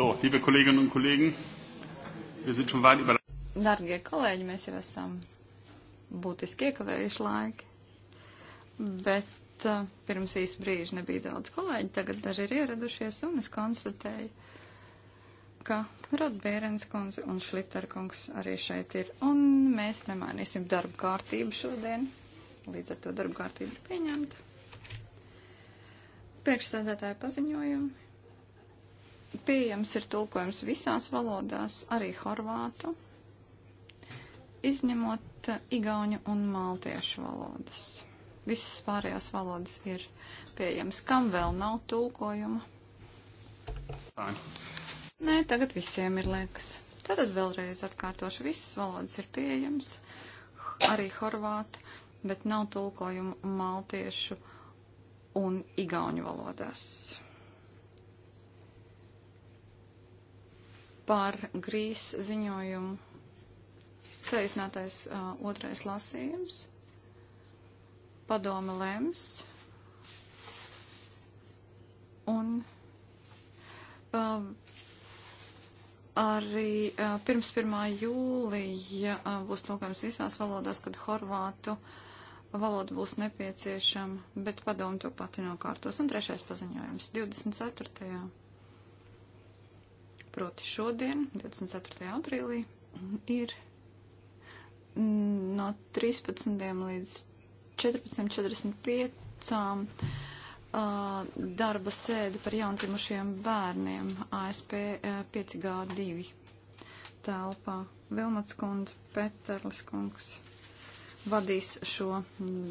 So, liebe Kolleginnen und Kollegen, wir sind schon weit über. Darbie kolēģi, mēs jau esam būtiski iekavējuši laiku, bet uh, pirms īsa brīža nebija daudz kolēģi, tagad daži ir ieradušies un es konstatēju, ka Rotbērens kundze un Šliterkungs arī šeit ir, un mēs nemainīsim darba kārtību šodien, līdz ar to darba kārtību pieņemta. Priekšstādātāja paziņojumi. Pieejams ir tulkojums visās valodās, arī horvātu, izņemot eh, igauņu un maltiešu valodas. Visas pārējās valodas ir pieejamas. Kam vēl nav tulkojuma? Fine. Nē, tagad visiem ir liekas. Tātad vēlreiz atkārtošu, visas valodas ir pieejamas, arī horvātu, bet nav tulkojumu maltiešu un igauņu valodās. par grīs ziņojumu saīsinātais uh, otrais lasījums. Padome lems. Un uh, arī uh, pirms 1. jūlija uh, būs tulkojums visās valodās, kad horvātu valoda būs nepieciešama, bet padomu to pati nokārtos. Un trešais paziņojums 24 proti šodien, 24. aprīlī, ir no 13. līdz 14.45 uh, darba sēde par jaundzimušiem bērniem ASP uh, 5G2 telpā. Vilmats kundze, Peterlis kungs vadīs šo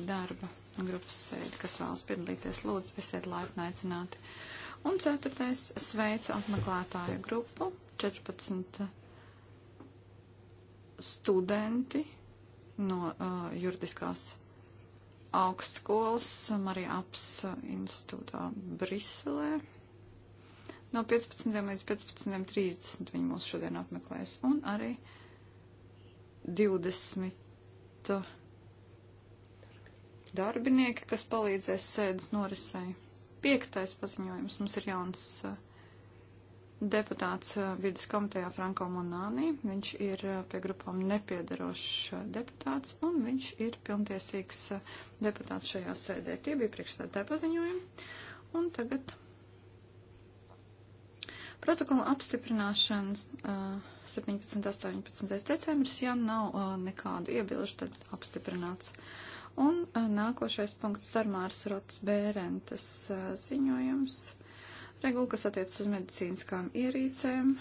darba grupas sēdi, kas vēlas piedalīties. Lūdzu, esiet laipni aicināti. Uh, Un ceturtais sveicu apmeklētāju grupu, 14 eh, studenti no uh, juridiskās augstskolas Marija Aps eh, institūtā Briselē. No 15. līdz 15.30 viņi mūs šodien apmeklēs. Un arī 20 darbinieki, kas palīdzēs sēdes norisēji. Piektais paziņojums. Mums ir jauns uh, deputāts uh, vidas komitejā Franko Monāni. Viņš ir uh, pie grupām nepiedarošs deputāts un viņš ir pilntiesīgs deputāts šajā sēdē. Tie bija priekšstādātāji paziņojumi. Un tagad protokola apstiprināšana 17. 18. decembris, ja nav nekādu iebilžu, tad apstiprināts. Un nākošais punkts Darmārs Rots Bērentas ziņojums. Regula, kas attiec uz medicīniskām ierīcēm,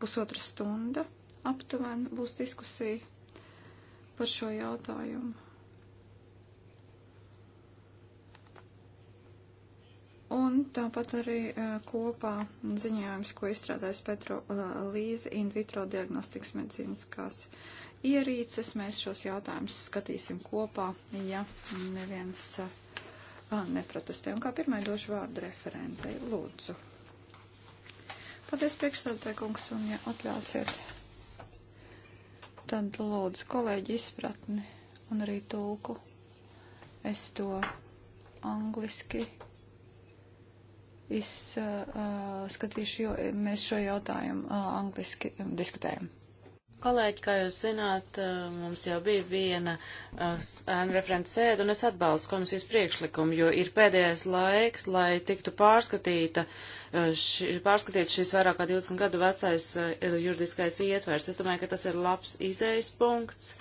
pusotra stunda aptuveni būs diskusija par šo jautājumu. Un tāpat arī kopā ziņojums, ko izstrādājas Petro Līze in vitro diagnostikas medicīniskās ierīces. Mēs šos jautājumus skatīsim kopā, ja neviens a, neprotestē. Un kā pirmai došu vārdu referentei, lūdzu. Paldies, priekšstādātāji kungs, un ja atļausiet, tad lūdzu kolēģi izpratni un arī tulku. Es to angliski izskatīšu, uh, jo mēs šo jautājumu uh, angliski diskutējam. Kolēģi, kā jūs zināt, uh, mums jau bija viena uh, ēnu referents sēda, un es atbalstu komisijas priekšlikumu, jo ir pēdējais laiks, lai tiktu pārskatīta, uh, ši, pārskatīt šis vairāk kā 20 gadu vecais juridiskais ietvers. Es domāju, ka tas ir labs izējas punkts.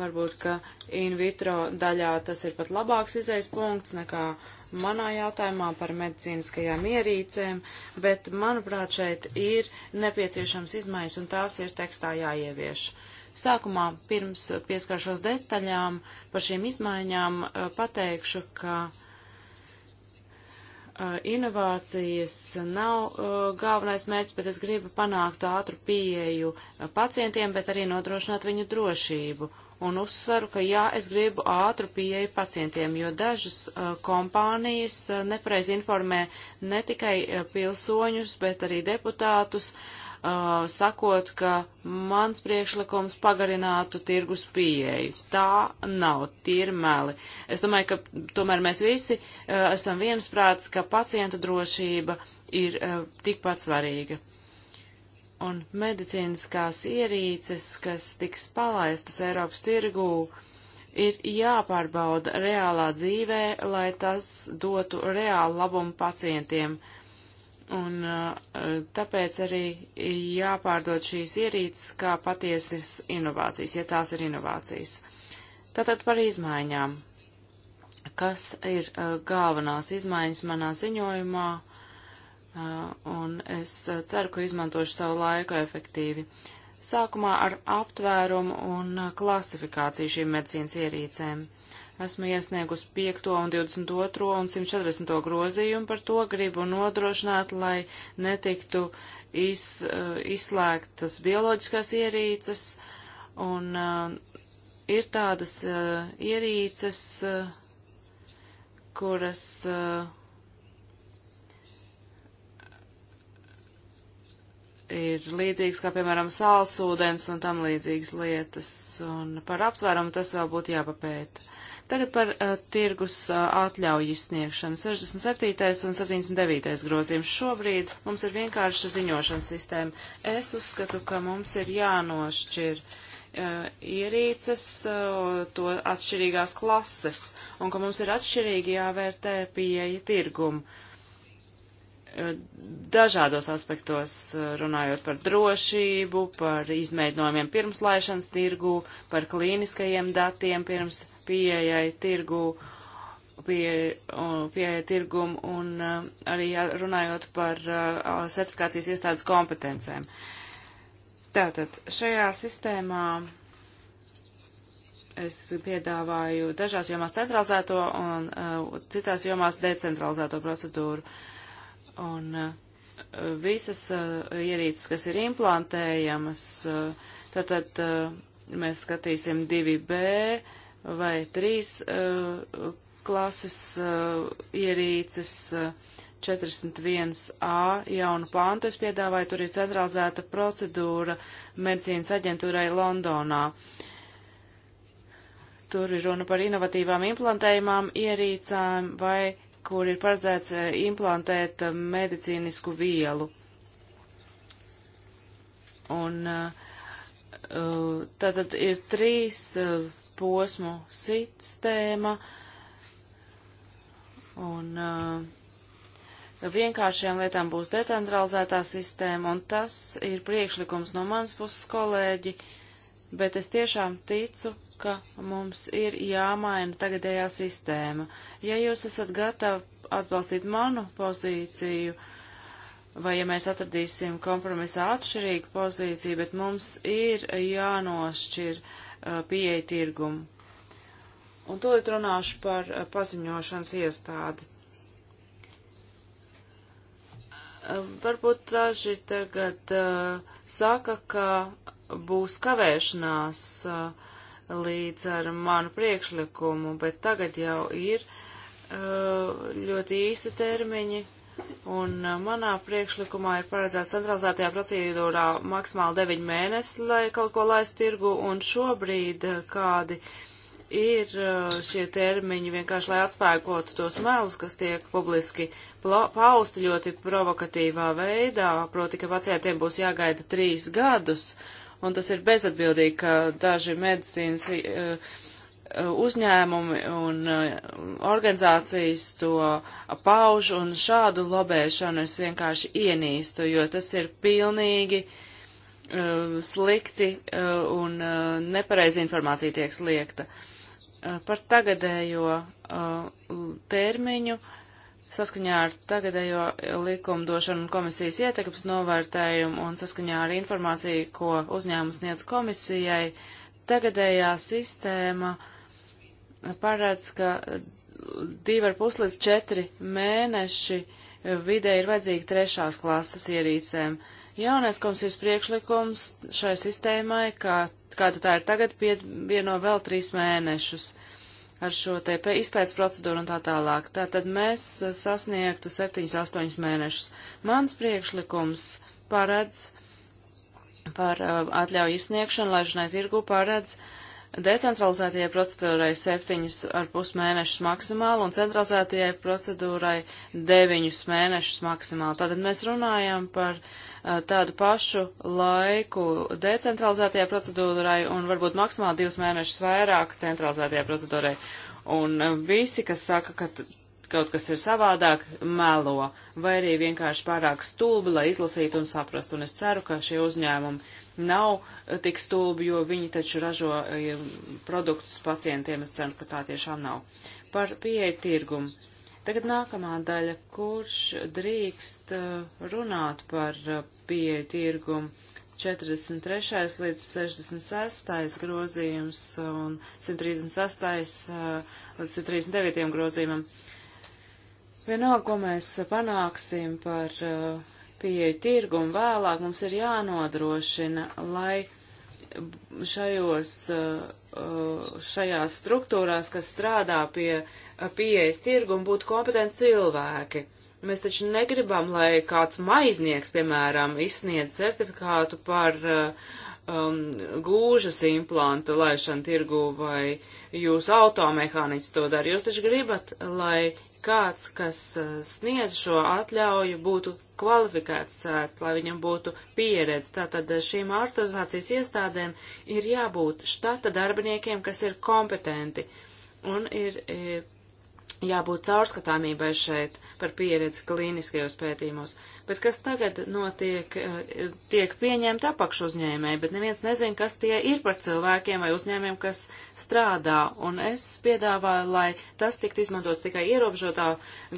Varbūt, ka in vitro daļā tas ir pat labāks izējas punkts nekā uh, manā jautājumā par medicīniskajām ierīcēm, bet, manuprāt, šeit ir nepieciešams izmaiņas, un tās ir tekstā jāievieš. Sākumā, pirms pieskaršos detaļām par šīm izmaiņām, eh, pateikšu, ka eh, inovācijas nav eh, galvenais mērķis, bet es gribu panākt ātru pieeju pacientiem, bet arī nodrošināt viņu drošību un uzsveru, ka jā, es gribu ātru pieeju pacientiem, jo dažas uh, kompānijas uh, nepareiz informē ne tikai uh, pilsoņus, bet arī deputātus, uh, sakot, ka mans priekšlikums pagarinātu tirgus pieeju. Tā nav tirmeli. Es domāju, ka tomēr mēs visi uh, esam viensprāts, ka pacientu drošība ir uh, tikpat svarīga un medicīniskās ierīces, kas tiks palaistas Eiropas tirgū, ir jāpārbauda reālā dzīvē, lai tas dotu reālu labumu pacientiem. Un eh, tāpēc arī jāpārdod šīs ierīces kā patiesas inovācijas, ja tās ir inovācijas. Tātad par izmaiņām. Kas ir eh, galvenās izmaiņas manā ziņojumā? Uh, un es uh, ceru, ka izmantošu savu laiku efektīvi. Sākumā ar aptvērumu un uh, klasifikāciju šīm medicīnas ierīcēm. Esmu iesniegus 5. un 22. un 140. grozījumu par to gribu nodrošināt, lai netiktu iz, izslēgtas bioloģiskās ierīces, un uh, ir tādas uh, ierīces, uh, kuras uh, ir līdzīgs kā, piemēram, sālsūdens un tam līdzīgas lietas, un par aptvērumu tas vēl būtu jāpapēta. Tagad par uh, tirgus uh, atļauju izsniegšanu. 67. un 79. grozījums. Šobrīd mums ir vienkārša ziņošanas sistēma. Es uzskatu, ka mums ir jānošķir uh, ierīces, uh, to atšķirīgās klases, un ka mums ir atšķirīgi jāvērtē pieeja tirgumu. Uh, dažādos aspektos, runājot par drošību, par izmēģinājumiem pirms laišanas tirgu, par klīniskajiem datiem pirms pieejai tirgu, pie, pieejai tirgumu un arī runājot par certifikācijas iestādes kompetencēm. Tātad šajā sistēmā es piedāvāju dažās jomās centralizēto un uh, citās jomās decentralizēto procedūru. Uh, Un eh, visas eh, ierīces, kas ir implantējamas, tātad eh, mēs skatīsim 2B vai 3 klases ierīces. 41a jaunu pāntu es piedāvāju, tur ir centralizēta procedūra medicīnas aģentūrai Londonā. Tur ir runa par inovatīvām implantējumām ierīcām vai kur ir paredzēts eh, implantēt eh, medicīnisku vielu. Un eh, tātad ir trīs posmu sistēma un vienkāršajām lietām būs decentralizētā sistēma un tas ir priekšlikums no manas puses kolēģi, bet es tiešām ticu, ka mums ir jāmaina tagadējā sistēma. Ja jūs esat gatavi atbalstīt manu pozīciju, vai ja mēs atradīsim kompromisā atšķirīgu pozīciju, bet mums ir jānošķir uh, pieeja tirgumu. Un tūlīt runāšu par uh, paziņošanas iestādi. Uh, varbūt daži tagad uh, saka, ka būs kavēšanās uh, līdz ar manu priekšlikumu, bet tagad jau ir uh, ļoti īsi termiņi, un uh, manā priekšlikumā ir paredzēts centralizētajā procedūrā maksimāli 9 mēnesi, lai kaut ko laistu tirgu, un šobrīd uh, kādi ir šie termiņi vienkārši, lai atspēkotu tos melus, kas tiek publiski pausti ļoti provokatīvā veidā, proti, ka pacientiem būs jāgaida trīs gadus, uh, un tas ir bezatbildīgi, ka daži medicīnas eh, uzņēmumi un eh, organizācijas to pauž, un šādu lobēšanu es vienkārši ienīstu, jo tas ir pilnīgi eh, slikti un nepareizi informācija tiek sliekta. Par tagadējo termiņu uh, Saskaņā ar tagadējo likumdošanu komisijas ietekmes novērtējumu un saskaņā ar informāciju, ko uzņēmums sniedz komisijai, tagadējā sistēma paredz, ka divi ar pus līdz četri mēneši vidē ir vajadzīgi trešās klases ierīcēm. Jaunais komisijas priekšlikums šai sistēmai, kā, kāda tā ir tagad, pievieno vēl trīs mēnešus ar šo te izpētes procedūru un tā tālāk. Tātad mēs uh, sasniegtu 7-8 mēnešus. Mans priekšlikums paredz par uh, atļauju izsniegšanu, lai žinai tirgu paredz decentralizētajai procedūrai 7,5 mēnešus maksimāli un centralizētajai procedūrai 9 mēnešus maksimāli. Tātad mēs runājam par uh, Uh, tādu pašu laiku decentralizētajā procedūrai un varbūt maksimāli divus mēnešus vairāk centralizētajā procedūrai. Un uh, visi, kas saka, ka kaut kas ir savādāk, melo, vai arī vienkārši pārāk stulbi, lai izlasītu un saprastu. Un es ceru, ka šie uzņēmumi nav uh, tik stulbi, jo viņi taču ražo produktus pacientiem. Es ceru, ka tā tiešām nav. Par pieeja tirgumu. Tagad nākamā daļa, kurš drīkst uh, runāt par uh, pieeju tirgumu. 43. līdz 66. grozījums un 136. Uh, līdz 139. grozījumam. Vienalga, ko mēs panāksim par pieeju tirgumu vēlāk, mums ir jānodrošina, lai šajos, šajās struktūrās, kas strādā pie pieejas tirgumu būtu kompetenti cilvēki. Mēs taču negribam, lai kāds maiznieks, piemēram, izsniedz certifikātu par uh, um, gūžas implantu laišanu tirgu vai jūs automehāniķis to dara. Jūs taču gribat, lai kāds, kas uh, sniedz šo atļauju, būtu kvalifikēts, uh, lai viņam būtu pieredze. Tātad šīm autorizācijas iestādēm ir jābūt štata darbiniekiem, kas ir kompetenti un ir jābūt caurskatāmībai šeit par pieredzi klīniskajos pētījumos, bet kas tagad notiek, eh, tiek pieņemta apakšu uzņēmēji, bet neviens nezin, kas tie ir par cilvēkiem vai uzņēmiem, kas strādā, un es piedāvāju, lai tas tiktu izmantots tikai ierobežotā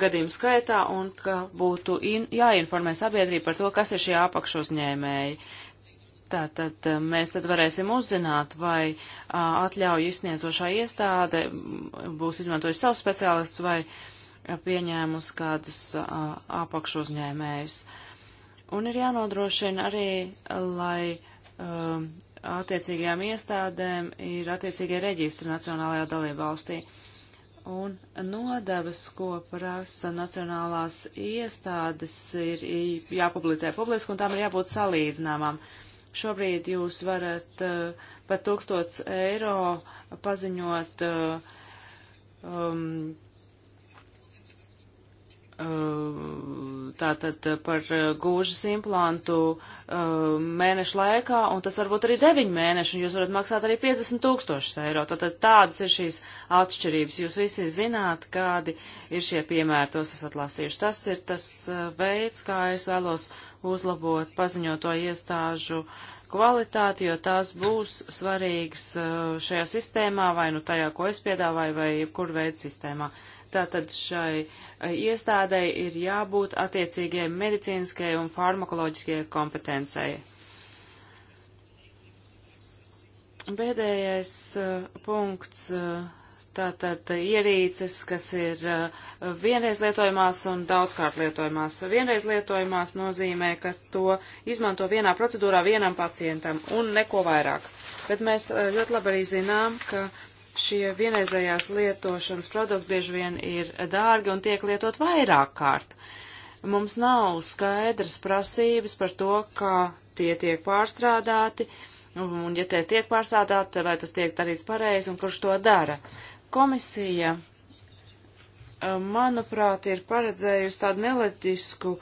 gadījumu skaitā, un ka būtu in, jāinformē sabiedrība par to, kas ir šie apakšu uzņēmēji. Tātad eh, mēs tad varēsim uzzināt, vai atļauju izsniedzošā iestāde mm, būs izmantojusi savus speciālistus vai pieņēmusi kādus apakšu uzņēmējus. Un ir jānodrošina arī, lai attiecīgajām iestādēm ir attiecīgie reģistri nacionālajā dalībvalstī. Un nodevas, ko prasa nacionālās iestādes, ir jāpublicē publiski, un tām ir jābūt salīdzināmām. Uh, Šobrīd jūs varat uh, par 1000 eiro paziņot uh, um, Uh, tātad par uh, gūžas implantu uh, mēnešu laikā, un tas varbūt arī 9 mēneši, un jūs varat maksāt arī 50 tūkstošus eiro. Tātad tādas ir šīs atšķirības. Jūs visi zināt, kādi ir šie piemēri, tos esat lasījuši. Tas ir tas veids, kā es vēlos uzlabot paziņoto iestāžu kvalitāti, jo tās būs svarīgas šajā sistēmā, vai nu tajā, ko es piedāvāju, vai jebkur veidu sistēmā. Uh, Tātad šai eh, iestādei ir jābūt attiecīgajai medicīniskajai un farmakoloģiskajai kompetencei. Pēdējais uh, punkts. Uh, Tātad ierīces, kas ir vienreiz lietojamās un daudzkārt lietojamās. Vienreiz lietojamās nozīmē, ka to izmanto vienā procedūrā vienam pacientam un neko vairāk. Bet mēs ļoti labi arī zinām, ka šie vienreizējās lietošanas produkti bieži vien ir dārgi un tiek lietot vairāk kārt. Mums nav skaidras prasības par to, kā tie tiek pārstrādāti, un ja tie tiek pārstrādāti, vai tas tiek darīts pareizi un kurš to dara. Komisija, eh, manuprāt, ir paredzējusi tādu neleģisku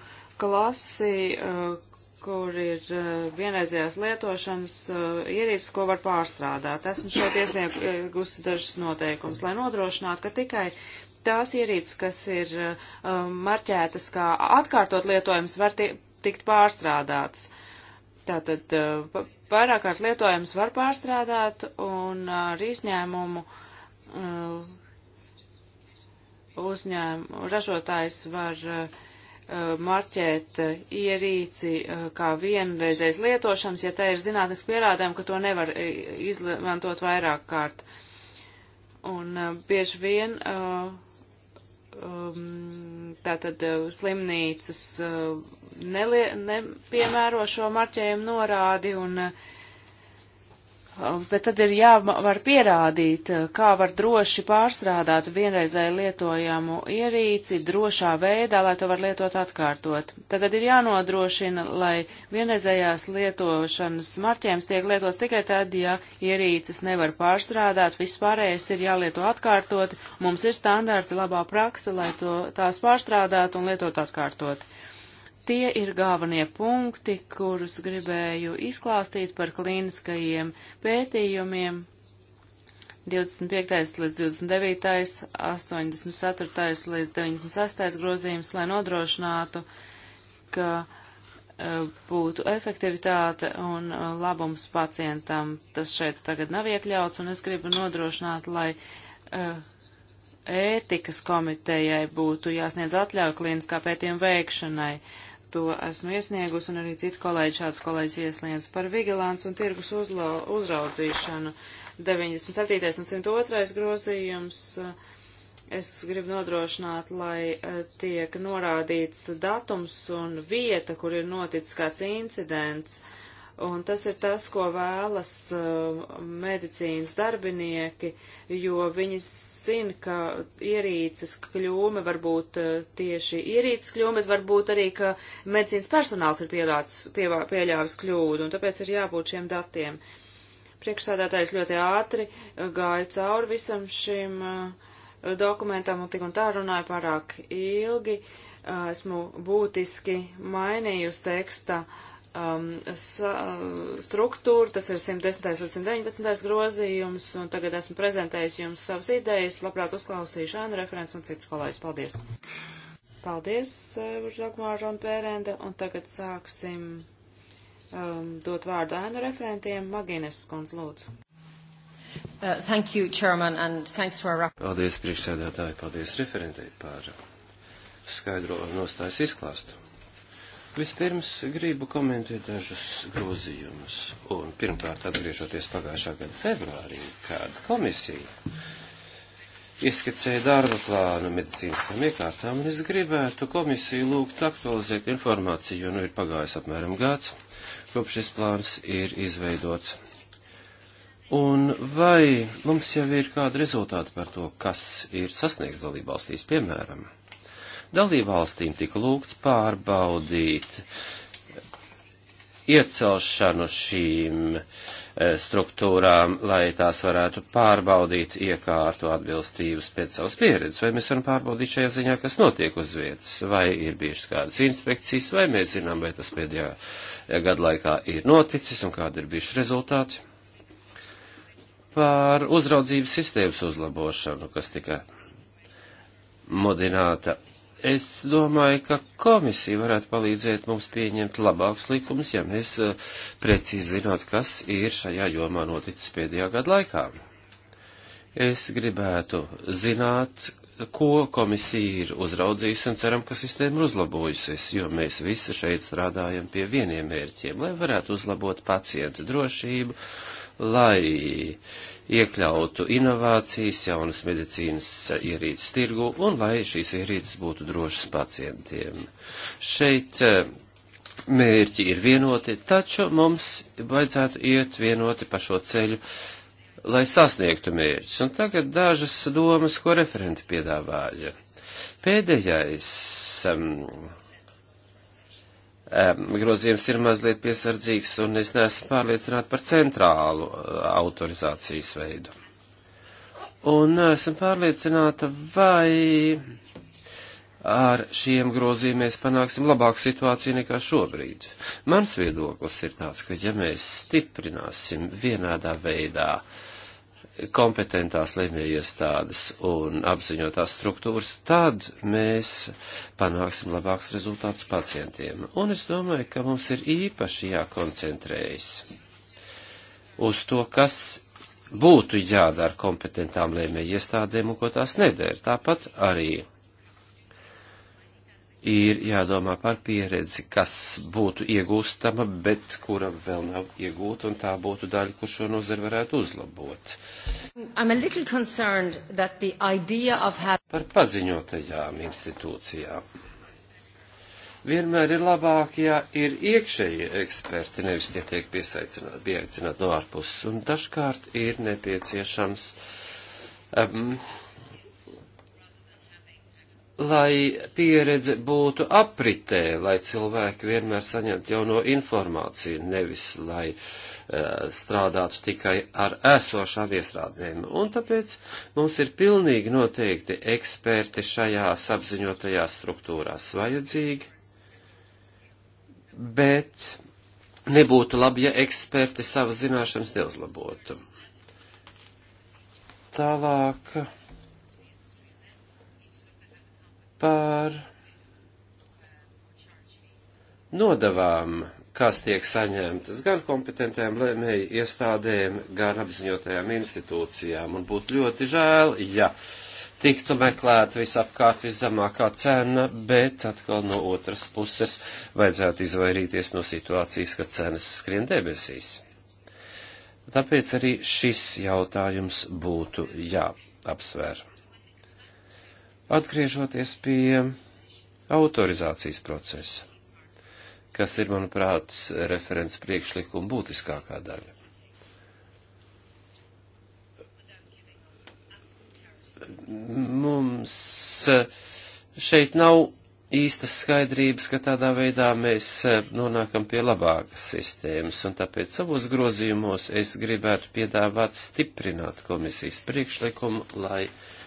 klasi, eh, kur ir uh, vienreizējās lietošanas uh, ierīces, ko var pārstrādāt. Esmu šeit iesniegusi dažus noteikumus, lai nodrošinātu, ka tikai tās ierīces, kas ir uh, marķētas kā atkārtot lietojums, var tikt pārstrādātas. Tātad pārākārt lietojums var pārstrādāt un ar izņēmumu uzņēmumu ražotājs var uh, Uh, marķēt uh, ierīci uh, kā vienreizēs lietošams, ja te ir zinātniski pierādījumi, ka to nevar izmantot vairāk kārt. Un bieži vien um, tātad slimnīcas nepiemēro šo marķējumu norādi un uh, Bet tad ir jāvar pierādīt, kā var droši pārstrādāt vienreizēju lietojamu ierīci drošā veidā, lai to var lietot atkārtot. Tad, tad ir jānodrošina, lai vienreizējās lietošanas marķējums tiek lietots tikai tad, ja ierīces nevar pārstrādāt, vispārējais ir jālieto atkārtot, mums ir standarti labā praksa, lai to, tās pārstrādāt un lietot atkārtot. Tie ir galvenie punkti, kurus gribēju izklāstīt par klīniskajiem pētījumiem 25. līdz 29., 84. līdz 96. grozījums, lai nodrošinātu, ka e, būtu efektivitāte un e, labums pacientam. Tas šeit tagad nav iekļauts, un es gribu nodrošināt, lai e, ētikas komitejai būtu jāsniedz atļauja klīniskā pētījuma veikšanai. Uh, to esmu iesniegus, un arī citi kolēģi šāds kolēģis iesniedz par vigilants un tirgus uzla, uzraudzīšanu. 97. un 102. grozījums. Eh, es gribu nodrošināt, lai eh, tiek norādīts datums un vieta, kur ir noticis kāds incidents. Uh, Un tas ir tas, ko vēlas uh, medicīnas darbinieki, jo viņi zina, ka ierīces kļūme var būt uh, tieši ierīces kļūme, bet varbūt arī, ka medicīnas personāls ir pieļāvis kļūdu, un tāpēc ir jābūt šiem datiem. Priekšsādātājs ļoti ātri uh, gāja cauri visam šim uh, dokumentam un tik un tā runāja pārāk ilgi. Uh, esmu būtiski mainījusi teksta uh, um, uh, struktūru, tas ir 110. līdz 119. grozījums, un tagad esmu prezentējis jums savas idejas, labprāt uzklausīšu Ānu referents un citus kolēģus. Paldies! Paldies, uh, Ragmāra un Pērenda, un tagad sāksim um, dot vārdu Ānu referentiem. Magīnes skundz, lūdzu. Uh, thank you, Chairman, and thanks to our... Paldies, priekšsēdētāji, paldies referentei par skaidro nostājas izklāstu. Vispirms gribu komentēt dažus grozījumus. Un pirmkārt, atgriežoties pagājušā gada februārī, kad komisija izskicēja darba plānu medicīniskām iekārtām, un es gribētu komisiju lūgt aktualizēt informāciju, jo nu ir pagājis apmēram gads, kopš šis plāns ir izveidots. Un vai mums jau ir kādi rezultāti par to, kas ir sasniegts dalībvalstīs, piemēram? Dalībvalstīm tika lūgts pārbaudīt iecelšanu šīm e, struktūrām, lai tās varētu pārbaudīt iekārtu atbilstības pēc savas pieredzes, vai mēs varam pārbaudīt šajā ziņā, kas notiek uz vietas, vai ir bijušas kādas inspekcijas, vai mēs zinām, vai tas pēdējā gada laikā ir noticis un kādi ir bijuši rezultāti. Par uzraudzības sistēmas uzlabošanu, kas tika modināta Es domāju, ka komisija varētu palīdzēt mums pieņemt labākus likumus, ja mēs eh, precīzi zinot, kas ir šajā jomā noticis pēdējā gada laikā. Es gribētu zināt, ko komisija ir uzraudzījusi un ceram, ka sistēma ir uzlabojusies, jo mēs visi šeit strādājam pie vieniem mērķiem, lai varētu uzlabot pacientu drošību lai iekļautu inovācijas, jaunas medicīnas ierīces tirgu un lai šīs ierīces būtu drošas pacientiem. Šeit eh, mērķi ir vienoti, taču mums vajadzētu iet vienoti pa šo ceļu, lai sasniegtu mērķus. Un tagad dažas domas, ko referenti piedāvāja. Pēdējais um, grozījums ir mazliet piesardzīgs, un es neesmu pārliecināts par centrālu eh, autorizācijas veidu. Un esmu pārliecināta, vai ar šiem grozījumiem mēs panāksim labāku situāciju nekā šobrīd. Mans viedoklis ir tāds, ka ja mēs stiprināsim vienādā veidā uh, kompetentās lemjaiestādes un apziņotās struktūras, tad mēs panāksim labāks rezultātus pacientiem. Un es domāju, ka mums ir īpaši jākoncentrējas uz to, kas būtu jādara kompetentām lēmējiestādēm un ko tās nedēļ. Tāpat arī ir jādomā par pieredzi, kas būtu iegūstama, bet kura vēl nav iegūta, un tā būtu daļa, kur šo nozari varētu uzlabot. Having... Par paziņotajām institūcijām. Vienmēr ir labāk, ja ir iekšēji eksperti, nevis tie tiek piesaicināti, pieaicināti no ārpuses, un dažkārt ir nepieciešams um, lai pieredze būtu apritē, lai cilvēki vienmēr saņemtu jauno informāciju, nevis lai uh, strādātu tikai ar esošām iestrādēm. Un tāpēc mums ir pilnīgi noteikti eksperti šajās apziņotajās struktūrās vajadzīgi, bet nebūtu labi, ja eksperti savas zināšanas neuzlabotu. Tālāk par nodavām, kas tiek saņemtas gan kompetentajām lēmēju iestādēm, gan apziņotajām institūcijām. Un būtu ļoti žēl, ja tiktu meklēt visapkārt viszemākā cena, bet atkal no otras puses vajadzētu izvairīties no situācijas, ka cenas skrien debesīs. Tāpēc arī šis jautājums būtu jāapsver. Atgriežoties pie autorizācijas procesa, kas ir, manuprāt, referents priekšlikuma būtiskākā daļa. Mums šeit nav īstas skaidrības, ka tādā veidā mēs nonākam pie labākas sistēmas, un tāpēc savos grozījumos es gribētu piedāvāt stiprināt komisijas priekšlikumu, lai uh,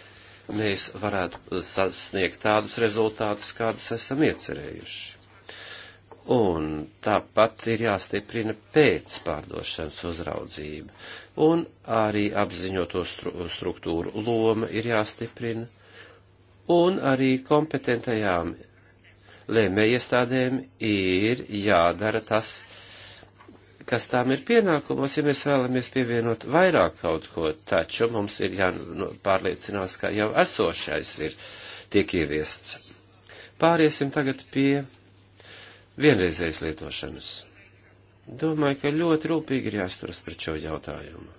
mēs varētu uh, sasniegt tādus rezultātus, kādus esam iecerējuši. Un tāpat ir jāstiprina pēc pārdošanas uzraudzība, un arī apziņoto stru struktūru loma ir jāstiprina, un arī kompetentajām lēmējiestādēm ir jādara tas, uh, kas tām ir pienākumos, ja mēs vēlamies pievienot vairāk kaut ko, taču mums ir jāpārliecinās, ka jau esošais ir tiek ieviests. Pāriesim tagad pie vienreizējas lietošanas. Domāju, ka ļoti rūpīgi ir jāsturas pret šo jautājumu.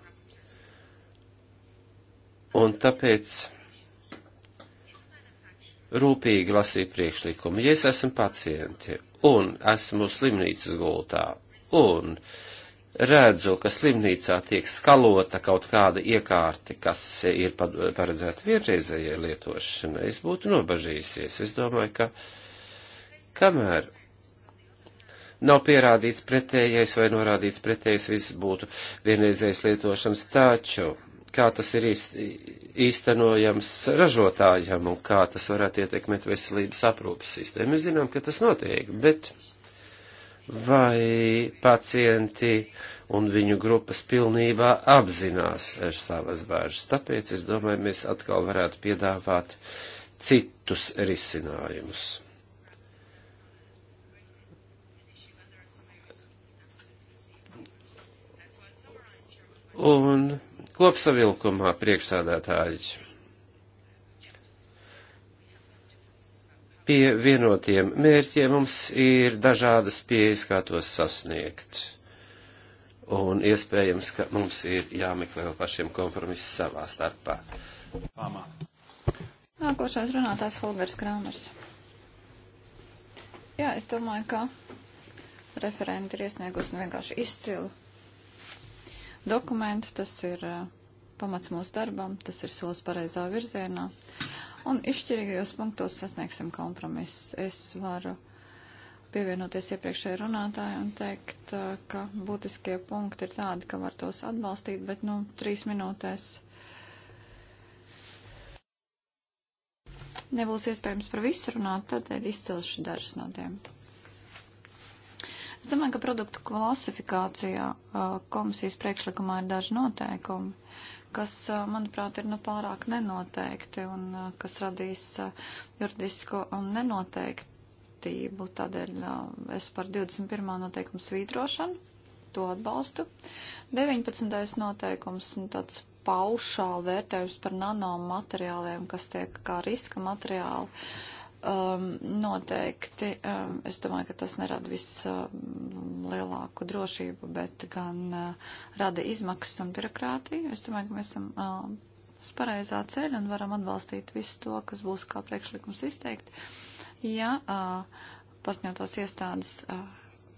Un tāpēc rūpīgi lasīju priekšlikumu. Ja es esmu pacienti un esmu slimnīcas gultā un redzu, ka slimnīcā tiek skalota kaut kāda iekārti, kas ir paredzēta vienreizējai lietošanai, es būtu nobažījusies. Es domāju, ka kamēr nav pierādīts pretējais vai norādīts pretējais, viss būtu vienreizējas lietošanas, taču kā tas ir īstenojams ražotājam un kā tas varētu ietekmēt veselības aprūpas sistēmu. Mēs zinām, ka tas notiek, bet vai pacienti un viņu grupas pilnībā apzinās savas bāžas. Tāpēc, es domāju, mēs atkal varētu piedāvāt citus risinājumus. Un kopsavilkumā priekšsādātāji pie vienotiem mērķiem mums ir dažādas pieejas, kā tos sasniegt. Un iespējams, ka mums ir jāmeklē vēl pašiem kompromisi savā starpā. Pamā. Nākošais runātājs Holgers Krāmers. Jā, es domāju, ka referenti ir iesniegusi nu vienkārši izcilu dokumentu. Tas ir uh, pamats mūsu darbam, tas ir solis pareizā virzienā un izšķirīgajos punktos sasniegsim kompromisu. Es varu pievienoties iepriekšējai runātāji un teikt, ka būtiskie punkti ir tādi, ka var tos atbalstīt, bet, nu, trīs minūtēs nebūs iespējams par visu runāt, tad ir izcelšu dažas no tiem. Es domāju, ka produktu klasifikācijā komisijas priekšlikumā ir daži noteikumi. Uh, kas, manuprāt, ir nu pārāk nenoteikti un kas radīs juridisko nenoteiktību. Tādēļ es par 21. noteikumu svītrošanu to atbalstu. 19. noteikums nu, tāds paušāli vērtējums par nanomateriāliem, kas tiek kā riska materiāli um, noteikti, um, es domāju, ka tas nerada vislielāku um, drošību, bet gan uh, rada izmaksas un birokrātiju. Es domāju, ka mēs esam um, uz pareizā ceļa un varam atbalstīt visu to, kas būs kā priekšlikums izteikti. Ja uh, pasņotās iestādes uh,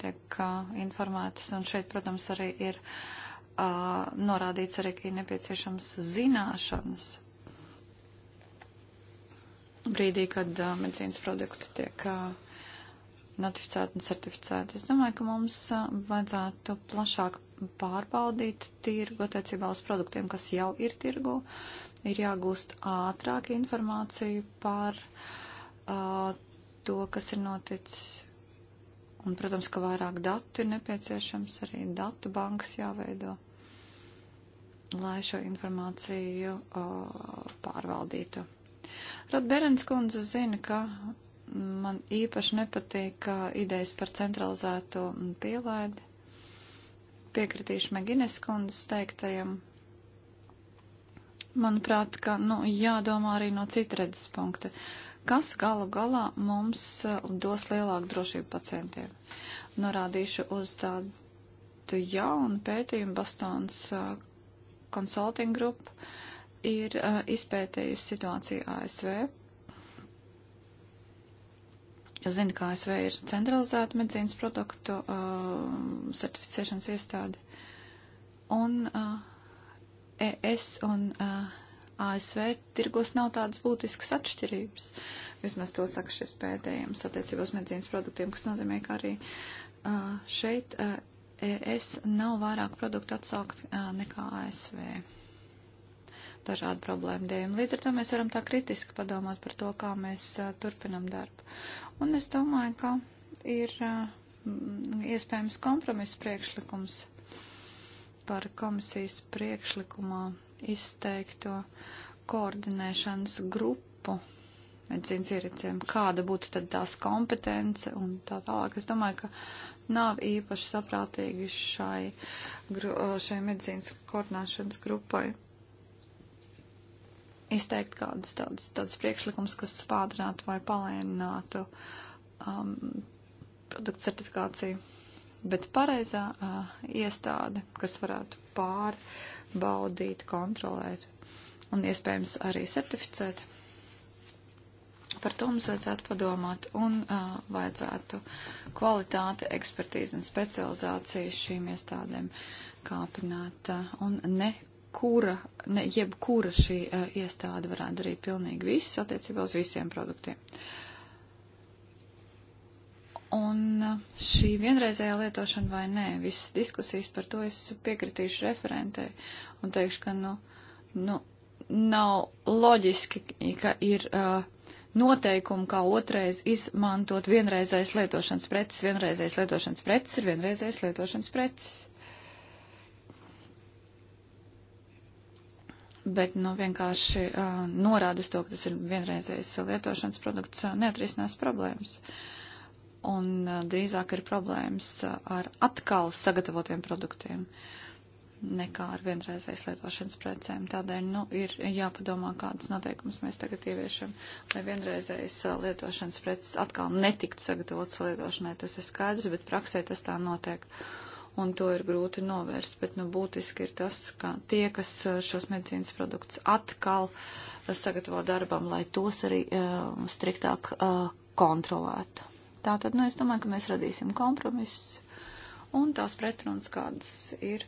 tiek uh, informētas, un šeit, protams, arī ir uh, norādīts arī, ka ir nepieciešams zināšanas brīdī, kad uh, medicīnas produkti tiek uh, notificēti un certificēti. Es domāju, ka mums uh, vajadzētu plašāk pārbaudīt tirgu attiecībā uz produktiem, kas jau ir tirgu. Ir jāgūst ātrāk informāciju par uh, to, kas ir noticis. Un, protams, ka vairāk datu ir nepieciešams, arī datu bankas jāveido lai šo informāciju o, pārvaldītu. Rotberens kundze zina, ka man īpaši nepatīk idejas par centralizēto pielaidi. Piekritīšu Megines kundzes teiktajam. Manuprāt, ka nu, jādomā arī no cita redzes punkta. Kas galu galā mums uh, dos lielāku drošību pacientiem? Norādīšu uz tādu jaunu pētījumu Bastons uh, Consulting Group. Uh, ir uh, izpētējusi situāciju ASV. Zinu, ka ASV ir centralizēta medicīnas produktu uh, certificēšanas iestāde. Un uh, ES un uh, ASV tirgos nav tādas būtiskas atšķirības. Vismaz to saka šis pētījums attiecībos medicīnas produktiem, kas nozīmē, ka arī uh, šeit uh, ES nav vairāk produktu atsaukt uh, nekā ASV dažādu problēmu dēļ. Līdz ar to mēs varam tā kritiski padomāt par to, kā mēs uh, turpinam darbu. Un es domāju, ka ir uh, iespējams kompromiss priekšlikums par komisijas priekšlikumā izteikto koordinēšanas grupu medicīnas ierīcēm, kāda būtu tad tās kompetence un tā tālāk. Es domāju, ka nav īpaši saprātīgi šai, šai medicīnas koordinēšanas grupai izteikt kādus tādus, tādus priekšlikumus, kas pātrinātu vai palēninātu um, produktu certifikāciju. Bet pareizā uh, iestāde, kas varētu pārbaudīt, kontrolēt un iespējams arī certificēt, par to mums vajadzētu padomāt un uh, vajadzētu kvalitāti, ekspertīzi un specializāciju šīm iestādēm kāpināt uh, un ne kura, ne jebkura šī uh, iestāde varētu darīt pilnīgi visu attiecībā uz visiem produktiem. Un uh, šī vienreizējā lietošana vai nē, visas diskusijas par to es piekritīšu referentei un teikšu, ka nu, nu, nav loģiski, ka ir uh, eh, noteikumu, kā otrais izmantot vienreizējas lietošanas preces. Vienreizējas lietošanas preces ir vienreizējas lietošanas preces. bet nu, vienkārši uh, norādas to, ka tas ir vienreizējs lietošanas produkts, uh, neatrisinās problēmas. Un uh, drīzāk ir problēmas uh, ar atkal sagatavotiem produktiem nekā ar vienreizējas lietošanas precēm. Tādēļ nu, ir jāpadomā, kādas noteikumus mēs tagad ieviešam, lai vienreizējas lietošanas preces atkal netiktu sagatavotas lietošanai. Tas ir skaidrs, bet praksē tas tā notiek. Uh, un to ir grūti novērst. Bet, nu, būtiski ir tas, ka tie, kas šos medicīnas produktus atkal sagatavo darbam, lai tos arī uh, striktāk uh, kontrolētu. Tā tad, nu, es domāju, ka mēs radīsim kompromisus un tās pretrunas, kādas ir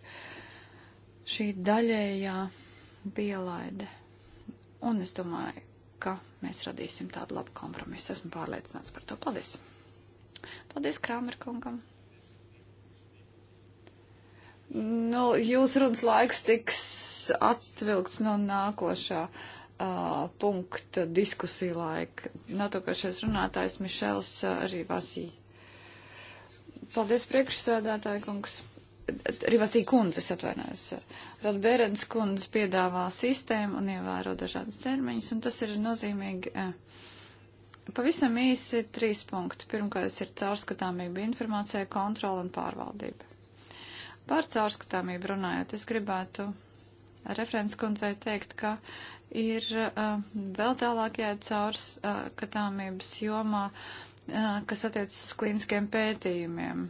šī daļējā pielaide. Un es domāju, ka mēs radīsim tādu labu kompromisu. Esmu pārliecināts par to. Paldies! Paldies Krāmerkungam! Nu, jūs runas laiks tiks atvilkts no nākošā uh, punkta diskusija laika. Nākošais runātājs Mišels uh, Rivasī. Paldies priekšsēdētāji, kungs. Rivasī kundzes atvainojas. Rodbērens kundze piedāvā sistēmu un ievēro dažādas termiņus, un tas ir nozīmīgi. Uh, Pavisam īsi trīs punkti. Pirmkārt ir caurskatāmība informācijai, kontrola un pārvaldība. Par caurskatāmību runājot, es gribētu referents kundzei teikt, ka ir uh, vēl tālākajā caurskatāmības uh, jomā, uh, kas attiecas uz klīniskiem pētījumiem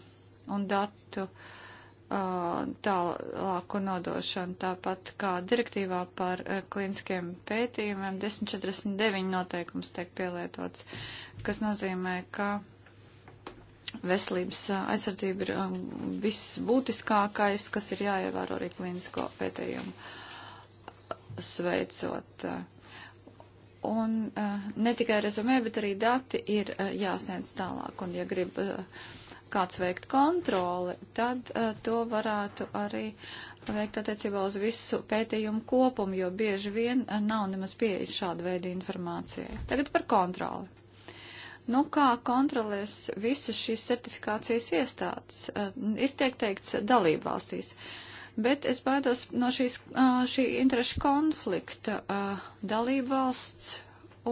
un datu uh, tālāku nodošanu, tāpat kā direktīvā par klīniskiem pētījumiem 1049 noteikums tiek pielietots, kas nozīmē, ka veselības aizsardzība ir um, viss būtiskākais, kas ir jāievēro arī klīnisko pētījumu sveicot. Un uh, ne tikai rezumē, bet arī dati ir uh, jāsniedz tālāk. Un ja grib uh, kāds veikt kontroli, tad uh, to varētu arī veikt attiecībā uz visu pētījumu kopumu, jo bieži vien uh, nav nemaz pieejas šāda veida informācijai. Tagad par kontroli Nu, kā kontrolēs visas šīs certifikācijas iestādes? Eh, ir tiek teikts eh, dalību valstīs. Bet es baidos no šīs, eh, šī interešu konflikta dalību valsts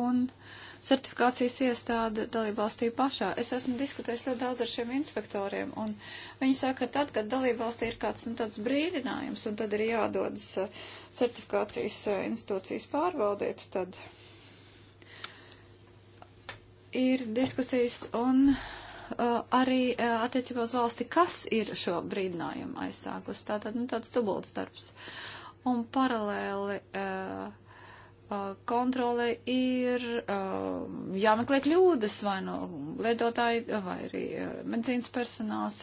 un certifikācijas iestāde dalībvalstī pašā. Es esmu diskutējis ļoti daudz ar šiem inspektoriem, un viņi saka, ka tad, kad dalībvalstī ir kāds nu, tāds brīdinājums, un tad ir jādodas certifikācijas institūcijas pārbaudīt, tad ir diskusijas un uh, arī uh, attiecībā uz valsti, kas ir šo brīdinājumu aizsākus. Tātad, nu, tāds dubults darbs. Un paralēli uh, uh, kontrole ir uh, jāmeklē kļūdas vai no lietotāji vai arī uh, medicīnas personāls.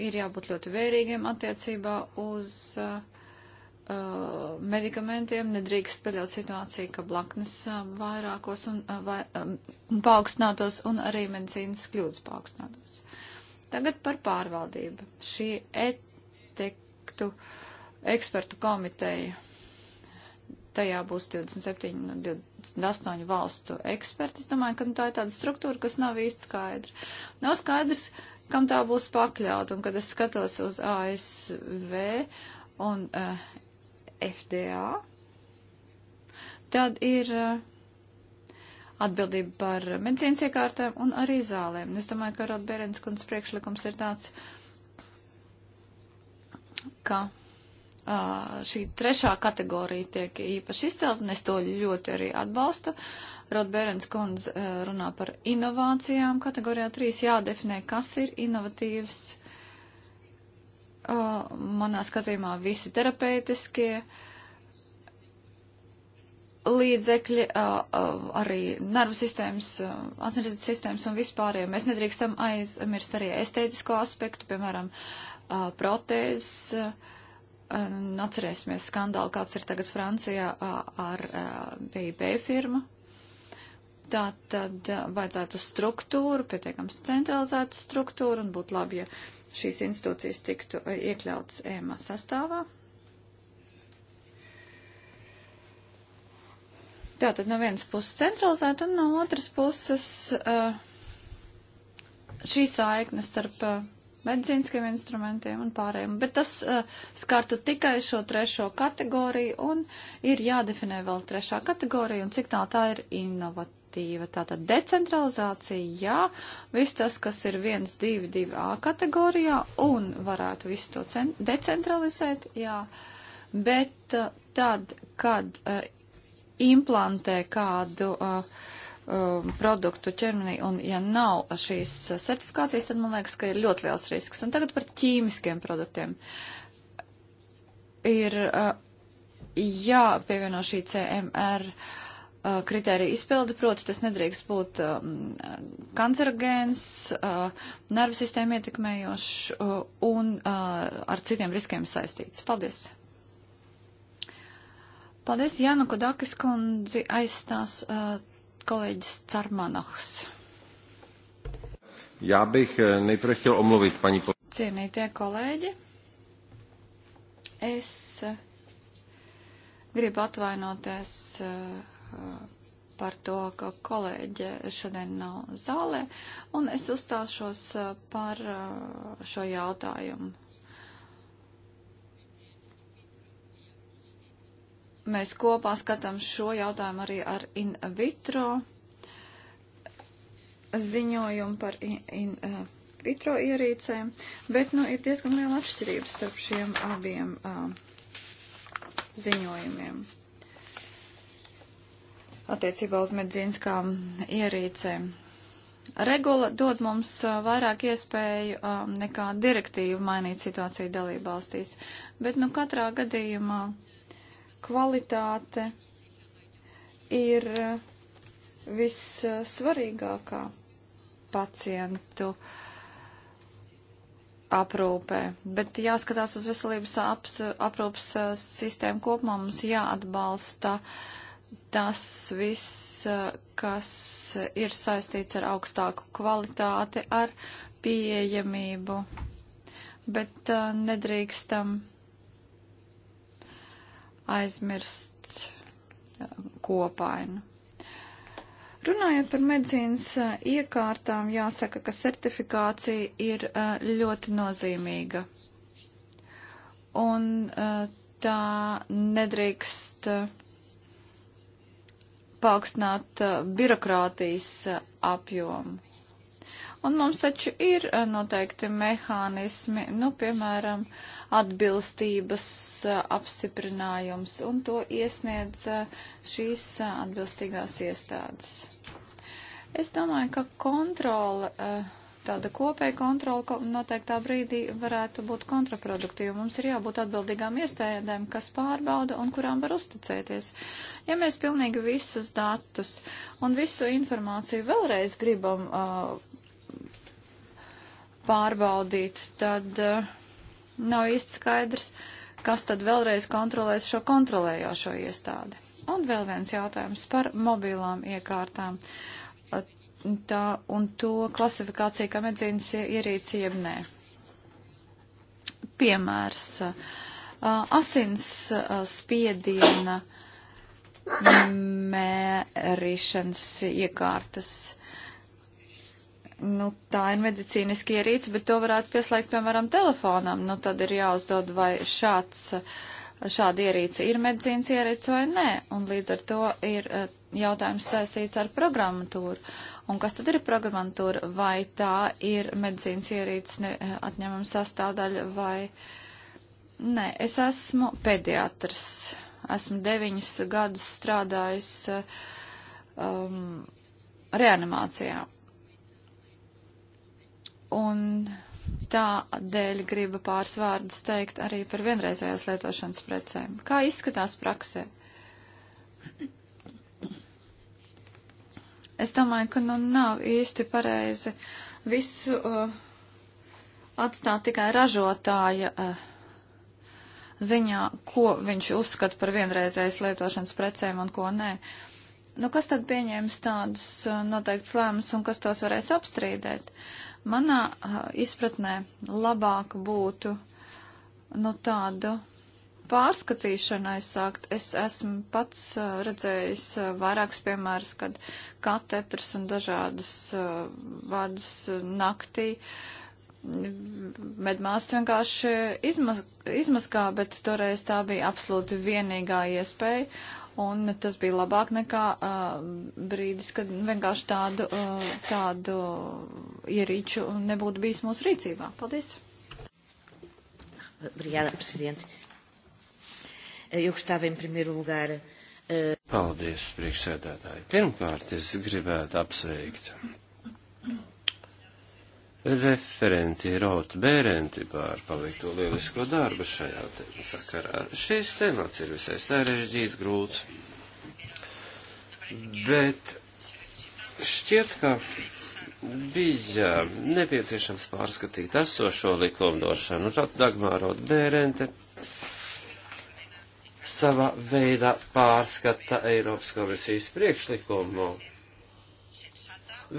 Ir jābūt ļoti vērīgiem attiecībā uz uh, uh, medikamentiem nedrīkst pieļaut situāciju, ka blaknes uh, vairākos un uh, vai, um, paaugstinātos un arī medicīnas kļūdas paaugstinātos. Tagad par pārvaldību. Šī etiktu ekspertu komiteja, tajā būs 27 un 28 valstu eksperti. Es domāju, ka nu, tā ir tāda struktūra, kas nav īsti skaidra. Nav skaidrs, kam tā būs pakļaut. Un kad es skatos uz ASV un uh, FDA, tad ir uh, atbildība par medicīnas iekārtēm un arī zālēm. Es domāju, ka Rod Berens kundzes priekšlikums ir tāds, ka Uh, šī trešā kategorija tiek īpaši izcelt, un es to ļoti arī atbalstu. Rodbērens kundze uh, runā par inovācijām. Kategorijā 3 jādefinē, kas ir inovatīvs Uh, manā skatījumā visi terapeitiskie līdzekļi, uh, uh, arī nervu sistēmas, asinsrites sistēmas un vispārējie. Mēs nedrīkstam aizmirst arī estētisko aspektu, piemēram, protēzes. Atcerēsimies skandālu, kāds ir tagad Francijā ar BIP firmu. Tā tad vajadzētu struktūru, pietiekams centralizētu struktūru un būtu labi, ja šīs institūcijas tiktu eh, iekļautas ēmā e sastāvā. Tātad no vienas puses centralizēt un no otras puses eh, šī saikne starp eh, medicīniskiem instrumentiem un pārējiem. Bet tas skartu tikai šo trešo kategoriju un ir jādefinē vēl trešā kategorija un cik tā tā ir innovatīva iniciatīva. Tātad decentralizācija, jā, viss tas, kas ir 1, 2, 2 A kategorijā un varētu visu to decentralizēt, jā. Bet uh, tad, kad uh, implantē kādu uh, uh, produktu ķermenī un ja nav šīs certifikācijas, tad man liekas, ka ir ļoti liels risks. Un tagad par ķīmiskiem produktiem. Ir uh, jāpievieno šī CMR kritērija izpildi, proti tas nedrīkst būt kancerogēns, nervu sistēmu ietekmējošs un ar citiem riskiem saistīts. Paldies! Paldies, Jānu Kodakis kundzi aizstās kolēģis Carmanahs. Já bych nejprve chtěl omluvit paní Cienītie kolēģi, es gribu atvainoties uh, par to, ka kolēģe šodien nav zālē, un es uzstāšos par šo jautājumu. Mēs kopā skatām šo jautājumu arī ar in vitro ziņojumu par in, in vitro ierīcēm, bet, nu, ir diezgan liela atšķirība starp šiem abiem uh, ziņojumiem attiecībā uz medicīniskām ierīcēm. Regula dod mums vairāk iespēju nekā direktīva mainīt situāciju dalībvalstīs, bet nu katrā gadījumā kvalitāte ir vissvarīgākā pacientu aprūpē, bet jāskatās uz veselības aps, aprūpas sistēmu kopumā mums jāatbalsta uh, tas viss, kas ir saistīts ar augstāku kvalitāti, ar pieejamību, bet uh, nedrīkstam aizmirst uh, kopainu. Runājot par medicīnas uh, iekārtām, jāsaka, ka certifikācija ir uh, ļoti nozīmīga. Un uh, tā nedrīkst uh, paaugstināt eh, birokrātijas eh, apjomu. Un mums taču ir eh, noteikti mehānismi, nu, piemēram, atbilstības apstiprinājums, un to iesniedz šīs atbilstīgās iestādes. Es domāju, ka kontrole uh, Tāda kopēja kontrola noteiktā brīdī varētu būt kontraproduktīva. Mums ir jābūt atbildīgām iestādēm, kas pārbauda un kurām var uzticēties. Ja mēs pilnīgi visus datus un visu informāciju vēlreiz gribam uh, pārbaudīt, tad uh, nav īsti skaidrs, kas tad vēlreiz kontrolēs šo kontrolējošo iestādi. Un vēl viens jautājums par mobilām iekārtām. Uh, tā un to klasifikāciju kā medicīnas ierīci jeb nē. Piemērs. Asins spiediena mērīšanas iekārtas. Nu, tā ir medicīniski ierīce, bet to varētu pieslēgt, piemēram, telefonam. Nu, tad ir jāuzdod, vai šāds, šāda ierīce ir medicīnas ierīce vai nē. Un līdz ar to ir jautājums saistīts ar programmatūru. Un kas tad ir programmatūra? Vai tā ir medicīnas ierīces atņemama sastāvdaļa vai nē? Es esmu pediatrs. Esmu deviņus gadus strādājis um, reanimācijā. Un tādēļ gribu pāris vārdus teikt arī par vienreizējās lietošanas precēm. Kā izskatās praksē? Es domāju, ka nu nav īsti pareizi visu uh, atstāt tikai ražotāja uh, ziņā, ko viņš uzskata par vienreizējas lietošanas precēm un ko nē. Nu, kas tad pieņēmis tādus uh, noteikts lēmumus un kas tos varēs apstrīdēt? Manā uh, izpratnē labāk būtu nu, tādu pārskatīšanu aizsākt. Es esmu pats redzējis vairākus piemērus, kad katetras un dažādas vadus naktī medmās vienkārši izmaz, izmaskā, bet toreiz tā bija absolūti vienīgā iespēja. Un tas bija labāk nekā uh, brīdis, kad vienkārši tādu, uh, tādu ierīču nebūtu bijis mūsu rīcībā. Paldies! Obrigada, Presidente. Eu gostava, em primeiro lugar. Uh... Paldies, priekšsēdētāji. Pirmkārt, es gribētu apsveikt referenti Rota Bērenti par paveikto lielisko darbu šajā te sakarā. Šis temats ir visai sarežģīts, grūts, bet šķiet, ka bija nepieciešams pārskatīt esošo likumdošanu. Rota Dagmārot Bērente sava veida pārskata Eiropas komisijas priekšlikumu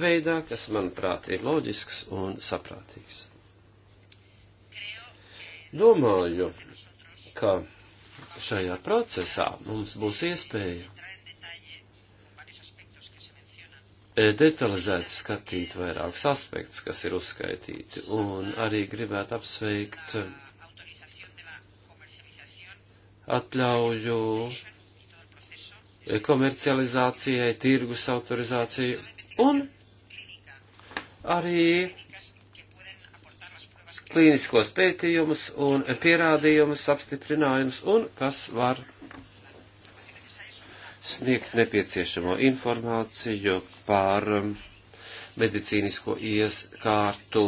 veidā, kas, manuprāt, ir loģisks un saprātīgs. Domāju, ka šajā procesā mums būs iespēja detalizēti skatīt vairākus aspektus, kas ir uzskaitīti, un arī gribētu apsveikt atļauju komercializācijai, tirgus autorizāciju un arī klīniskos pētījumus un pierādījumus, apstiprinājumus un kas var sniegt nepieciešamo informāciju par um, medicīnisko ieskārtu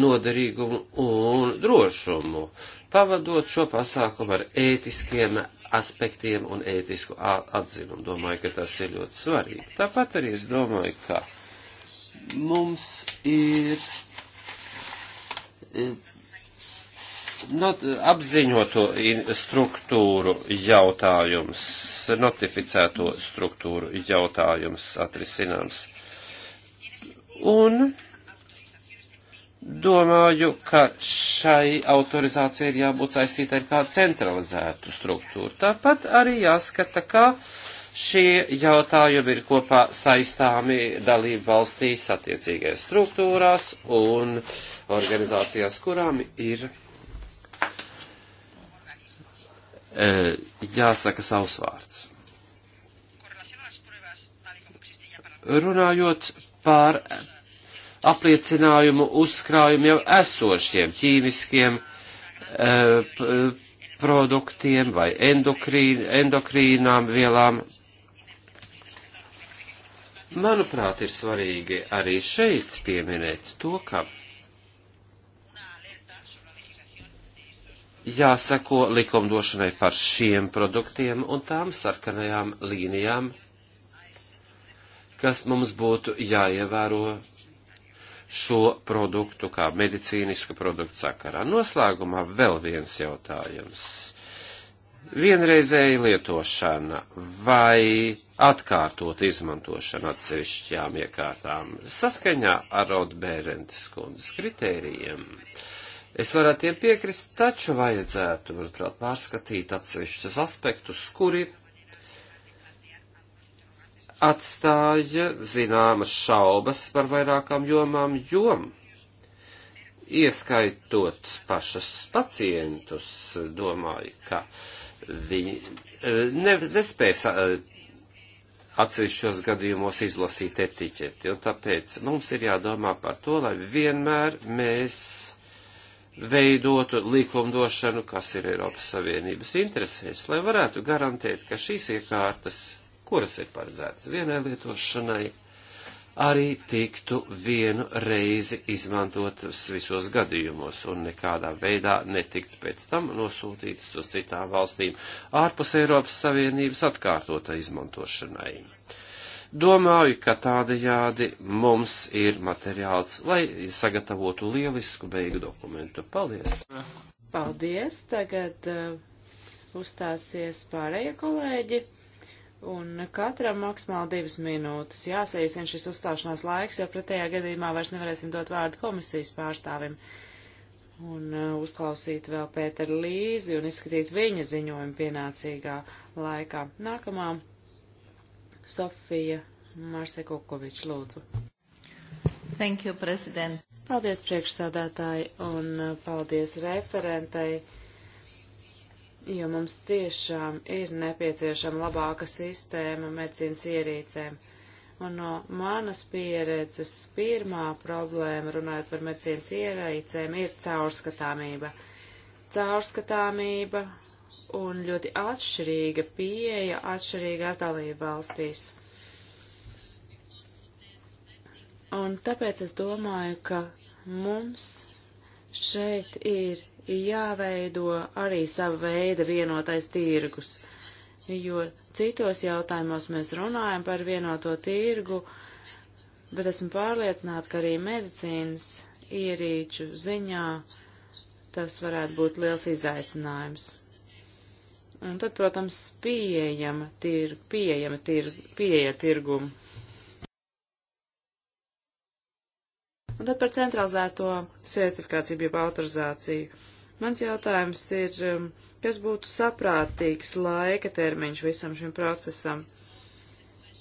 noderīgumu un drošumu pavadot šo pasākumu ar ētiskiem aspektiem un ētisku atzinumu. Domāju, ka tas ir ļoti svarīgi. Tāpat arī es domāju, ka mums ir eh, not, apziņoto struktūru jautājums, notificēto struktūru jautājums atrisināms. Un Domāju, ka šai autorizācijai ir jābūt saistītai ar kādu centralizētu struktūru. Tāpat arī jāskata, kā šie jautājumi ir kopā saistāmi dalību valstīs attiecīgajās struktūrās un organizācijās, kurām ir e, jāsaka savs vārds. Runājot par apliecinājumu uzkrājumu jau esošiem ķīmiskiem e, produktiem vai endokrīn, endokrīnām vielām. Manuprāt, ir svarīgi arī šeit pieminēt to, ka jāsako likumdošanai par šiem produktiem un tām sarkanajām līnijām, kas mums būtu jāievēro šo produktu kā medicīnisku produktu sakarā. Noslēgumā vēl viens jautājums. Vienreizēja lietošana vai atkārtot izmantošana atsevišķām iekārtām saskaņā ar Rodbērendes kundzes kritērijiem. Es varētu tiem piekrist, taču vajadzētu, manuprāt, pārskatīt atsevišķus aspektus, kuri atstāja zināmas šaubas par vairākām jomām, jo ieskaitot pašas pacientus, domāju, ka viņi e, ne, nespēs e, atsevišķos gadījumos izlasīt etiķeti, un tāpēc mums ir jādomā par to, lai vienmēr mēs veidotu likumdošanu, kas ir Eiropas Savienības interesēs, lai varētu garantēt, ka šīs iekārtas kuras ir paredzētas vienai lietošanai, arī tiktu vienu reizi izmantotas visos gadījumos un nekādā veidā netiktu pēc tam nosūtītas uz citām valstīm ārpus Eiropas Savienības atkārtota izmantošanai. Domāju, ka tādajādi mums ir materiāls, lai sagatavotu lielisku beigu dokumentu. Paldies! Paldies! Tagad uh, uzstāsies pārējie kolēģi. Un katram maksimāli divas minūtes jāsaīsina šis uzstāšanās laiks, jo pretējā gadījumā vairs nevarēsim dot vārdu komisijas pārstāvim. Un uh, uzklausīt vēl Pēteru Līzi un izskatīt viņa ziņojumu pienācīgā laikā. Nākamā Sofija Marsekukovič, lūdzu. Thank you, prezident. Paldies priekšsādātāji un uh, paldies referentei jo mums tiešām ir nepieciešama labāka sistēma medicīnas ierīcēm. Un no manas pieredzes pirmā problēma, runājot par medicīnas ierīcēm, ir caurskatāmība. Caurskatāmība un ļoti atšķirīga pieeja atšķirīgās dalību valstīs. Un tāpēc es domāju, ka mums šeit ir jāveido arī sava veida vienotais tirgus, jo citos jautājumos mēs runājam par vienoto tirgu, bet esmu pārliecināta, ka arī medicīnas ierīču ziņā tas varētu būt liels izaicinājums. Un tad, protams, pieejama, tir, pieejama tir, pieeja tirgumu. Un tad par centralizēto sertifikāciju, jeb autorizāciju. Mans jautājums ir, um, kas būtu saprātīgs laika termiņš visam šim procesam?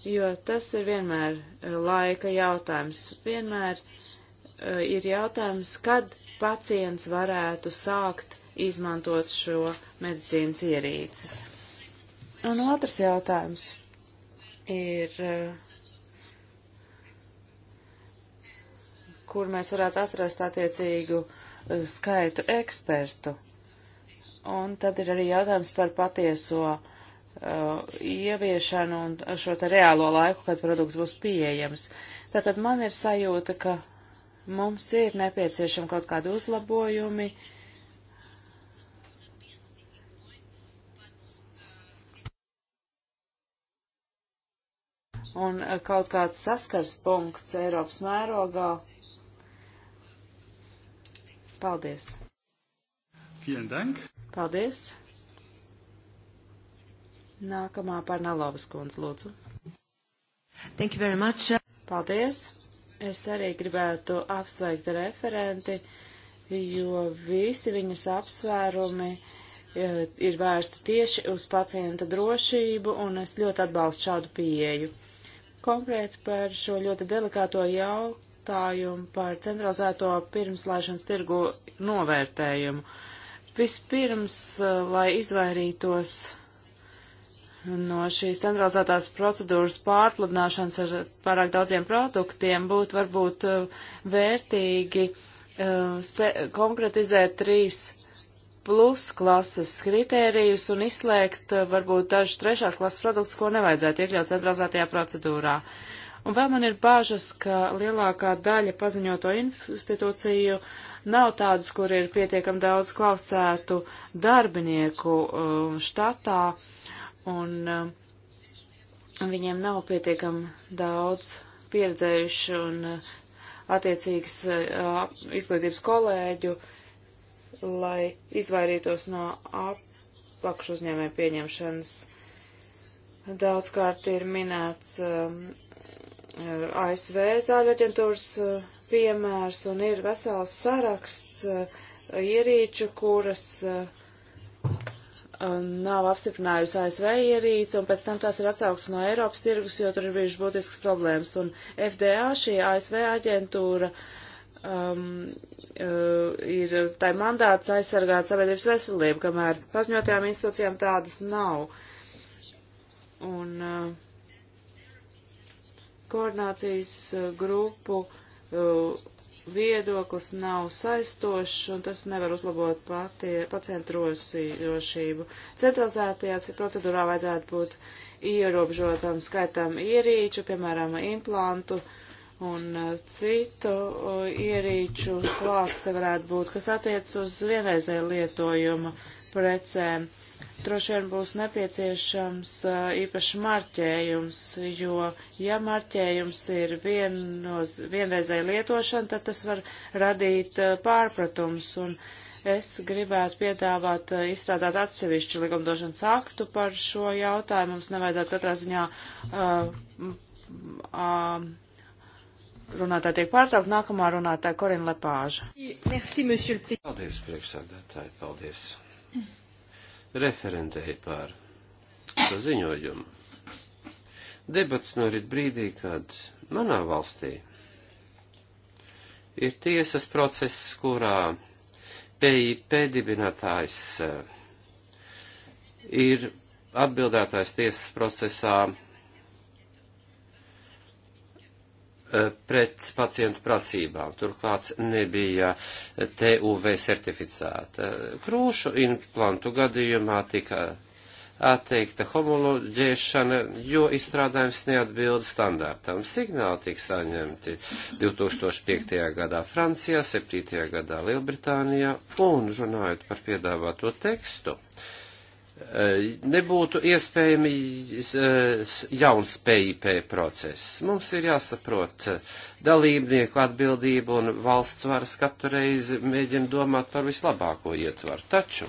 Jo tas ir vienmēr uh, laika jautājums. Vienmēr uh, ir jautājums, kad pacients varētu sākt izmantot šo medicīnas ierīci. Un otrs jautājums ir, uh, kur mēs varētu atrast attiecīgu uh, Eh, skaitu ekspertu. Un tad ir arī jautājums par patieso uh, ieviešanu un šo te reālo laiku, kad produkts būs pieejams. Tātad man ir sajūta, ka mums ir nepieciešama kaut kādi uzlabojumi. Un eh, kaut kāds saskars punkts Eiropas mērogā, Paldies! Paldies! Nākamā Parnalovas kundze, lūdzu. Thank you very much. Paldies! Es arī gribētu apsveikt referenti, jo visi viņas apsvērumi e, ir vērsti tieši uz pacienta drošību, un es ļoti atbalstu šādu pieeju. Konkrēti par šo ļoti delikāto jau, jautājumu par centralizēto pirmslēšanas tirgu novērtējumu. Vispirms, eh, lai izvairītos no šīs centralizētās procedūras pārpludināšanas ar pārāk daudziem produktiem, būtu varbūt eh, vērtīgi uh, konkretizēt trīs plus klases kritērijus un izslēgt varbūt dažus trešās klases produktus, ko nevajadzētu iekļaut centralizētajā procedūrā. Uh, Un vēl man ir bāžas, ka lielākā daļa paziņoto institūciju nav tādas, kur ir pietiekami daudz kvalificētu darbinieku um, štatā, un um, viņiem nav pietiekami daudz pieredzējuši un uh, attiecīgas uh, izglītības kolēģu, lai izvairītos no apakšu uzņēmē pieņemšanas. Daudzkārt ir minēts um, ASV zāļu aģentūras uh, piemērs un ir vesels saraksts uh, ierīču, kuras uh, um, nav apstiprinājusi ASV ierīci, un pēc tam tās ir atsaugs no Eiropas tirgus, jo tur ir bijušas būtiskas problēmas. Un FDA, šī ASV aģentūra, um, ir tai mandāts aizsargāt sabiedrības veselību, kamēr paziņotajām institūcijām tādas nav. Un, uh, Koordinācijas eh, grupu eh, viedoklis nav saistošs un tas nevar uzlabot patie, pacientu drošību. Centralizētajā procedūrā vajadzētu būt ierobežotam skaitam ierīču, piemēram, implantu un eh, citu ierīču klāsts te varētu būt, kas attiec uz vienreizēju lietojumu precēm. Uh, droši vien būs nepieciešams īpašs marķējums, jo ja marķējums ir viennoz, vienreizēja lietošana, tad tas var radīt pārpratums. Un es gribētu piedāvāt izstrādāt atsevišķu likumdošanas aktu par šo jautājumu. Mums nevajadzētu katrā ziņā. Uh, uh, Runātāja tiek pārtraukta, nākamā runātāja Korina Lepāža. Merci, Paldies, priekšsādātāji, paldies. Mm referentēji pār šo ziņojumu. Debats norit brīdī, kad manā valstī ir tiesas process, kurā PIP dibinātājs eh, ir atbildētājs tiesas procesā pret pacientu prasībām. Turklāt nebija TUV certificēta. Krūšu implantu gadījumā tika atteikta homoloģēšana, jo izstrādājums neatbilda standārtam. Signāli tika saņemti 2005. gadā Francijā, 7. gadā Lielbritānijā un runājot par piedāvāto tekstu. Uh, Eh, nebūtu iespējami eh, jauns PIP process. Mums ir jāsaprot eh, dalībnieku atbildību un valsts varas katru reizi mēģina domāt par vislabāko ietvaru. Taču,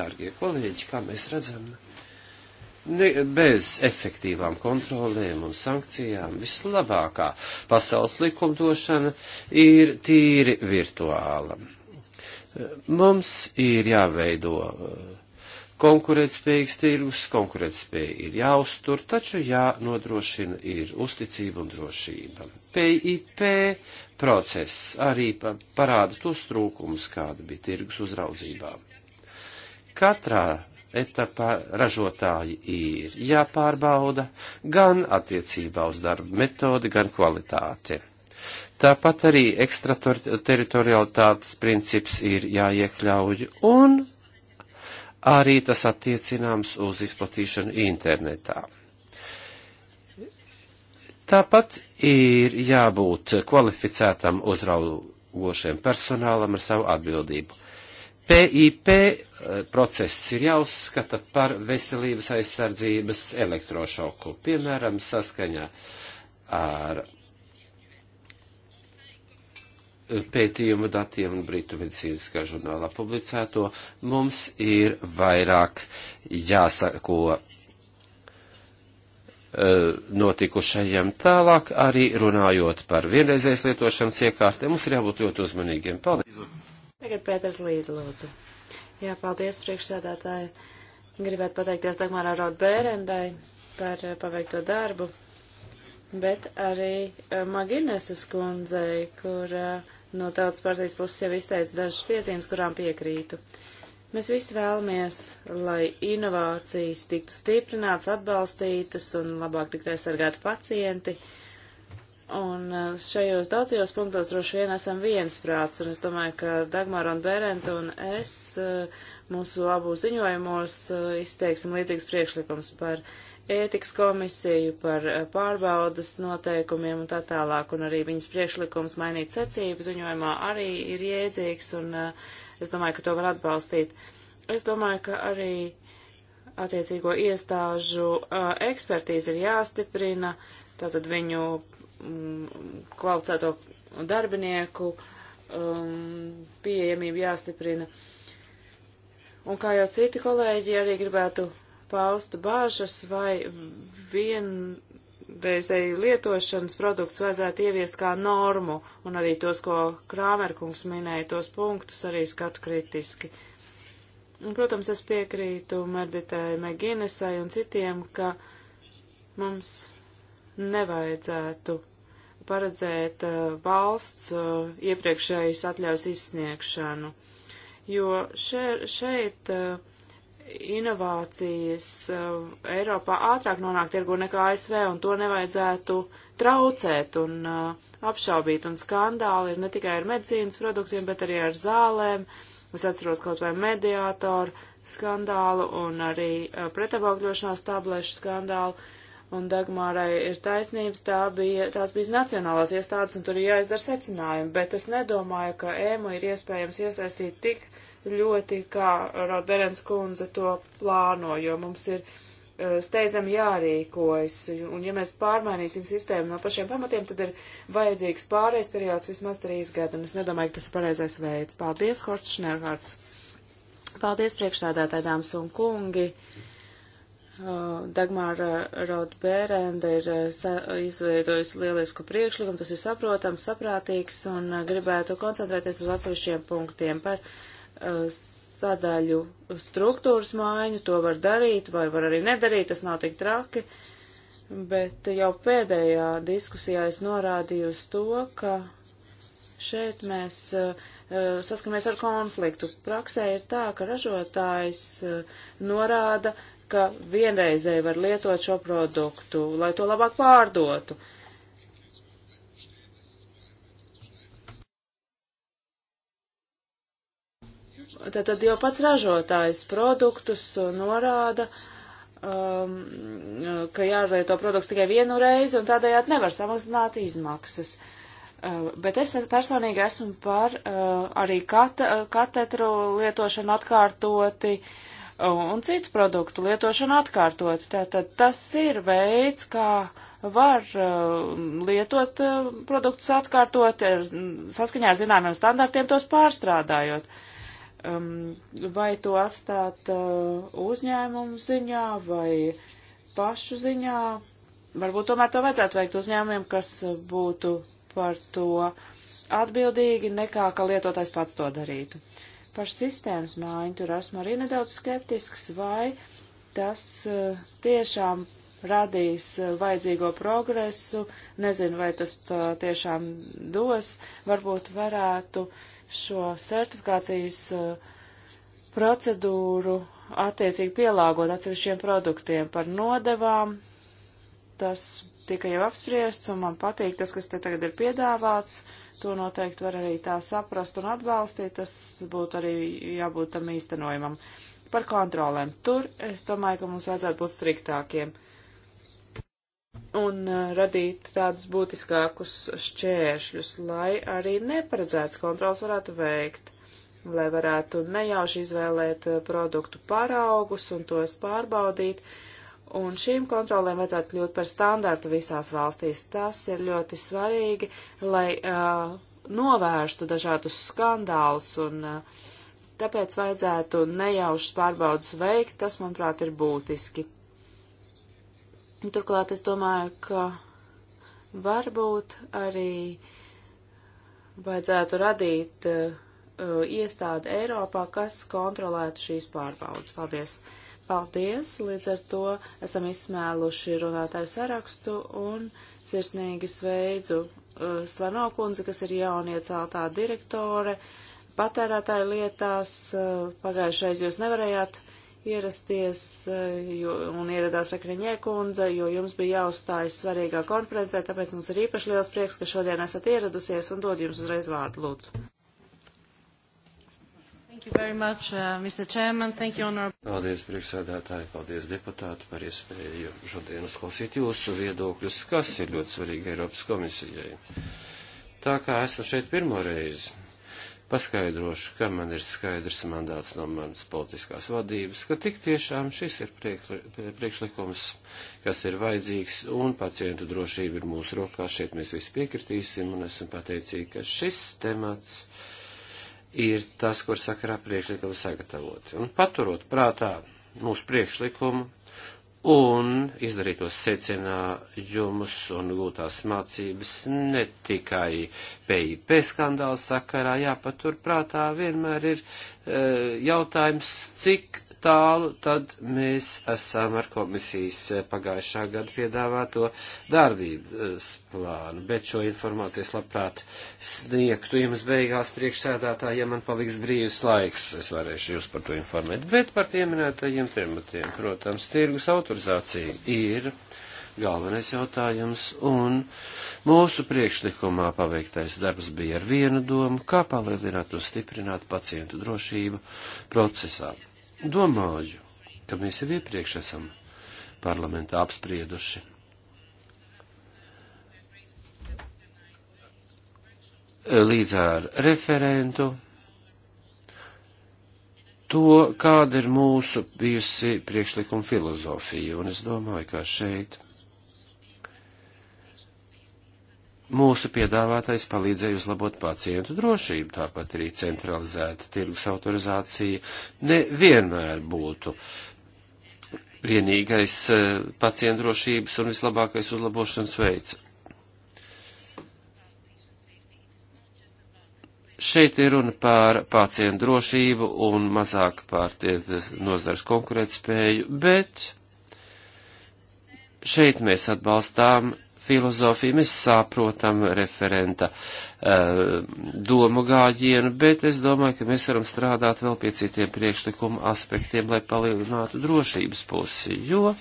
dārgie kolēģi, kā mēs redzam, ne, bez efektīvām kontrolēm un sankcijām vislabākā pasaules likumdošana ir tīri virtuāla. Mums ir jāveido uh, konkurētspējīgs tirgus, konkurētspēja ir jāuztur, taču jānodrošina ir uzticība un drošība. PIP process arī parāda tos trūkumus, kāda bija tirgus uzraudzībā. Katrā etapā ražotāji ir jāpārbauda gan attiecībā uz darba metodi, gan kvalitāti. Tāpat arī ekstrateritorialitātes princips ir jāiekļauj un arī tas attiecināms uz izplatīšanu internetā. Tāpat ir jābūt kvalificētam uzraugošiem personālam ar savu atbildību. PIP eh, process ir jāuzskata par veselības aizsardzības elektrošoku, piemēram, saskaņā ar pētījumu datiem un Britu medicīniskā žurnālā publicēto, mums ir vairāk jāsako e, notikušajiem tālāk, arī runājot par vienreizējas lietošanas iekārtēm, mums ir jābūt ļoti uzmanīgiem. Paldies! Tagad Pēters Līza lūdzu. Jā, paldies priekšsēdētāji. Gribētu pateikties Dagmārā Rotbērendai par e, paveikto darbu, bet arī e, Magineses kundzei, kur uh, no tautas partijas puses jau izteica dažas piezīmes, kurām piekrītu. Mēs visi vēlamies, lai inovācijas tiktu stiprināts, atbalstītas un labāk tiktu aizsargāti pacienti. Un uh, šajos daudzajos punktos droši vien esam viensprāts, un es domāju, ka Dagmar un Berenta un es uh, mūsu abu ziņojumos uh, izteiksim līdzīgs priekšlikums par ētikas komisiju par eh, pārbaudas noteikumiem un tā tālāk, un arī viņas priekšlikums mainīt secību ziņojumā arī ir jēdzīgs, un eh, es domāju, ka to var atbalstīt. Es domāju, ka arī attiecīgo iestāžu eh, ekspertīze ir jāstiprina, tātad viņu mm, kvalificēto darbinieku um, pieejamību jāstiprina. Un kā jau citi kolēģi arī gribētu paustu bāžas, vai vienreizēju lietošanas produkts vajadzētu ieviest kā normu, un arī tos, ko Krāmerkungs minēja, tos punktus arī skatu kritiski. Un, protams, es piekrītu Meditai Meginesai un citiem, ka mums nevajadzētu paredzēt uh, valsts uh, iepriekšējas atļaus izsniegšanu, jo še, šeit uh, inovācijas eh, Eiropā ātrāk nonāk tirgu nekā ASV, un to nevajadzētu traucēt un eh, apšaubīt. Un skandāli ir ne tikai ar medicīnas produktiem, bet arī ar zālēm. Es atceros kaut vai mediātoru skandālu un arī eh, pretabaugļošanās tablešu skandālu. Un Dagmārai ir taisnības, tā bija, tās bija nacionālās iestādes, un tur ir jāizdara secinājumi, bet es nedomāju, ka ēmu ir iespējams iesaistīt tik ļoti, kā Roderens kundze to plāno, jo mums ir uh, steidzami jārīkojas, un ja mēs pārmainīsim sistēmu no pašiem pamatiem, tad ir vajadzīgs pārējais periods vismaz trīs gadi, un es nedomāju, ka tas ir pareizais veids. Paldies, Horsts Šnerhards! Paldies, priekšsādātāji, dāmas un kungi! Eh, Dagmāra Raudbērenda ir eh, izveidojusi lielisku priekšlikumu, tas ir saprotams, saprātīgs un gribētu koncentrēties uz atsevišķiem punktiem par Uh, sadaļu struktūras maiņu, to var darīt vai var arī nedarīt, tas nav tik traki, bet jau pēdējā diskusijā es norādīju uz to, ka šeit mēs uh, uh saskaramies ar konfliktu. Praksē ir tā, ka ražotājs uh, norāda, ka vienreizēji var lietot šo produktu, lai to labāk pārdotu. Uh, Tātad jau pats ražotājs produktus norāda, um, ka jārlieto produkts tikai vienu reizi un tādējādi nevar samazināt izmaksas. Uh, bet es personīgi esmu par uh, arī kat katetru lietošanu atkārtoti un citu produktu lietošanu atkārtoti. Tātad tas ir veids, kā var uh, lietot uh, produktus atkārtot, ar, saskaņā ar zināmiem standartiem tos pārstrādājot. Uh, um, vai to atstāt uh, uzņēmumu ziņā vai pašu ziņā. Varbūt tomēr to vajadzētu veikt uzņēmumiem, kas uh, būtu par to atbildīgi, nekā ka lietotājs pats to darītu. Par sistēmas māju tur esmu arī nedaudz skeptisks, vai tas uh, tiešām radīs uh, vajadzīgo progresu. Nezinu, vai tas tiešām dos. Varbūt varētu uh, šo certifikācijas uh, procedūru attiecīgi pielāgot atsevišķiem produktiem par nodevām. Tas tika jau apspriests, un man patīk tas, kas te tagad ir piedāvāts. To noteikti var arī tā saprast un atbalstīt. Tas būtu arī jābūt tam īstenojumam. Par kontrolēm. Tur es domāju, ka mums vajadzētu būt striktākiem. Uh, un uh, radīt tādus būtiskākus šķēršļus, lai arī neparedzēts kontrols varētu veikt, lai varētu nejauši izvēlēt uh, produktu paraugus un tos pārbaudīt. Un šīm kontrolēm vajadzētu kļūt par standartu visās valstīs. Tas ir ļoti svarīgi, lai uh, novērstu dažādus skandālus un uh, tāpēc vajadzētu nejaušas pārbaudas veikt. Tas, manuprāt, ir būtiski. Nu, turklāt es domāju, ka varbūt arī vajadzētu radīt uh, iestādi Eiropā, kas kontrolētu šīs pārbaudas. Paldies! Paldies! Līdz ar to esam izsmēluši runātāju sarakstu un sirsnīgi sveicu uh, Svano kundzi, kas ir jauniecāltā direktore patērētāju lietās. Uh, pagājušais jūs nevarējāt ierasties eh, jo, un ieradās Rekriņē kundze, jo jums bija jāuzstājas svarīgā konferencē, tāpēc mums ir īpaši liels prieks, ka šodien esat ieradusies un dod jums uzreiz vārdu, lūdzu. Much, uh, you, honor... Paldies, priekšsēdētāji, paldies deputāti par iespēju šodien uzklausīt jūsu viedokļus, kas ir ļoti svarīgi Eiropas komisijai. Tā kā esmu šeit pirmo reizi paskaidrošu, ka man ir skaidrs mandāts no manas politiskās vadības, ka tik tiešām šis ir priekšlikums, kas ir vajadzīgs, un pacientu drošība ir mūsu rokā. Šeit mēs visi piekritīsim, un esmu pateicīgi, ka šis temats ir tas, kur sakarā priekšlikumi sagatavoti. Un paturot prātā mūsu priekšlikumu un izdarītos secinājumus un gūtās mācības ne tikai PIP skandāla sakarā, jāpaturprātā vienmēr ir e, jautājums, cik tālu, tad mēs esam ar komisijas pagājušā gada piedāvāto darbības plānu, bet šo informāciju es labprāt sniegtu jums beigās priekšsēdētā, ja man paliks brīvs laiks, es varēšu jūs par to informēt, bet par pieminētajiem tematiem, protams, tirgus autorizācija ir galvenais jautājums, un mūsu priekšlikumā paveiktais darbs bija ar vienu domu, kā palielināt un stiprināt pacientu drošību procesā. Domāju, ka mēs jau iepriekš esam parlamentā apsprieduši. Līdz ar referentu to, kāda ir mūsu bijusi priekšlikuma filozofija, un es domāju, ka šeit Mūsu piedāvātais palīdzēja uzlabot pacientu drošību, tāpat arī centralizēta tirgus autorizācija nevienmēr būtu vienīgais eh, pacientu drošības un vislabākais uzlabošanas veids. Šeit ir runa par pacientu drošību un mazāk par nozars konkurētspēju, bet šeit mēs atbalstām filozofiju. Mēs saprotam referenta uh, domu gājienu, bet es domāju, ka mēs varam strādāt vēl pie citiem priekšlikuma aspektiem, lai palielinātu drošības pusi, jo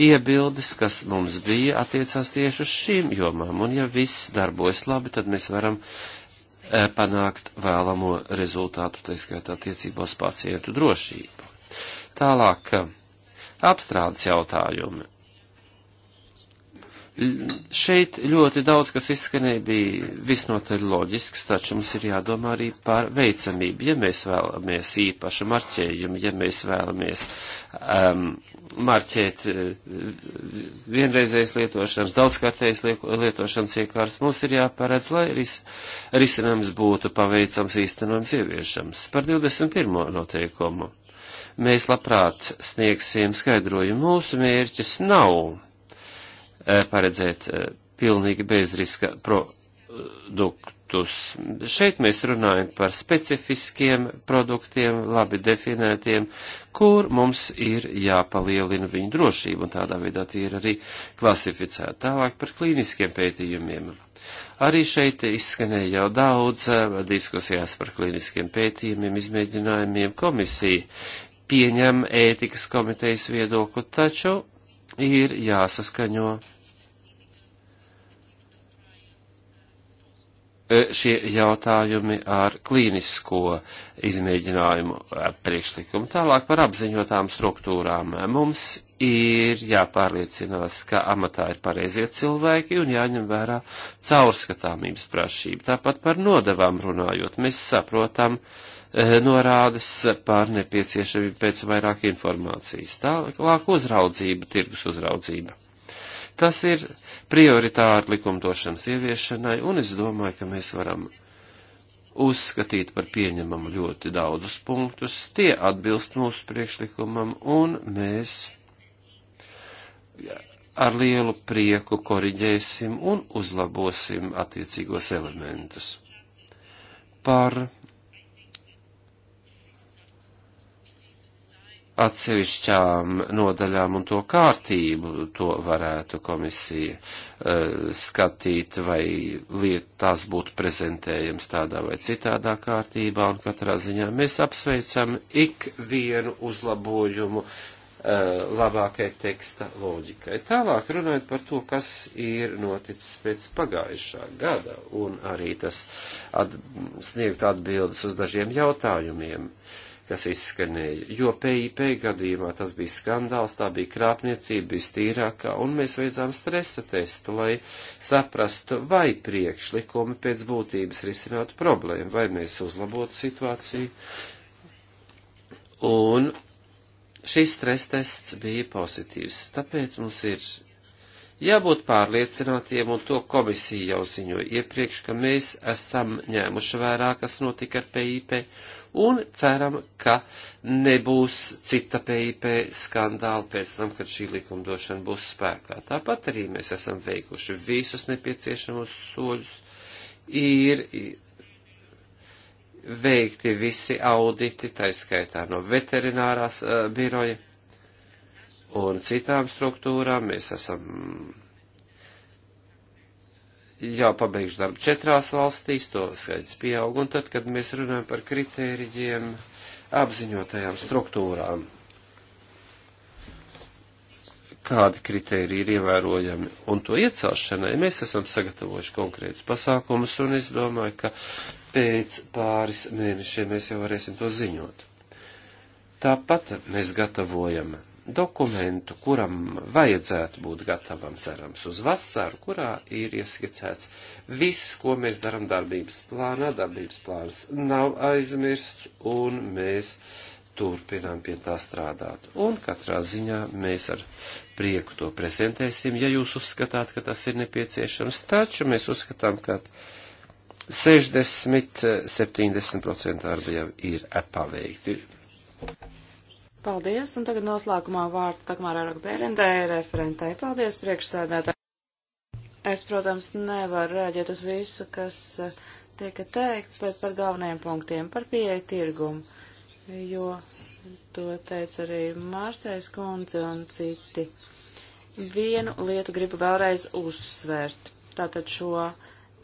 iebildes, kas mums bija, attiecās tieši uz šīm jomām. Un ja viss darbojas labi, tad mēs varam uh, panākt vēlamo rezultātu, tā skaitā attiecībos pacientu drošību. Tālāk, eh, apstrādes jautājumi Šeit ļoti daudz, kas izskanēja, bija visnotaļ loģisks, taču mums ir jādomā arī par veicamību. Ja mēs vēlamies īpašu marķējumu, ja mēs vēlamies um, marķēt uh, vienreizējas lietošanas, daudzkārtējas lietošanas iekārtas, mums ir jāparedz, lai ris, risinājums būtu paveicams īstenojums ieviešams. Par 21. noteikumu mēs labprāt sniegsim skaidrojumu. Mūsu mērķis nav Eh, paredzēt eh, pilnīgi bezriska produktus. Šeit mēs runājam par specifiskiem produktiem, labi definētiem, kur mums ir jāpalielina viņu drošība, un tādā veidā tie ir arī klasificēti. Tālāk par klīniskiem pētījumiem. Arī šeit izskanēja jau daudz eh, diskusijās par klīniskiem pētījumiem, izmēģinājumiem. Komisija pieņem ētikas komitejas viedokli, taču ir jāsaskaņo e, šie jautājumi ar klīnisko izmēģinājumu e, priekšlikumu. Tālāk par apziņotām struktūrām. Mums ir jāpārliecinās, ka amatā ir pareizie cilvēki un jāņem vērā caurskatāmības prasība. Tāpat par nodevām runājot, mēs saprotam, uh, Eh, norādes par nepieciešamību pēc vairāk informācijas. Tālāk uzraudzība, tirgus uzraudzība. Tas ir prioritāri likumdošanas ieviešanai, un es domāju, ka mēs varam uzskatīt par pieņemamu ļoti daudzus punktus. Tie atbilst mūsu priekšlikumam, un mēs ar lielu prieku koriģēsim un uzlabosim attiecīgos elementus. Par atsevišķām nodaļām un to kārtību to varētu komisija uh, skatīt, vai liet, tās būtu prezentējams tādā vai citādā kārtībā, un katrā ziņā mēs apsveicam ik vienu uzlabojumu uh, labākai teksta loģikai. Tālāk runājot par to, kas ir noticis pēc pagājušā gada, un arī tas at, sniegt atbildes uz dažiem jautājumiem. Uh, kas izskanēja, jo PIP gadījumā tas bija skandāls, tā bija krāpniecība, bija stīrākā, un mēs veicām stresa testu, lai saprastu, vai priekšlikumi pēc būtības risinātu problēmu, vai mēs uzlabotu situāciju. Un šis stresa tests bija pozitīvs, tāpēc mums ir jābūt pārliecinātiem, un to komisija jau ziņoja iepriekš, ka mēs esam ņēmuši vērā, kas notika ar PIP, un ceram, ka nebūs cita PIP skandāla pēc tam, kad šī likumdošana būs spēkā. Tāpat arī mēs esam veikuši visus nepieciešamos soļus. Ir veikti visi auditi, taiskaitā no veterinārās uh, biroja un citām struktūrām. Mēs esam jau pabeigšu darbu četrās valstīs, to skaits pieaug, un tad, kad mēs runājam par kritērijiem apziņotajām struktūrām, kādi kritēriji ir ievērojami, un to iecelšanai mēs esam sagatavojuši konkrētus pasākumus, un es domāju, ka pēc pāris mēnešiem mēs jau varēsim to ziņot. Tāpat mēs gatavojam dokumentu, kuram vajadzētu būt gatavam, cerams, uz vasaru, kurā ir ieskicēts viss, ko mēs darām darbības plānā. Darbības plāns nav aizmirsts, un mēs turpinām pie tā strādāt. Un katrā ziņā mēs ar prieku to prezentēsim, ja jūs uzskatāt, ka tas ir nepieciešams. Taču mēs uzskatām, ka 60-70% darba jau ir paveikti. Paldies, un tagad noslēgumā vārdu Takmārai Rokbērendai, referentai. Paldies, priekšsēdētāji. Es, protams, nevaru rēģēt uz visu, kas eh, tika teikts, bet par galvenajiem punktiem, par pieeju tirgumu, jo to teica arī Mārsais kundze un citi. Vienu lietu gribu vēlreiz uzsvērt, tātad šo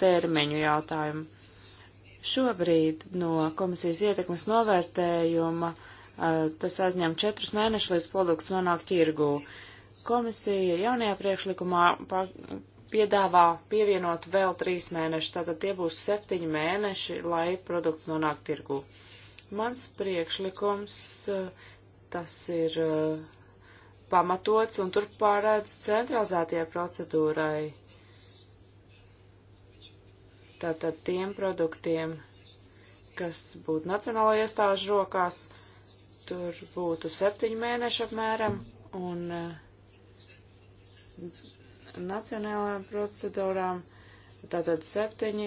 termiņu jautājumu. Šobrīd no komisijas ietekmes novērtējuma Eh, tas aizņem četrus mēnešus, līdz produkts nonāk tirgū. Komisija jaunajā priekšlikumā piedāvā pievienot vēl trīs mēnešus, tātad tie būs septiņi mēneši, lai produkts nonāk tirgū. Mans priekšlikums, eh, tas ir eh, pamatots un tur pārēdz centralizētajai procedūrai. Tātad tiem produktiem, kas būtu nacionālajā iestāžu rokās, uh, tur būtu septiņu mēnešu apmēram, un eh, nacionālām procedūrām tātad septiņi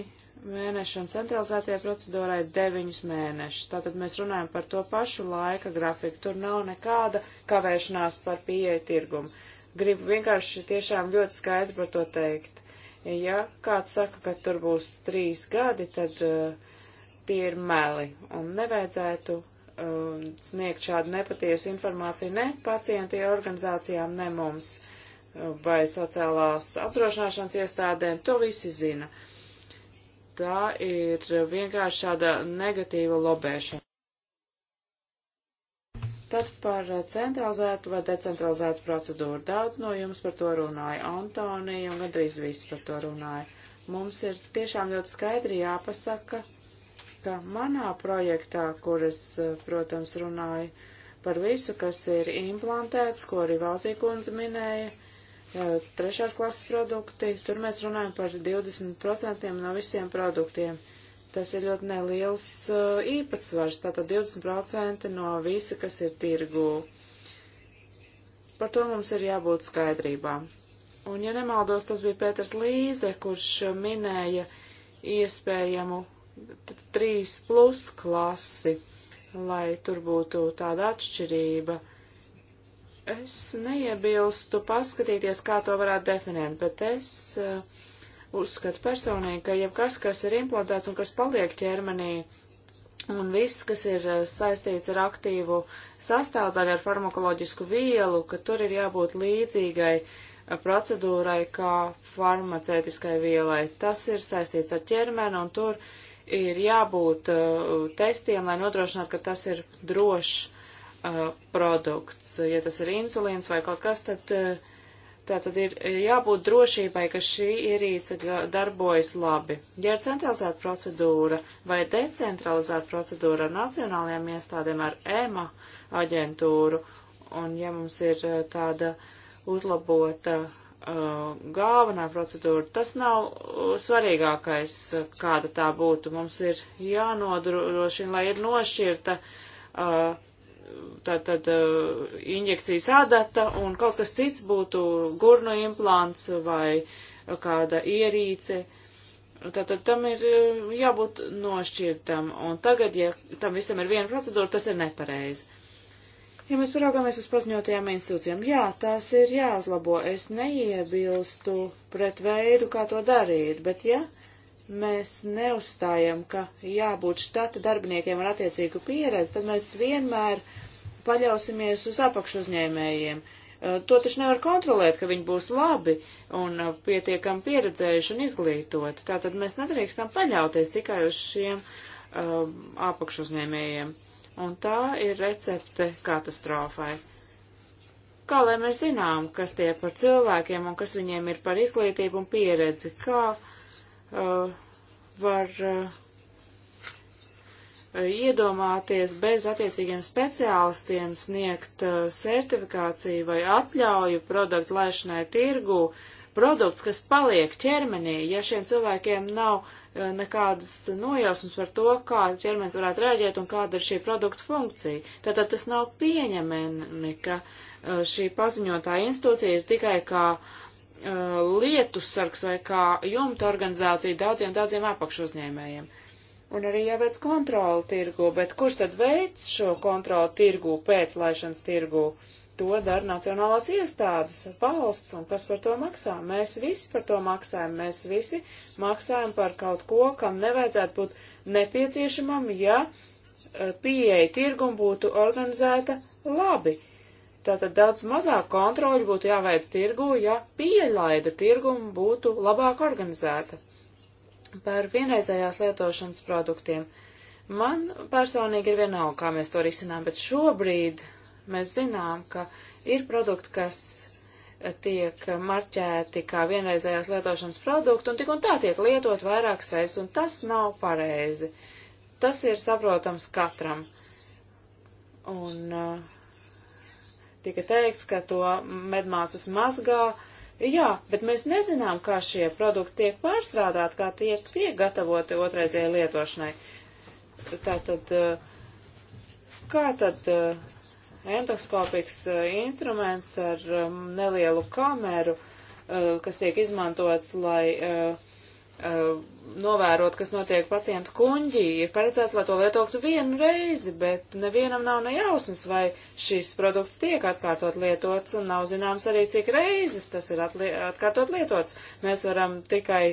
mēneši un centralizētajā procedūrā ir deviņus mēnešus. Tātad mēs runājam par to pašu laika grafiku. Tur nav nekāda kavēšanās par pieeju tirgumu. Gribu vienkārši tiešām ļoti skaidri par to teikt. Ja kāds saka, ka tur būs trīs gadi, tad uh, tie ir meli un nevajadzētu um, sniegt šādu nepatiesu informāciju ne pacientu organizācijām, ne mums um, vai sociālās apdrošināšanas iestādēm. To visi zina. Tā ir vienkārši šāda negatīva lobēšana. Tad par centralizētu vai decentralizētu procedūru. Daudz no jums par to runāja. Antonija un gandrīz viss par to runāja. Mums ir tiešām ļoti skaidri jāpasaka, ka manā projektā, kur es, eh, protams, runāju par visu, kas ir implantēts, ko arī Valzīkundze minēja, eh, trešās klases produkti, tur mēs runājam par 20% no visiem produktiem. Tas ir ļoti neliels eh, īpatsvars, tātad 20% no visa, kas ir tirgū. Par to mums ir jābūt skaidrībām. Un, ja nemaldos, tas bija Pēters Līze, kurš minēja iespējamu 3 plus klasi, lai tur būtu tāda atšķirība. Es neiebilstu paskatīties, kā to varētu definēt, bet es uh, uzskatu personīgi, ka jebkas, kas ir implantēts un kas paliek ķermenī, un viss, kas ir uh, saistīts ar aktīvu sastāvdaļu, ar farmakoloģisku vielu, ka tur ir jābūt līdzīgai uh, procedūrai kā farmacētiskai vielai. Tas ir saistīts ar ķermeni, un tur ir jābūt uh, testiem, lai nodrošinātu, ka tas ir drošs uh, produkts. Ja tas ir insulīns vai kaut kas, tad uh, tā tad ir jābūt drošībai, ka šī ierīce darbojas labi. Ja ir centralizēta procedūra vai decentralizēta procedūra ar nacionālajām iestādēm, ar EMA aģentūru, un ja mums ir uh, tāda uzlabota Uh, galvenā procedūra, tas nav uh, svarīgākais, uh, kāda tā būtu. Mums ir jānodrošina, lai ir nošķirta tātad injekcijas adata un kaut kas cits būtu gurnu implants vai kāda ierīce. Tātad tam ir jābūt nošķirtam. Un tagad, ja tam visam ir viena procedūra, tas ir nepareizi. Ja mēs paraugāmies uz paziņotajām institūcijām, jā, tās ir jāuzlabo. Es neiebilstu pret veidu, kā to darīt, bet ja mēs neuzstājam, ka jābūt štata darbiniekiem ar attiecīgu pieredzi, tad mēs vienmēr paļausimies uz apakšu uzņēmējiem. Eh, to taču nevar kontrolēt, ka viņi būs labi un eh, pietiekami pieredzējuši un izglītoti. Tātad mēs nedrīkstam paļauties tikai uz šiem um, apakšuzņēmējiem un tā ir recepte katastrofai. Kā lai mēs zinām, kas tie par cilvēkiem un kas viņiem ir par izglītību un pieredzi, kā uh, var uh, iedomāties bez attiecīgiem speciālistiem sniegt uh, sertifikāciju vai atļauju produktu laišanai tirgū, produkts, kas paliek ķermenī, ja šiem cilvēkiem nav Eh, nekādas nojausmas par to, kā ķermenis varētu rēģēt un kāda ir šī produkta funkcija. Tātad tas nav pieņemami, ka eh, šī paziņotā institūcija ir tikai kā uh, lietu sargs vai kā jumta organizācija daudziem, daudziem apakšuzņēmējiem. Un arī jāveic kontroli tirgu, bet kurš tad veic šo kontroli tirgu pēc laišanas tirgu? Uh, to dara nacionālās iestādes, valsts, un kas par to maksā. Mēs visi par to maksājam, mēs visi maksājam par kaut ko, kam nevajadzētu būt nepieciešamam, ja e, pieeja tirgum būtu organizēta labi. Tātad daudz mazāk kontroļu būtu jāveic tirgu, ja pielaida tirgum būtu labāk organizēta. Par vienreizējās lietošanas produktiem. Man personīgi ir vienalga, kā mēs to risinām, bet šobrīd Mēs zinām, ka ir produkti, kas eh, tiek marķēti kā vienreizējās lietošanas produkti un tik un tā tiek lietot vairākas reizes, un tas nav pareizi. Tas ir saprotams katram. Un eh, tika teikts, ka to medmāsas mazgā. Jā, bet mēs nezinām, kā šie produkti tiek pārstrādāti, kā tiek, tiek gatavoti otrreizējai lietošanai. Tātad, eh, kā tad endoskopisks eh, instruments ar um, nelielu kameru, eh, kas tiek izmantots, lai eh, novērot, kas notiek pacientu kuņģī, ir paredzēts, lai to lietotu vienu reizi, bet nevienam nav nejausmas, vai šis produkts tiek atkārtot lietots, un nav zināms arī, cik reizes tas ir atkārtot lietots. Mēs varam tikai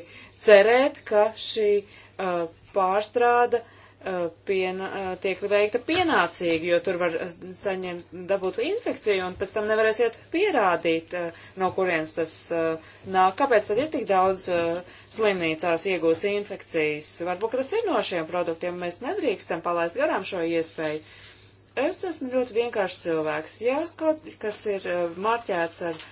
cerēt, ka šī uh, pārstrāda uh, Eh, pien, eh, tiek veikta pienācīgi, jo tur var eh, saņemt, dabūt infekciju un pēc tam nevarēsiet pierādīt, no kurienes tas nāk. Kāpēc tad ir tik daudz slimnīcās iegūts infekcijas? Varbūt tas ir no šiem produktiem, mēs nedrīkstam palaist garām šo iespēju. Es esmu ļoti vienkāršs cilvēks. Ja kaut kas ir marķēts ar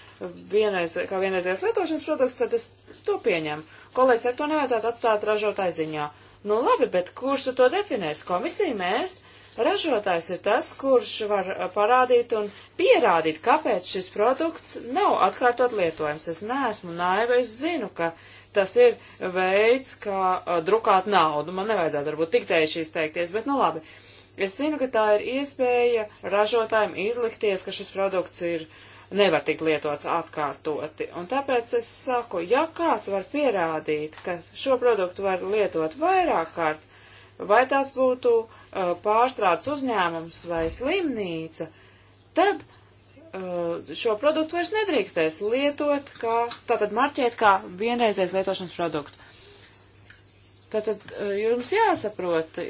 vienreiz, kā vienreizējais lietošanas produkts, tad es to pieņemu. Kolēģis ar to nevajadzētu atstāt ražotāju ziņā. Uh, Nu labi, bet kurš to definēs? Komisija mēs? Ražotājs ir tas, kurš var uh, parādīt un pierādīt, kāpēc šis produkts nav atkārtot lietojams. Es neesmu naiva, es zinu, ka tas ir veids, kā uh, drukāt naudu. Man nevajadzētu varbūt tik tieši izteikties, bet nu labi. Es zinu, ka tā ir iespēja ražotājiem izlikties, ka šis produkts ir uh, nevar tikt lietots atkārtoti. Un tāpēc es saku, ja kāds var pierādīt, ka šo produktu var lietot vairāk kārt, vai tas būtu uh, pārstrādes uzņēmums vai slimnīca, tad uh, šo produktu vairs nedrīkstēs lietot, kā, tātad marķēt kā vienreizēs lietošanas produktu. Tātad uh, jums jāsaprot,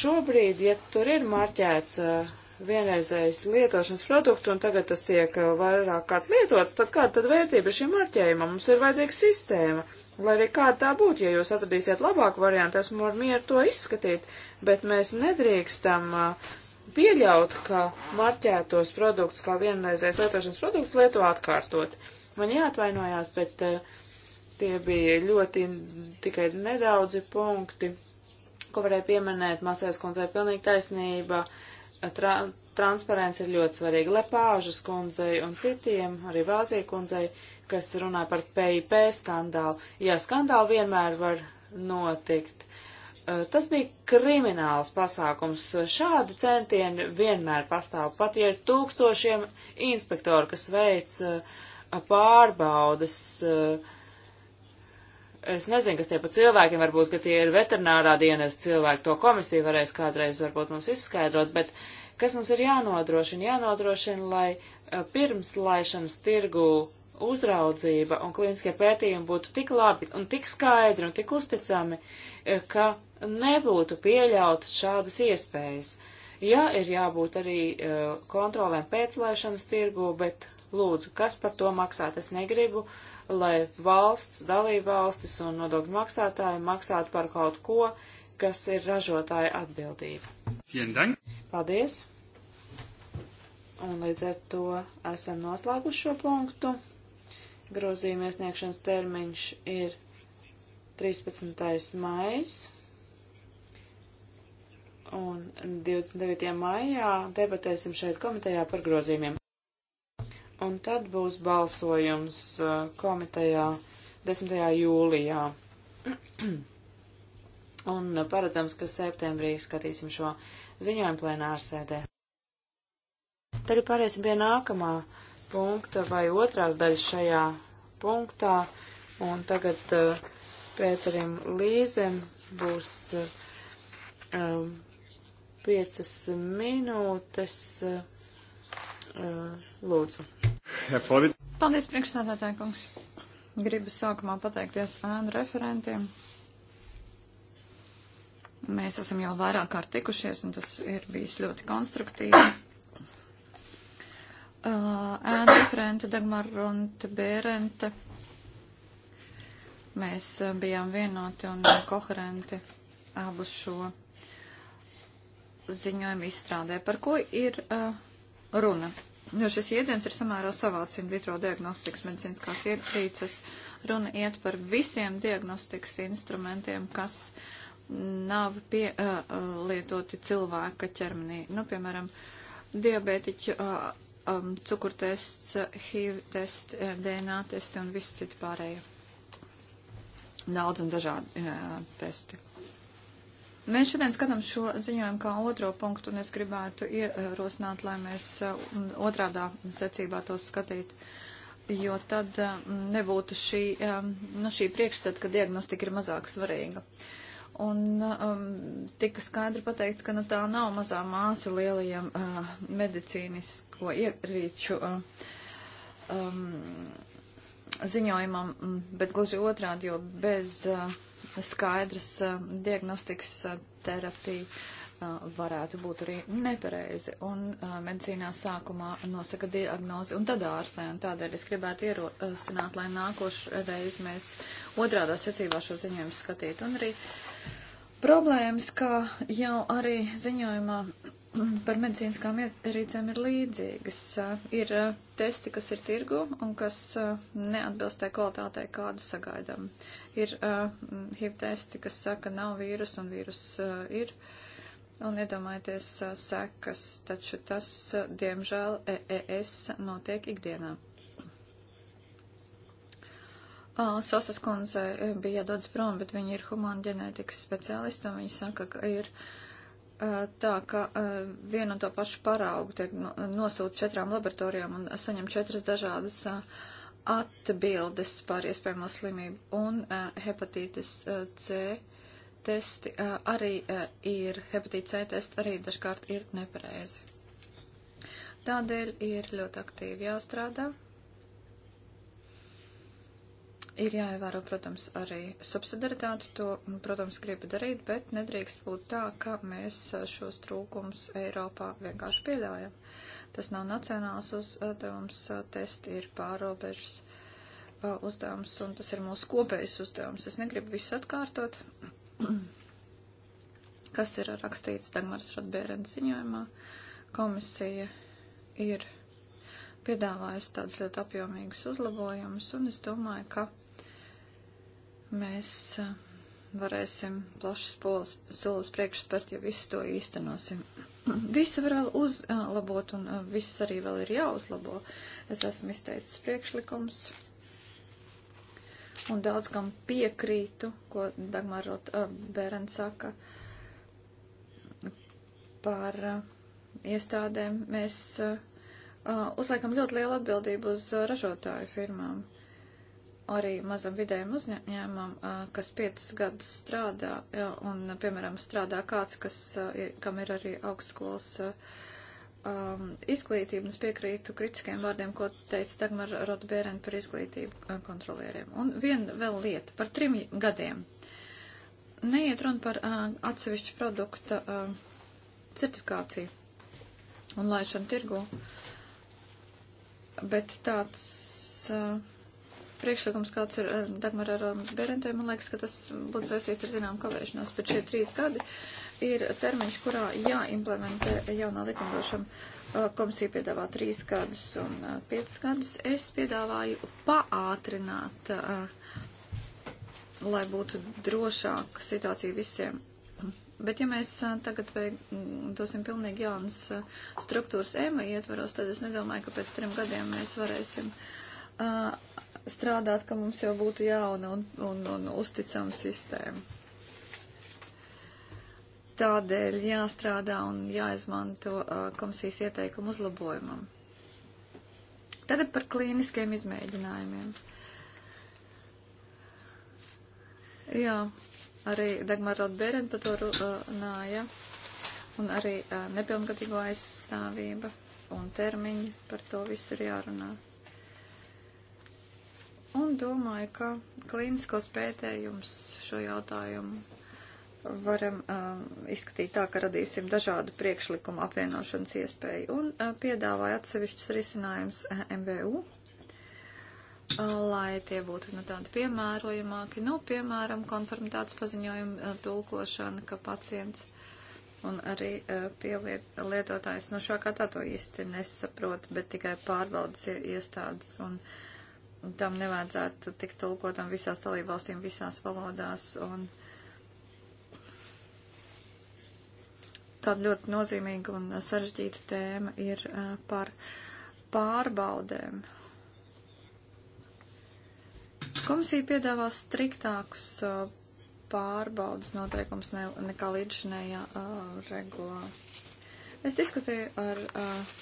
šobrīd, ja tur ir marķēts uh, vienreizējs lietošanas produkts, un tagad tas tiek uh, vairāk kārt lietots, tad kāda tad vērtība šim marķējumam? Mums ir vajadzīga sistēma, lai arī kāda tā būtu, ja jūs atradīsiet labāku variantu, esmu ar mieru to izskatīt, bet mēs nedrīkstam uh, pieļaut, ka marķētos produktus kā vienreizējs lietošanas produkts lieto atkārtot. Man jāatvainojās, bet uh, tie bija ļoti tikai nedaudzi punkti, ko varēja pieminēt. Masēs kundzei pilnīgi taisnība tra transparents ir ļoti svarīga Lepāžas kundzei un citiem, arī Vāzija kundzei, kas runā par PIP skandālu. Jā, skandāli vienmēr var notikt. Uh, tas bija krimināls pasākums. Šādi centieni vienmēr pastāv, pat ja ir tūkstošiem inspektoru, kas veic pārbaudas uh, Es nezinu, kas tie pa cilvēkiem, varbūt, ka tie ir veterinārā dienas cilvēki, to komisija varēs kādreiz varbūt mums izskaidrot, bet kas mums ir jānodrošina? Jānodrošina, lai eh, pirms laišanas tirgu uzraudzība un klīniskie pētījumi būtu tik labi un tik skaidri un tik uzticami, eh, ka nebūtu pieļautas šādas iespējas. Jā, ir jābūt arī eh, kontrolēm pēc laišanas tirgu, bet lūdzu, kas par to maksā? Es negribu uh, lai valsts, dalībvalstis un nodokļu maksātāji maksātu par kaut ko, kas ir ražotāja atbildība. Paldies! Un līdz ar to esam noslēguši šo punktu. Grozījuma iesniegšanas termiņš ir 13. maijs. Un 29. maijā debatēsim šeit komitejā par grozījumiem un tad būs balsojums uh, komitejā 10. jūlijā. un uh, paredzams, ka septembrī skatīsim šo ziņojumu plenārsēdē. Tagad pāriesim pie nākamā punkta vai otrās daļas šajā punktā, un tagad uh, Pēterim Līzem būs uh, um, piecas minūtes. Uh, uh lūdzu. Paldies, priekšsādātāja kungs. Gribu sākumā pateikties ēnu referentiem. Mēs esam jau vairāk kārt tikušies, un tas ir bijis ļoti konstruktīvi. Uh, ēnu referente Dagmar Runte Bērente. Mēs uh, bijām vienoti un koherenti abu šo ziņojumu izstrādē. Par ko ir uh, runa? Jo šis jēdziens ir samērā savāds in vitro diagnostikas medicīniskās ierīces. Runa iet par visiem diagnostikas instrumentiem, kas nav pielietoti uh, cilvēka ķermenī. Nu, piemēram, diabētiķu uh, um, cukurtests, HIV tests, DNA testi un viss citi pārējie. Daudz un dažādi uh, testi. Mēs šodien skatām šo ziņojumu kā otro punktu, un es gribētu ierosināt, lai mēs uh, otrādā secībā tos skatītu, jo tad uh, nebūtu šī, um, nu, šī priekšstata, ka diagnostika ir mazāk svarīga. Un um, tika skaidri pateikts, ka nu, tā nav mazā māsa lielajiem uh, medicīnisko ierīču uh, um, ziņojumam, mm, bet gluži otrādi, jo bez. Uh, skaidras diagnostikas terapija varētu būt arī nepareizi. Un medicīnā sākumā nosaka diagnozi un tad ārstē. Un tādēļ es gribētu ierosināt, lai nākošreiz mēs otrādā secībā šo ziņojumu skatītu. Un arī problēmas, kā jau arī ziņojumā par medicīniskām ierīcēm ir līdzīgas. Ir eh, testi, kas ir tirgu un kas eh, neatbilst tai kvalitātei, kādu sagaidām. Ir eh, HIV testi, kas saka, nav vīrus un vīrus ir. Un iedomājieties sekas, taču tas, diemžēl, EES notiek ikdienā. Sasas kundze bija jādodas prom, bet viņa ir humāna ģenētikas speciālista, un viņa saka, ka ir uh, Eh, tā, ka eh, vienu un to pašu paraugu tiek nosūta četrām laboratorijām un saņem četras dažādas eh, atbildes par iespējamo slimību un hepatītis C testi arī ir, hepatīts C testi arī dažkārt ir nepareizi. Tādēļ ir ļoti aktīvi jāstrādā Ir jāievēro, protams, arī subsidaritāti, to, protams, gribu darīt, bet nedrīkst būt tā, ka mēs šos trūkums Eiropā vienkārši pieļaujam. Tas nav nacionāls uzdevums, testi ir pārobežas uzdevums, un tas ir mūsu kopējs uzdevums. Es negribu visu atkārtot, kas ir rakstīts Dagmaras Rotbērens ziņojumā. Komisija ir piedāvājusi tādus ļoti apjomīgus uzlabojumus, un es domāju, ka Mēs eh, varēsim plašas solis priekšspērt, ja visu to īstenosim. Visu var vēl uzlabot un eh, viss arī vēl ir jāuzlabo. Es esmu izteicis priekšlikums un daudz kam piekrītu, ko Dagmar Rot eh, Bērens saka par iestādēm. Mēs uzliekam ļoti lielu atbildību uz ražotāju firmām. Uh, arī mazam vidējam uzņēmumam, kas piecas gadus strādā, jā, un, piemēram, strādā kāds, kas, kam ir arī augstskolas um, izglītība, un es piekrītu kritiskiem vārdiem, ko teica Dagmar Rotbērēna par izglītību kontrolieriem. Un viena vēl lieta par trim gadiem. Neiet runa par uh, atsevišķu produkta uh, certifikāciju un laišanu tirgu, bet tāds. Uh, priekšlikums, kāds ir eh, Dagmar ar Berentai, man liekas, ka tas būtu saistīts ar zinām kavēšanos, bet šie trīs gadi ir termiņš, kurā jāimplementē jaunā likumdošana eh, komisija piedāvā trīs gadus un uh, eh, piecas gadus. Es piedāvāju paātrināt, uh, lai būtu drošāka situācija visiem. Bet ja mēs uh, tagad veik, mm, dosim pilnīgi jaunas struktūras ēma e ietvaros, tad es nedomāju, ka pēc trim gadiem mēs varēsim uh, uh, strādāt, ka mums jau būtu jauna un, un, un uzticama sistēma. Tādēļ jāstrādā un jāizmanto uh, komisijas ieteikumu uzlabojumam. Tagad par klīniskiem izmēģinājumiem. Jā, arī Dagmar Rotbērēn par to runāja. Un arī uh, nepilngadīgo aizstāvība un termiņi par to visu ir jārunā. Un domāju, ka klīniskos pētējums šo jautājumu varam uh, izskatīt tā, ka radīsim dažādu priekšlikumu apvienošanas iespēju un uh, piedāvāja atsevišķus risinājumus uh, MVU, uh, lai tie būtu nu, tādi piemērojamāki. Nu, piemēram, konformitātes paziņojuma uh, tulkošana, ka pacients un arī uh, pielietotājs pieliet, no nu, šā kā tā to īsti nesaprot, bet tikai pārbaudas iestādes un uh, tam nevajadzētu tikt tulkotam visās dalībvalstīm, visās valodās. Un tāda ļoti nozīmīga un sarežģīta tēma ir par pārbaudēm. Komisija piedāvā striktākus pārbaudas noteikums ne, nekā līdzinējā regulā. Es diskutēju ar uh,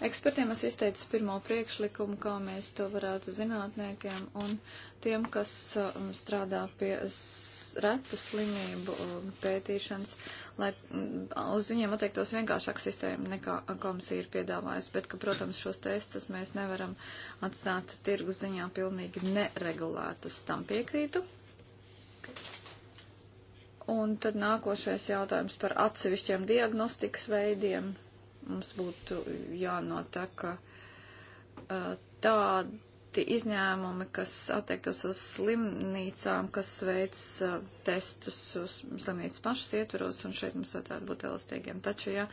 Ekspertiem es izteicu pirmo priekšlikumu, kā mēs to varētu zinātniekiem un tiem, kas um, strādā pie retu slimību um, pētīšanas, lai mm, uz viņiem attiektos vienkāršāk sistēma nekā komisija ir piedāvājusi, bet ka, protams, šos testus mēs nevaram atstāt tirgu ziņā pilnīgi neregulētus. Tam piekrītu. Un tad nākošais jautājums par atsevišķiem diagnostikas veidiem Mums būtu jānotaka tādi izņēmumi, kas attiektos uz slimnīcām, kas veic testus uz slimnīcas pašas ietvaros, un šeit mums vajadzētu būt elastīgiem. Taču, ja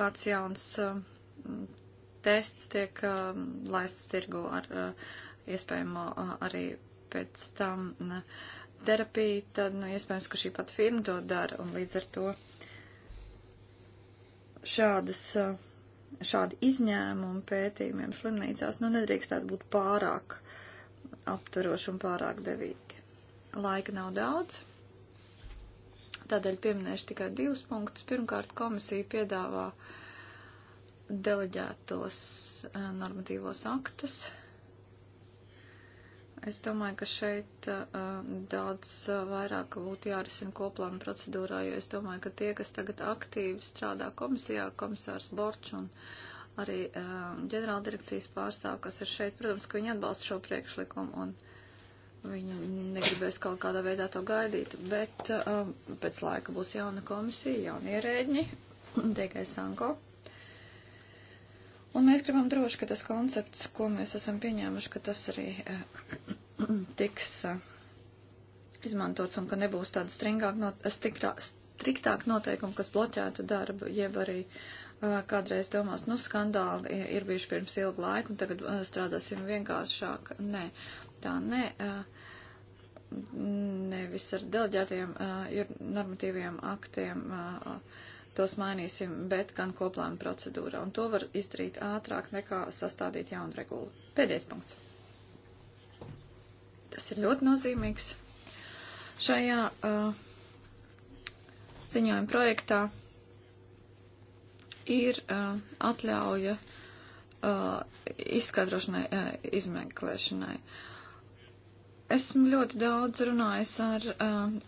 kāds jauns tests tiek laists tirgu ar iespējamo arī pēc tam terapiju, tad, nu, iespējams, ka šī pat firma to dara, un līdz ar to šādas, eh, šādi izņēmumi pētījumiem slimnīcās nu nedrīkstētu būt pārāk aptveroši un pārāk devīgi. Laika nav daudz, tādēļ pieminēšu tikai divus punktus. Pirmkārt, komisija piedāvā deleģētos eh, normatīvos aktus, Es domāju, ka šeit uh, daudz uh, vairāk būtu jārisina koplāma procedūrā, jo es domāju, ka tie, kas tagad aktīvi strādā komisijā, komisārs Borčs un arī uh, ģenerāldirekcijas pārstāv, kas ir šeit, protams, ka viņi atbalsta šo priekšlikumu. Un, uh, Viņa negribēs kaut kādā veidā to gaidīt, bet um, pēc laika būs jauna komisija, jauni ierēģi, Dēgai Sanko. Un mēs gribam droši, ka tas koncepts, ko mēs esam pieņēmuši, ka tas arī eh, tiks eh, izmantots un ka nebūs tāda stringāk, not, stikrā, striktāk noteikumi, kas bloķētu darbu, jeb arī eh, kādreiz domās, nu, skandāli ir bijuši pirms ilgu laiku un tagad strādāsim vienkāršāk. Nē, tā nē. Nevis ar deleģētiem normatīviem aktiem. A, tos mainīsim, bet gan koplāna procedūrā. Un to var izdarīt ātrāk nekā sastādīt jaunu regulu. Pēdējais punkts. Tas ir ļoti nozīmīgs. Šajā uh, ziņojuma projektā ir uh, atļauja uh, izskaidrošanai, uh, izmeklēšanai. Esmu ļoti daudz runājis ar uh,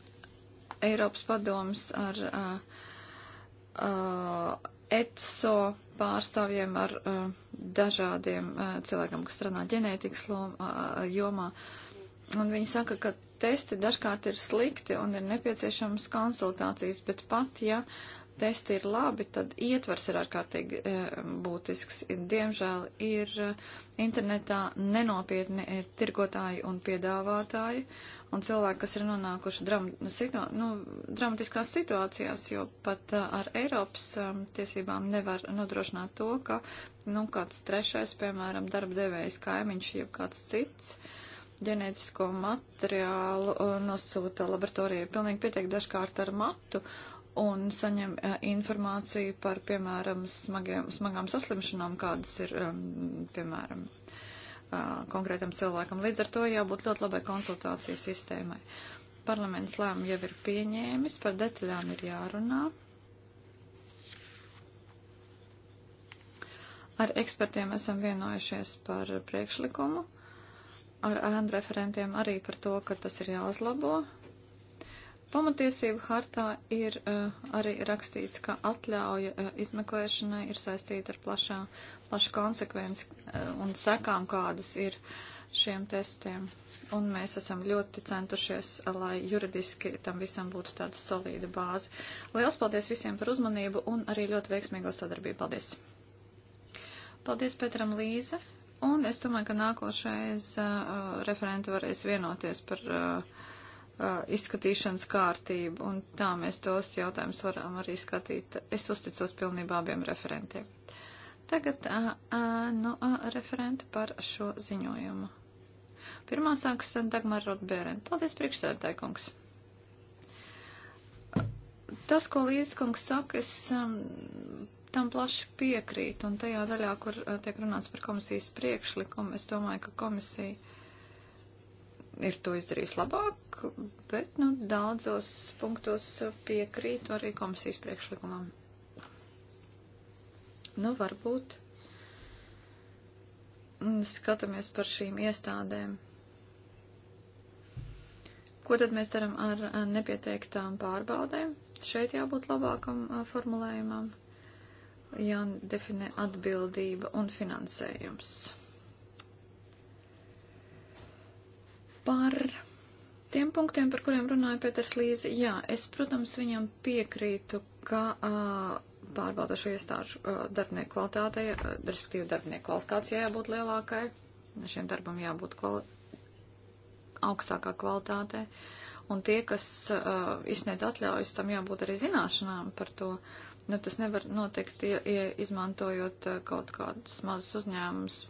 Eiropas padomus, ar uh, uh, ETSO pārstāvjiem ar uh, dažādiem uh, cilvēkiem, kas strādā ģenētikas loma, uh, jomā. Un viņi saka, ka testi dažkārt ir slikti un ir nepieciešams konsultācijas, bet pat, ja testi ir labi, tad ietvers ir ārkārtīgi e, būtisks. Diemžēl ir uh, internetā nenopietni uh, tirgotāji un piedāvātāji, un cilvēki, kas ir nonākuši dram, situ, nu, dramatiskās situācijās, jo pat uh, ar Eiropas um, tiesībām nevar nodrošināt to, ka nu, kāds trešais, piemēram, darba devējs kaimiņš, jeb kāds cits ģenētisko materiālu uh, nosūta laboratorijai. Pilnīgi pietiek dažkārt ar matu un saņem uh, informāciju par, piemēram, smagiem, smagām saslimšanām, kādas ir, um, piemēram, uh, konkrētam cilvēkam. Līdz ar to jābūt ļoti labai konsultāciju sistēmai. Parlaments lēmumu jau ir pieņēmis, par detaļām ir jārunā. Ar ekspertiem esam vienojušies par priekšlikumu, ar ēnu referentiem arī par to, ka tas ir jāuzlabo, Pamatiesību hartā ir uh, arī rakstīts, ka atļauja uh, izmeklēšanai ir saistīta ar plašā, plašu konsekvenci uh, un sekām, kādas ir šiem testiem. Un mēs esam ļoti centušies, lai juridiski tam visam būtu tāda solīda bāze. Liels paldies visiem par uzmanību un arī ļoti veiksmīgo sadarbību. Paldies! Paldies Petram Līze! Un es domāju, ka nākošais uh, referenti varēs vienoties par. Uh, izskatīšanas kārtību, un tā mēs tos jautājumus varam arī skatīt. Es uzticos pilnībā abiem referentiem. Tagad nu, referenti par šo ziņojumu. Pirmā sāks Dagmar Rotbēren. Paldies, priekšsēdētāji kungs. Tas, ko Līdzes kungs saka, es um, tam plaši piekrītu, un tajā daļā, kur tiek runāts par komisijas priekšlikumu, es domāju, ka komisija ir to izdarījis labāk, bet nu, daudzos punktos piekrītu arī komisijas priekšlikumam. Nu, varbūt skatāmies par šīm iestādēm. Ko tad mēs darām ar nepieteiktām pārbaudēm? Šeit jābūt labākam formulējumam, jādefinē atbildība un finansējums. Par tiem punktiem, par kuriem runāja Pēters Līze, jā, es, protams, viņam piekrītu, ka uh, pārbaudošo iestāžu uh, darbinieku kvalitātei, uh, respektīvi darbinieku kvalifikācijai jābūt lielākai, šiem darbam jābūt kvali augstākā kvalitātei, un tie, kas uh, izsniedz atļaujas, tam jābūt arī zināšanām par to. Nu, tas nevar notikt, ja, ja izmantojot uh, kaut kādus mazus uzņēmumus,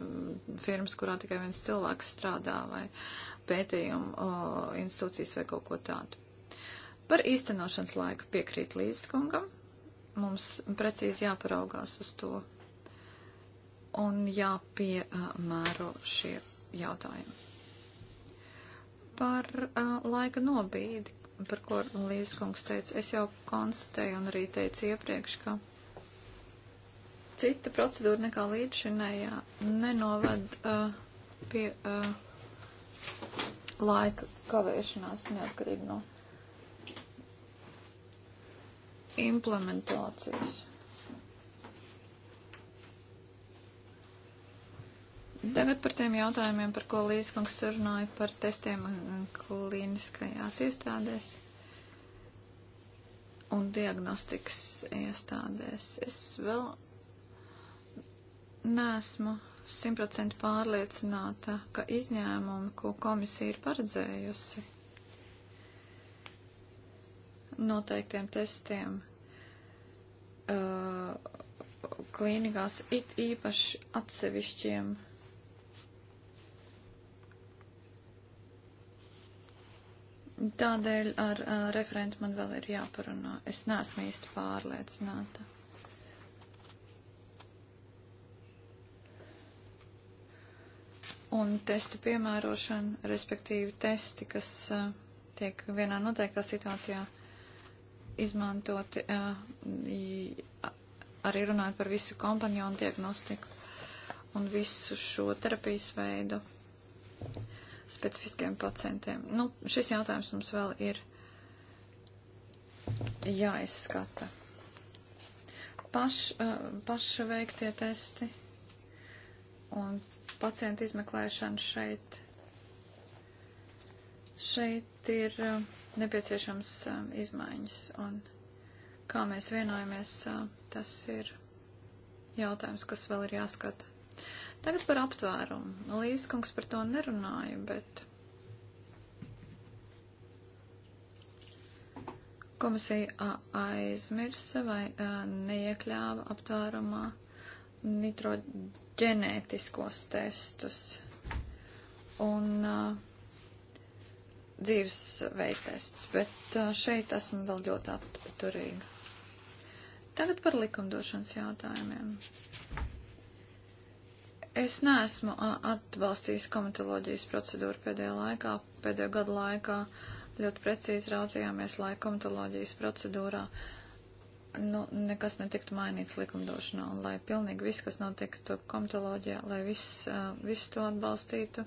firmas, kurā tikai viens cilvēks strādā vai uh, pētījumu institūcijas vai kaut ko tādu. Par īstenošanas laiku piekrīt līdzskungam. Mums precīzi jāparaugās uz to un jāpiemēro šie jautājumi. Par uh, laika nobīdi, par ko Līdzkungs teica, es jau konstatēju un arī teicu iepriekš, ka cita procedūra nekā līdzinējā nenoved uh, pie. Uh, laika kavēšanās neatkarīgi no implementācijas. Tagad par tiem jautājumiem, par ko Līskungs runāja par testiem klīniskajās iestādēs un diagnostikas iestādēs. Es vēl neesmu simtprocentīgi pārliecināta, ka izņēmumi, ko komisija ir paredzējusi noteiktiem testiem uh, klīnikās, it īpaši atsevišķiem Tādēļ ar uh, referentu man vēl ir jāparunā. Es neesmu īsti pārliecināta. un testu piemērošana, respektīvi testi, kas uh, tiek vienā noteiktā situācijā izmantoti, uh, arī runājot par visu kompanjonu diagnostiku un visu šo terapijas veidu specifiskiem pacientiem. Nu, šis jautājums mums vēl ir jāizskata. Paš, uh, paša veiktie testi un pacientu izmeklēšanu šeit. Šeit ir uh, nepieciešams um, izmaiņas, un kā mēs vienojamies, uh, tas ir jautājums, kas vēl ir jāskata. Tagad par aptvērumu. Līdzkungs par to nerunāja, bet komisija aizmirsa vai neiekļāva aptvērumā nitroģenētiskos testus un uh, dzīves veidtests, bet uh, šeit esmu vēl ļoti atturīga. Tagad par likumdošanas jautājumiem. Es neesmu atbalstījis komitoloģijas procedūru pēdējā laikā, pēdējo gadu laikā ļoti precīzi raudzījāmies, lai komitoloģijas procedūrā uh, nu, nekas netiktu mainīts likumdošanā, un lai pilnīgi viss, kas notiktu komitoloģijā, lai viss, uh, viss to atbalstītu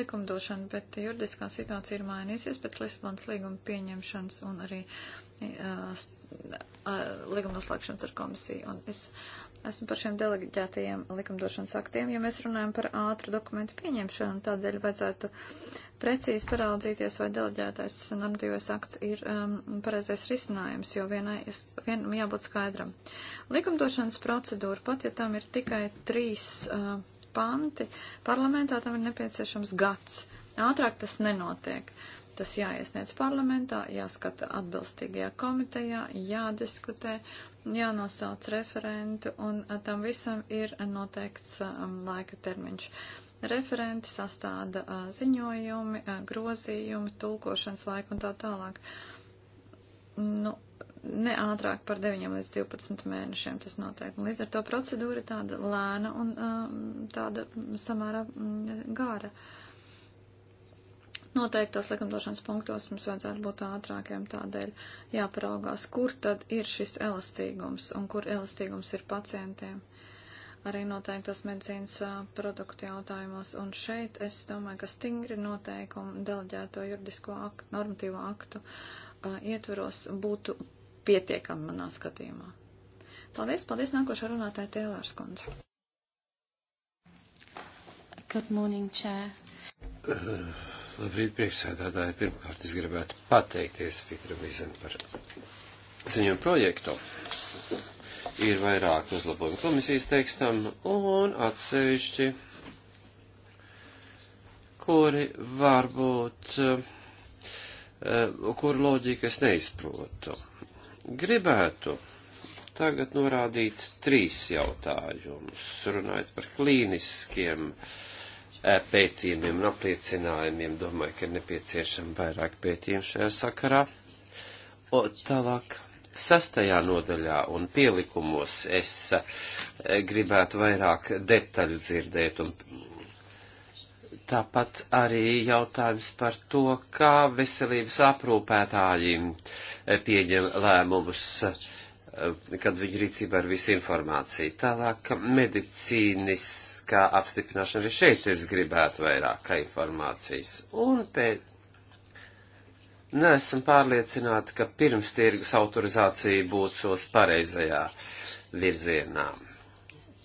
likumdošanu, bet juridiskā situācija ir mainīsies pēc Lisabonas līguma pieņemšanas un arī likumnoslēgšanas ar komisiju. Un es esmu par šiem deleģētajiem likumdošanas aktiem, jo mēs runājam par ātru dokumentu pieņemšanu, tādēļ vajadzētu precīzi paraudzīties, vai deleģētais normatīvais akts ir um, pareizais risinājums, jo vienai, vienam jābūt skaidram. Likumdošanas procedūra, pat ja tam ir tikai trīs uh, panti, parlamentā tam ir nepieciešams gads. Ātrāk tas nenotiek. Uh, Tas jāiesniedz parlamentā, jāskata atbilstīgajā komitejā, jādiskutē, jānosauc referentu un tam visam ir noteikts laika termiņš referenti sastāda a, ziņojumi, a, grozījumi, tulkošanas laiku un tā tālāk. Nu, ne ātrāk par 9 līdz 12 mēnešiem tas notiek. Līdz ar to procedūra tāda lēna un a, tāda samērā m, gāra. Uh, Noteiktos likumdošanas punktos mums vajadzētu būt ātrākiem tādēļ jāparaugās, kur tad ir šis elastīgums un kur elastīgums ir pacientiem. Arī noteiktos medicīnas produktu jautājumos. Un šeit es domāju, ka stingri noteikumi deleģēto juridisko aktu, normatīvo aktu uh, ietveros būtu pietiekami manā skatījumā. Paldies, paldies nākošā runātāja Tēlārs kundze. Good morning, chair. Uh, Labrīt, priekšsēdētāji. Pirmkārt, es gribētu pateikties Pīteram Vīzam par ziņu projektu. Ir vairāk uzlabojumu komisijas tekstam un atsevišķi, kuri varbūt, eh, kur loģika es neizprotu. Gribētu tagad norādīt trīs jautājumus, runājot par klīniskiem uh, Eh, pētījumiem un apliecinājumiem. Domāju, ka ir nepieciešama vairāk pētījumu šajā sakarā. O, tālāk, sastajā nodaļā un pielikumos es eh, gribētu vairāk detaļu dzirdēt un tāpat arī jautājums par to, kā veselības aprūpētāji eh, pieņem lēmumus kad viņi rīcībā ar visu informāciju. Tālāk, medicīniskā apstiprināšana arī šeit es gribētu vairāk informācijas. Un pēc. Nesmu pārliecināta, ka pirms tirgus autorizācija būtos pareizajā virzienā.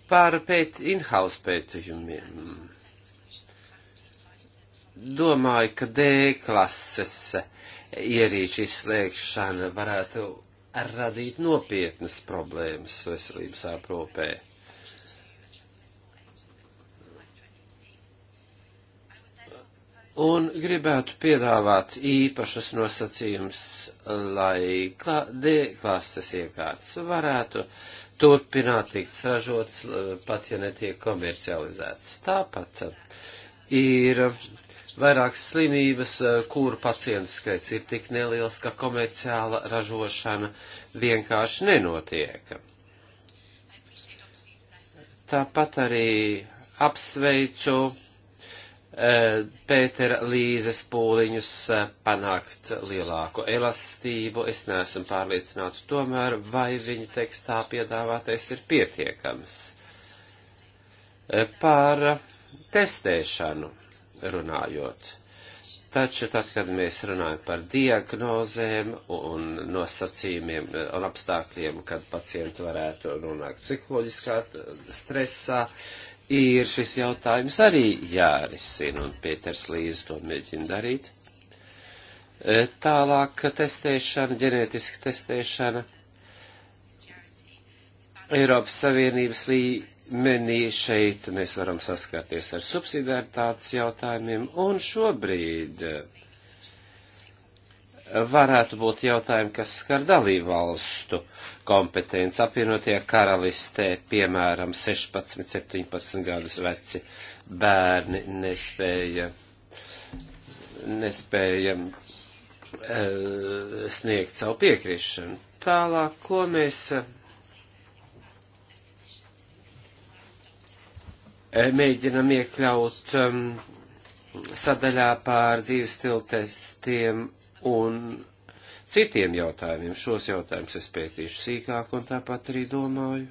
Par pēt in-house pētījumiem. Domāju, ka D klases ierīču izslēgšana varētu radīt nopietnas problēmas veselības aprūpē. Un gribētu piedāvāt īpašus nosacījumus, lai klā, D klases iekārtas varētu turpināt tikt sažots, pat ja netiek komercializēts. Tāpat ir vairākas slimības, eh, kuru pacientu skaits ir tik neliels, ka komerciāla ražošana vienkārši nenotiek. Tāpat arī apsveicu eh, Pētera Līzes pūliņus eh, panākt lielāku elastību. Es neesmu pārliecināts tomēr, vai viņa tekstā piedāvātais ir pietiekams. Par testēšanu runājot. Taču tad, kad mēs runājam par diagnozēm un nosacījumiem eh, un apstākļiem, kad pacienti varētu nonākt psiholoģiskā eh, stresā, ir šis jautājums arī jārisina, un Pēters Līze to mēģina darīt. Eh, tālāk testēšana, ģenētiska testēšana Eiropas Savienības līmenī līmenī šeit mēs varam saskarties ar subsidiaritātes jautājumiem, un šobrīd eh, varētu būt jautājumi, kas skar dalību valstu kompetenci. Apvienotie karalistē, piemēram, 16, 17 gadus veci bērni nespēja, nespēja e, sniegt savu piekrišanu. Tālāk, ko mēs Eh, mēģinam iekļaut um, sadaļā pār dzīves stiltestiem un citiem jautājumiem. Šos jautājumus es pētīšu sīkāk un tāpat arī domāju.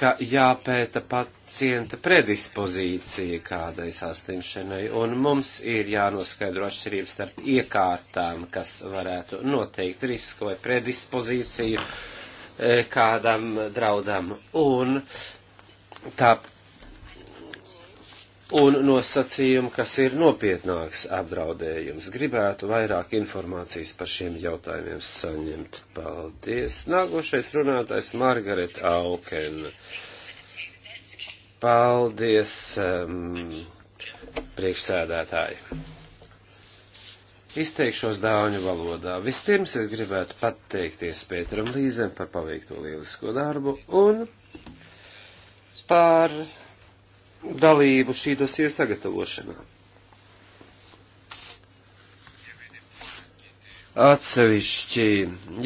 ka jāpēta pacienta predispozīcija kādai saslimšanai, un mums ir jānoskaidro atšķirības starp iekārtām, kas varētu noteikt risku vai predispozīciju, uh, Eh, kādam draudam. Un tā un nosacījumu, kas ir nopietnāks apdraudējums. Gribētu vairāk informācijas par šiem jautājumiem saņemt. Paldies. Nākošais runātājs Margaret Auken. Paldies, um, priekšsēdētāji. Izteikšos dāņu valodā. Vispirms es gribētu pateikties Pēteram Līzem par paveikto lielisko darbu un par dalību šī dosie sagatavošanā. Atsevišķi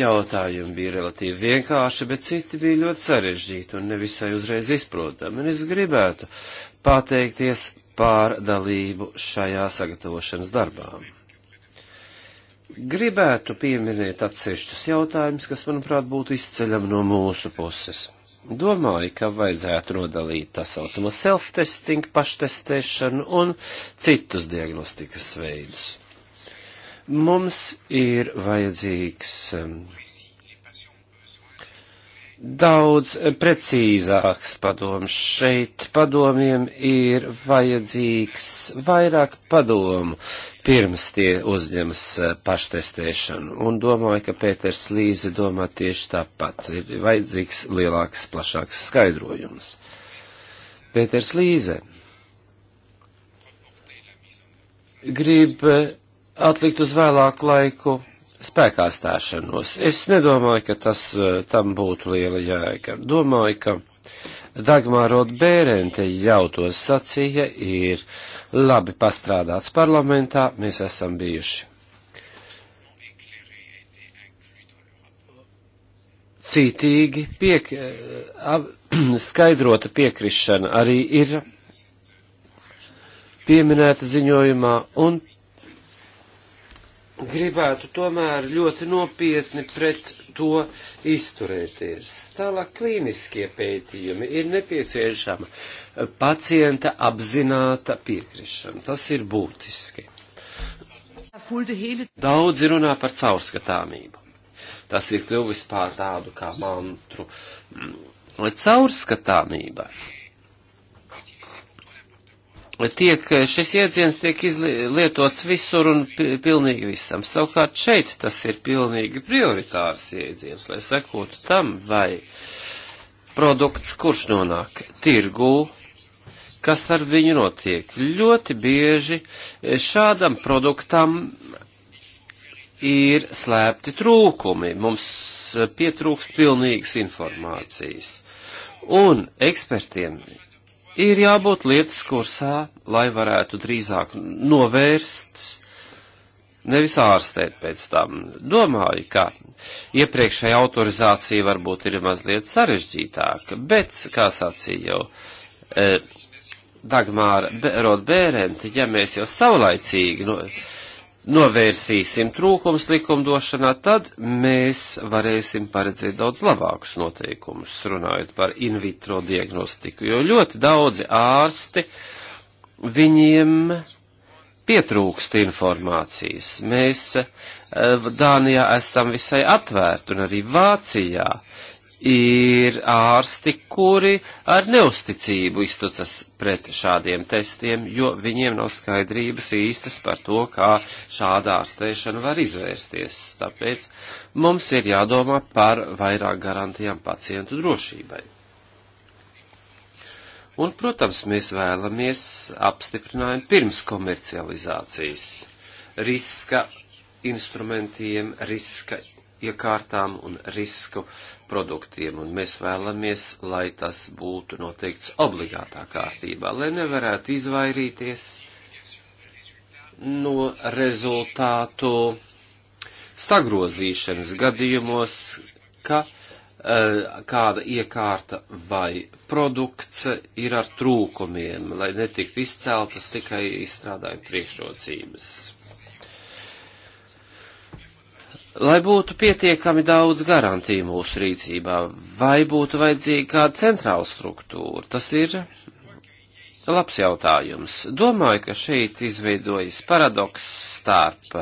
jautājumi bija relatīvi vienkārši, bet citi bija ļoti sarežģīti un nevisai uzreiz izprotami. Un es gribētu pateikties pār dalību šajā sagatavošanas darbā. Gribētu pieminēt atsevišķus jautājumus, kas, manuprāt, būtu izceļami no mūsu puses. Domāju, ka vajadzētu nodalīt tā saucamo self-testing, paštestēšanu un citus diagnostikas veidus. Mums ir vajadzīgs um, daudz precīzāks padoms. Šeit padomiem ir vajadzīgs vairāk padomu, pirms tie uzņemas eh, paštestēšanu. Un domāju, ka Pēters Līze domā tieši tāpat. Ir vajadzīgs lielāks, plašāks skaidrojums. Pēters Līze grib eh, atlikt uz vēlāku laiku spēkā stāšanos. Es nedomāju, ka tas eh, tam būtu liela jēga. Domāju, ka Dagmārot Bērente jau to sacīja, ir labi pastrādāts parlamentā, mēs esam bijuši. Cītīgi piek, eh, ab, skaidrota piekrišana arī ir pieminēta ziņojumā, un gribētu tomēr ļoti nopietni pret to izturēties. Tālāk klīniskie pētījumi ir nepieciešama pacienta apzināta piekrišana. Tas ir būtiski. Daudzi runā par caurskatāmību. Tas ir kļuvis pār tādu kā mantru. Mm. Caurskatāmība tiek, šis jēdziens tiek izlietots visur un pilnīgi visam. Savukārt šeit tas ir pilnīgi prioritārs jēdziens, lai sekotu tam, vai produkts, kurš nonāk tirgū, kas ar viņu notiek. Ļoti bieži šādam produktam ir slēpti trūkumi, mums pietrūkst pilnīgas informācijas. Un ekspertiem ir jābūt lietas kursā, lai varētu drīzāk novērst, nevis ārstēt pēc tam. Domāju, ka iepriekšēja autorizācija varbūt ir mazliet sarežģītāka, bet, kā sacīja jau eh, Dagmāra Rodbērenta, ja mēs jau savlaicīgi. No, nu, novērsīsim trūkums likumdošanā, tad mēs varēsim paredzēt daudz labākus noteikumus, runājot par in vitro diagnostiku, jo ļoti daudzi ārsti viņiem pietrūkst informācijas. Mēs eh, Dānijā esam visai atvērti un arī Vācijā. Uh, ir ārsti, kuri ar neusticību iztucas pret šādiem testiem, jo viņiem nav skaidrības īstas par to, kā šāda ārstēšana var izvērsties. Tāpēc mums ir jādomā par vairāk garantijām pacientu drošībai. Un, protams, mēs vēlamies apstiprinājumu pirms komercializācijas riska instrumentiem, riska iekārtām un risku uh, produktiem, un mēs vēlamies, lai tas būtu noteikts obligātā kārtībā, lai nevarētu izvairīties no rezultātu sagrozīšanas gadījumos, ka eh, kāda iekārta vai produkts ir ar trūkumiem, lai netiktu izceltas tikai izstrādājuma priekšrocības lai būtu pietiekami daudz garantiju mūsu rīcībā, vai būtu vajadzīga kāda centrāla struktūra? Tas ir labs jautājums. Domāju, ka šeit izveidojas paradoks starp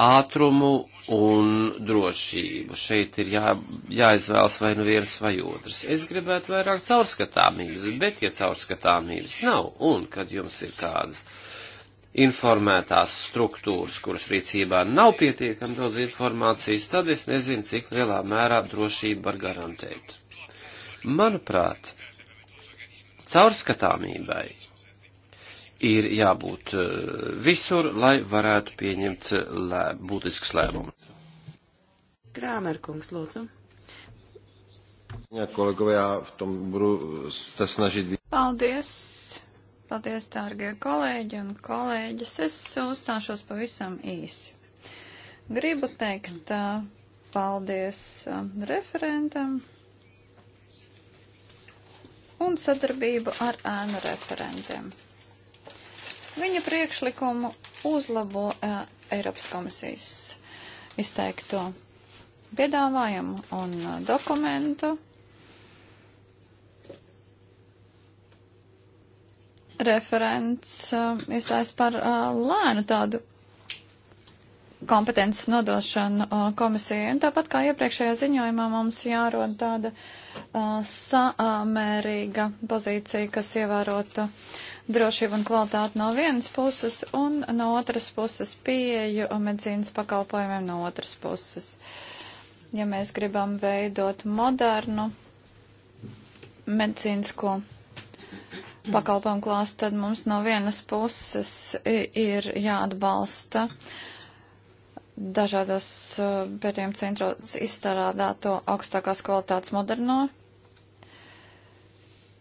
ātrumu un drošību. Šeit ir jā, jāizvēlas vai nu viens vai otrs. Es gribētu vairāk caurskatāmības, bet ja caurskatāmības nav un kad jums ir kādas informētās struktūras, kuras rīcībā nav pietiekami daudz informācijas, tad es nezinu, cik lielā mērā drošība var garantēt. Manuprāt, caurskatāmībai ir jābūt eh, visur, lai varētu pieņemt lē, būtisks lēmumus. Krāmerkungs, lūdzu. Kolegovia, v tom budu se snažit. Paldies. Paldies, dārgie kolēģi un kolēģis. Es uzstāšos pavisam īsi. Gribu teikt paldies referentam un sadarbību ar ēnu referentiem. Viņa priekšlikumu uzlabo Eiropas komisijas izteikto piedāvājumu un dokumentu referents uh, iestājas par uh, lēnu tādu kompetences nodošanu uh, komisijai. Un tāpat kā iepriekšējā ziņojumā mums jārod tāda uh, samērīga pozīcija, kas ievērotu uh, drošību un kvalitāti no vienas puses un no otras puses pieeju medicīnas pakalpojumiem no otras puses. Ja mēs gribam veidot modernu medicīnisko pakalpojumu klāstu, tad mums no vienas puses ir jāatbalsta dažādos uh, pētījuma centros izstrādāto augstākās kvalitātes moderno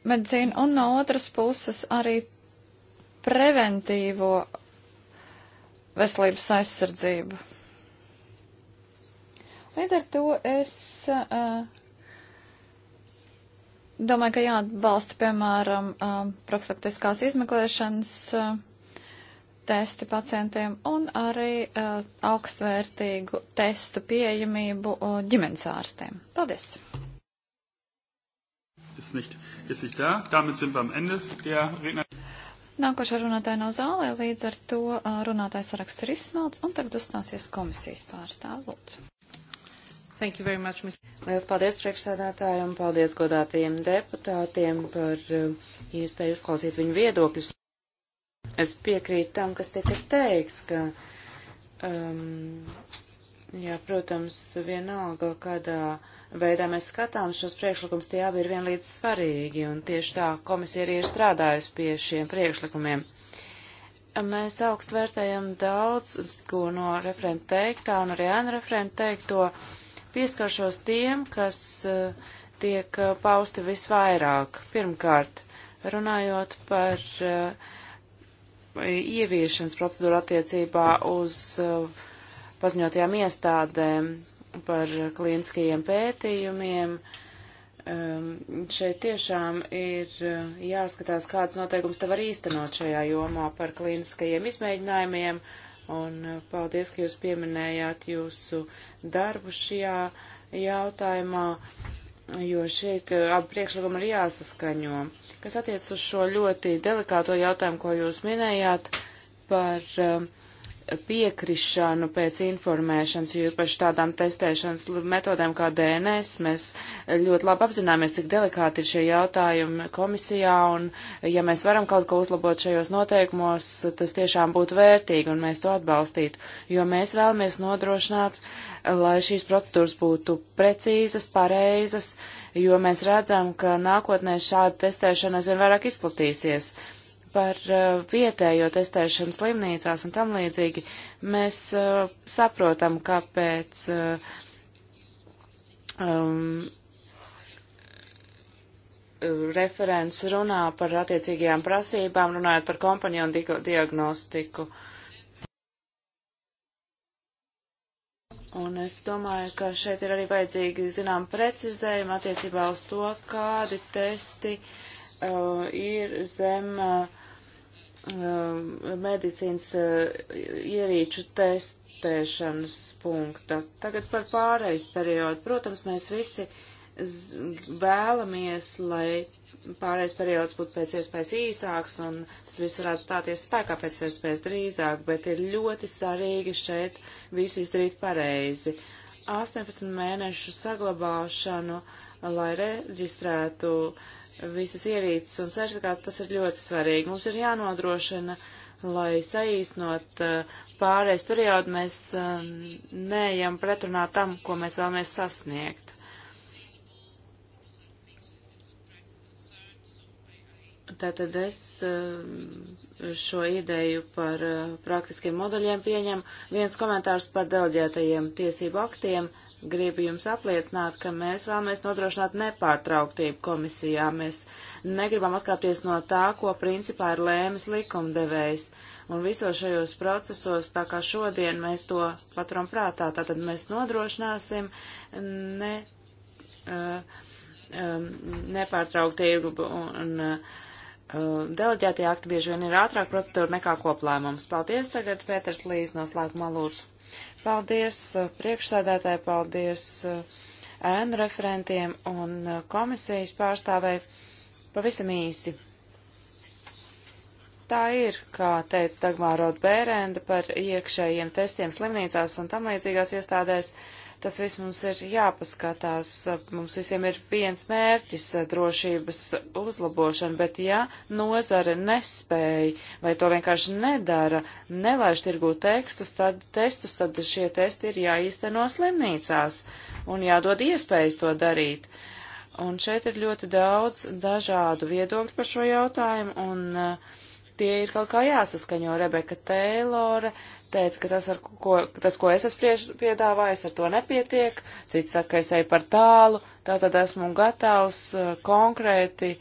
medicīnu, un no otras puses arī preventīvo veselības aizsardzību. Līdz ar to es uh, Domāju, ka jāatbalsta, piemēram, um, profilaktiskās izmeklēšanas uh, testi pacientiem un arī uh, augstvērtīgu testu pieejamību uh, ģimenes ārstiem. Paldies! Ist nicht, ist nicht da. Damit sind wir am Ende der Redner. Nākošā runātāja no zālē, līdz ar to runātājs saraksts ir izsmelts, un tagad uzstāsies komisijas pārstāvot. Thank you very much, Ms. Lielas paldies priekšsēdētājiem, paldies godātajiem deputātiem par uh, iespēju uzklausīt viņu viedokļus. Es piekrītu tam, kas tika teikts, ka, um, jā, protams, vienalga, kādā veidā mēs skatām šos priekšlikumus, tie abi ir vienlīdz svarīgi, un tieši tā komisija arī ir strādājusi pie šiem priekšlikumiem. Mēs augst vērtējam daudz, ko no referenta teiktā un arī ēna referenta teikto. Uh, Pieskaršos tiem, kas eh, tiek eh, pausti visvairāk. Pirmkārt, runājot par eh, ieviešanas procedūru attiecībā uz paziņotajām iestādēm par klīniskajiem pētījumiem, um, šeit tiešām ir jāskatās, kāds noteikums te var īstenot šajā jomā par klīniskajiem izmēģinājumiem Un eh, paldies, ka jūs pieminējāt jūsu darbu šajā jautājumā, jo šeit eh, abi priekšlikumi ir jāsaskaņo. Kas attiec uz šo ļoti delikāto jautājumu, ko jūs minējāt par uh, piekrišanu pēc informēšanas, jo īpaši tādām testēšanas metodēm kā DNS mēs ļoti labi apzināmies, cik delikāti ir šie jautājumi komisijā, un ja mēs varam kaut ko uzlabot šajos noteikumos, tas tiešām būtu vērtīgi, un mēs to atbalstītu, jo mēs vēlamies nodrošināt, lai šīs procedūras būtu precīzas, pareizas, jo mēs redzam, ka nākotnē šāda testēšana aizvien vairāk izplatīsies. Uh, par uh, vietējo testēšanu slimnīcās un tam līdzīgi, mēs uh, saprotam, kāpēc uh, um, referents runā par attiecīgajām prasībām, runājot par kompanionu diagnostiku. Un es domāju, ka šeit ir arī vajadzīgi, zinām, precizējumi attiecībā uz to, kādi testi uh, ir zem uh, Um, medicīnas uh, ierīču testēšanas punkta. Tagad par pārejas periodu. Protams, mēs visi vēlamies, lai pārējais periods būtu pēc iespējas īsāks un tas viss varētu stāties spēkā pēc iespējas drīzāk, bet ir ļoti svarīgi šeit visu izdarīt pareizi. 18 mēnešu saglabāšanu, lai reģistrētu uh, visas ierīces un sertifikāts, tas ir ļoti svarīgi. Mums ir jānodrošina, lai saīsnot uh, pārējais periodu mēs uh, neejam pretrunā tam, ko mēs vēlamies sasniegt. Tātad es uh, šo ideju par praktiskiem moduļiem pieņemu. Viens komentārs par delģētajiem tiesību aktiem. Uh, gribu jums apliecināt, ka mēs vēlamies nodrošināt nepārtrauktību komisijā. Mēs negribam atkāpties no tā, ko principā ir lēmis likumdevējs. Un visos šajos procesos, tā kā šodien mēs to paturam prātā, tātad mēs nodrošināsim ne, uh, um, nepārtrauktību un uh, um, deleģētie akti bieži vien ir ātrāk procedūra nekā koplēmums. Paldies tagad, Pēters Līs, noslēgumā lūdzu. Paldies uh, priekšsēdētāji, paldies uh, ēnu referentiem un uh, komisijas pārstāvēji. Pavisam īsi. Tā ir, kā teica Dagmārot Bērenda par iekšējiem testiem slimnīcās un tam līdzīgās iestādēs. Uh, Tas viss mums ir jāpaskatās. Mums visiem ir viens mērķis - drošības uzlabošana, bet ja nozare nespēja vai to vienkārši nedara, nelaiž tirgu tekstus, tad, testus, tad šie testi ir jāīsteno slimnīcās un jādod iespējas to darīt. Un šeit ir ļoti daudz dažādu viedokļu par šo jautājumu, un uh, tie ir kaut kā jāsaskaņo. Rebeka Teilore teica, ka tas, ko, tas, ko es esmu piedāvājis, ar to nepietiek, cits saka, ka es eju par tālu, tātad esmu gatavs uh, konkrēti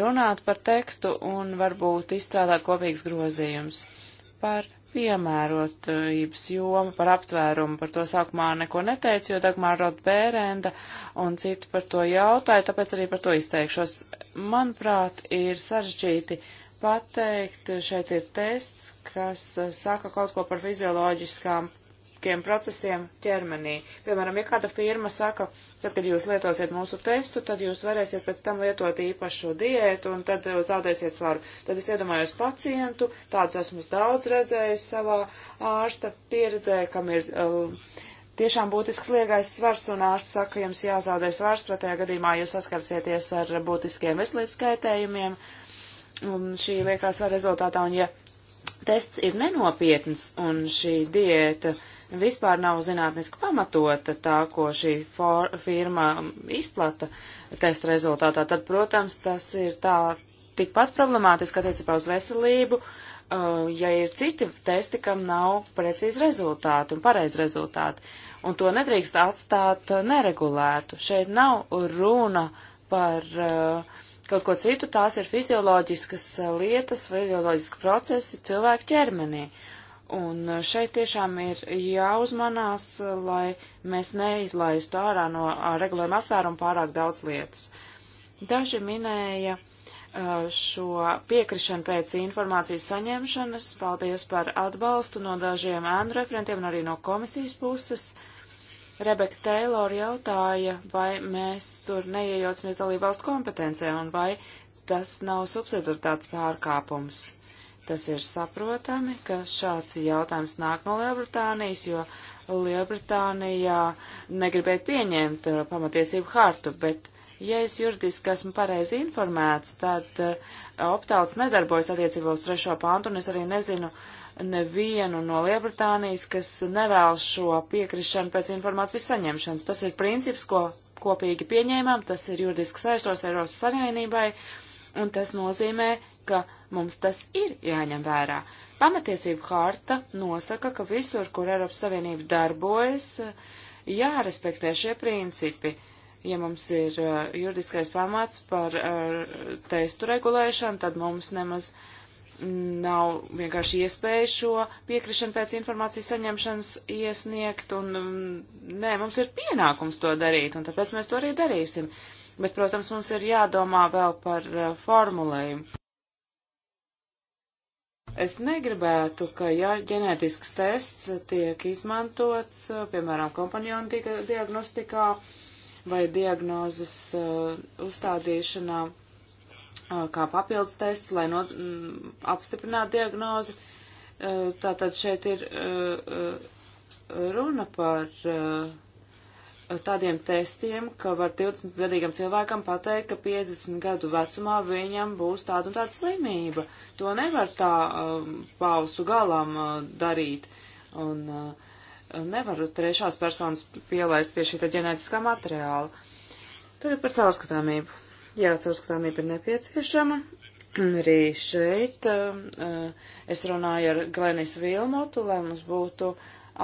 runāt par tekstu un varbūt izstrādāt kopīgs grozījums par piemērotības jomu, par aptvērumu, par to sākumā neko neteicu, jo Dagmāra Rod Bērenda un citi par to jautāja, tāpēc arī par to izteikšos. Manuprāt, ir sarežģīti uh, pateikt, šeit ir tests, kas eh, saka kaut ko par fizioloģiskām procesiem ķermenī. Piemēram, ja kāda firma saka, tad, kad jūs lietosiet mūsu testu, tad jūs varēsiet pēc tam lietot īpašu diētu un tad eh, zaudēsiet svaru. Tad es iedomājos pacientu, tāds esmu daudz redzējis savā ārsta pieredzē, kam ir. Uh, tiešām būtisks liegais svars, un ārsts saka, jums jāzaudē svars, pretējā gadījumā jūs saskarsieties ar būtiskiem veselības kaitējumiem, Un šī liekā svara rezultātā, un ja tests ir nenopietns un šī diēta vispār nav zinātniski pamatota tā, ko šī for, firma izplata testa rezultātā, tad, protams, tas ir tā tikpat problemātiski attiecībā uz veselību, uh, ja ir citi testi, kam nav precīzi rezultāti un pareizi rezultāti. Un to nedrīkst atstāt neregulētu. Šeit nav runa par uh, kaut ko citu, tās ir fizioloģiskas eh, lietas, fizioloģiski procesi cilvēku ķermenī. Un eh, šeit tiešām ir jāuzmanās, eh, lai mēs neizlaistu ārā no regulējuma aptvērumu pārāk daudz lietas. Daži minēja šo piekrišanu pēc informācijas saņemšanas. Paldies par atbalstu no dažiem ēnu referentiem un arī no komisijas puses. Uh, Rebeka Teilora jautāja, vai mēs tur neiejaucamies dalību valstu kompetencē un vai tas nav subsidaritātes pārkāpums. Tas ir saprotami, ka šāds jautājums nāk no Lielbritānijas, jo Lielbritānijā negribēja pieņemt uh, pamatiesību hartu, bet, ja es juridiski esmu pareizi informēts, tad uh, optauts nedarbojas attiecībā uz trešo pantu, un es arī nezinu, nevienu no Lielbritānijas, kas nevēl šo piekrišanu pēc informācijas saņemšanas. Tas ir princips, ko kopīgi pieņēmām, tas ir juridiski saistos Eiropas Savienībai, un tas nozīmē, ka mums tas ir jāņem vērā. Pamatiesību harta nosaka, ka visur, kur Eiropas Savienība darbojas, jārespektē šie principi ja mums ir uh, juridiskais pamats par uh, teistu regulēšanu, tad mums nemaz nav vienkārši iespēja šo piekrišanu pēc informācijas saņemšanas iesniegt, un mm, nē, mums ir pienākums to darīt, un tāpēc mēs to arī darīsim. Bet, protams, mums ir jādomā vēl par eh, formulējumu. Es negribētu, ka, ja ģenētisks tests tiek izmantots, eh, piemēram, kompanjonu diagnostikā vai diagnozes uh, uzstādīšanā, uh, kā papildus tests, lai no, m, mm, apstiprinātu diagnozi. Tātad šeit ir runa par tādiem testiem, ka var 20-gadīgam cilvēkam pateikt, ka 50 gadu vecumā viņam būs tāda un tāda slimība. To nevar tā pausu galam darīt. Un nevar trešās personas pielaist pie šī ģenētiskā materiāla. Tagad par caurskatāmību. Jā, caurskatāmība ir nepieciešama. Arī šeit um, uh, es runāju ar Glenis Vilmotu, lai mums būtu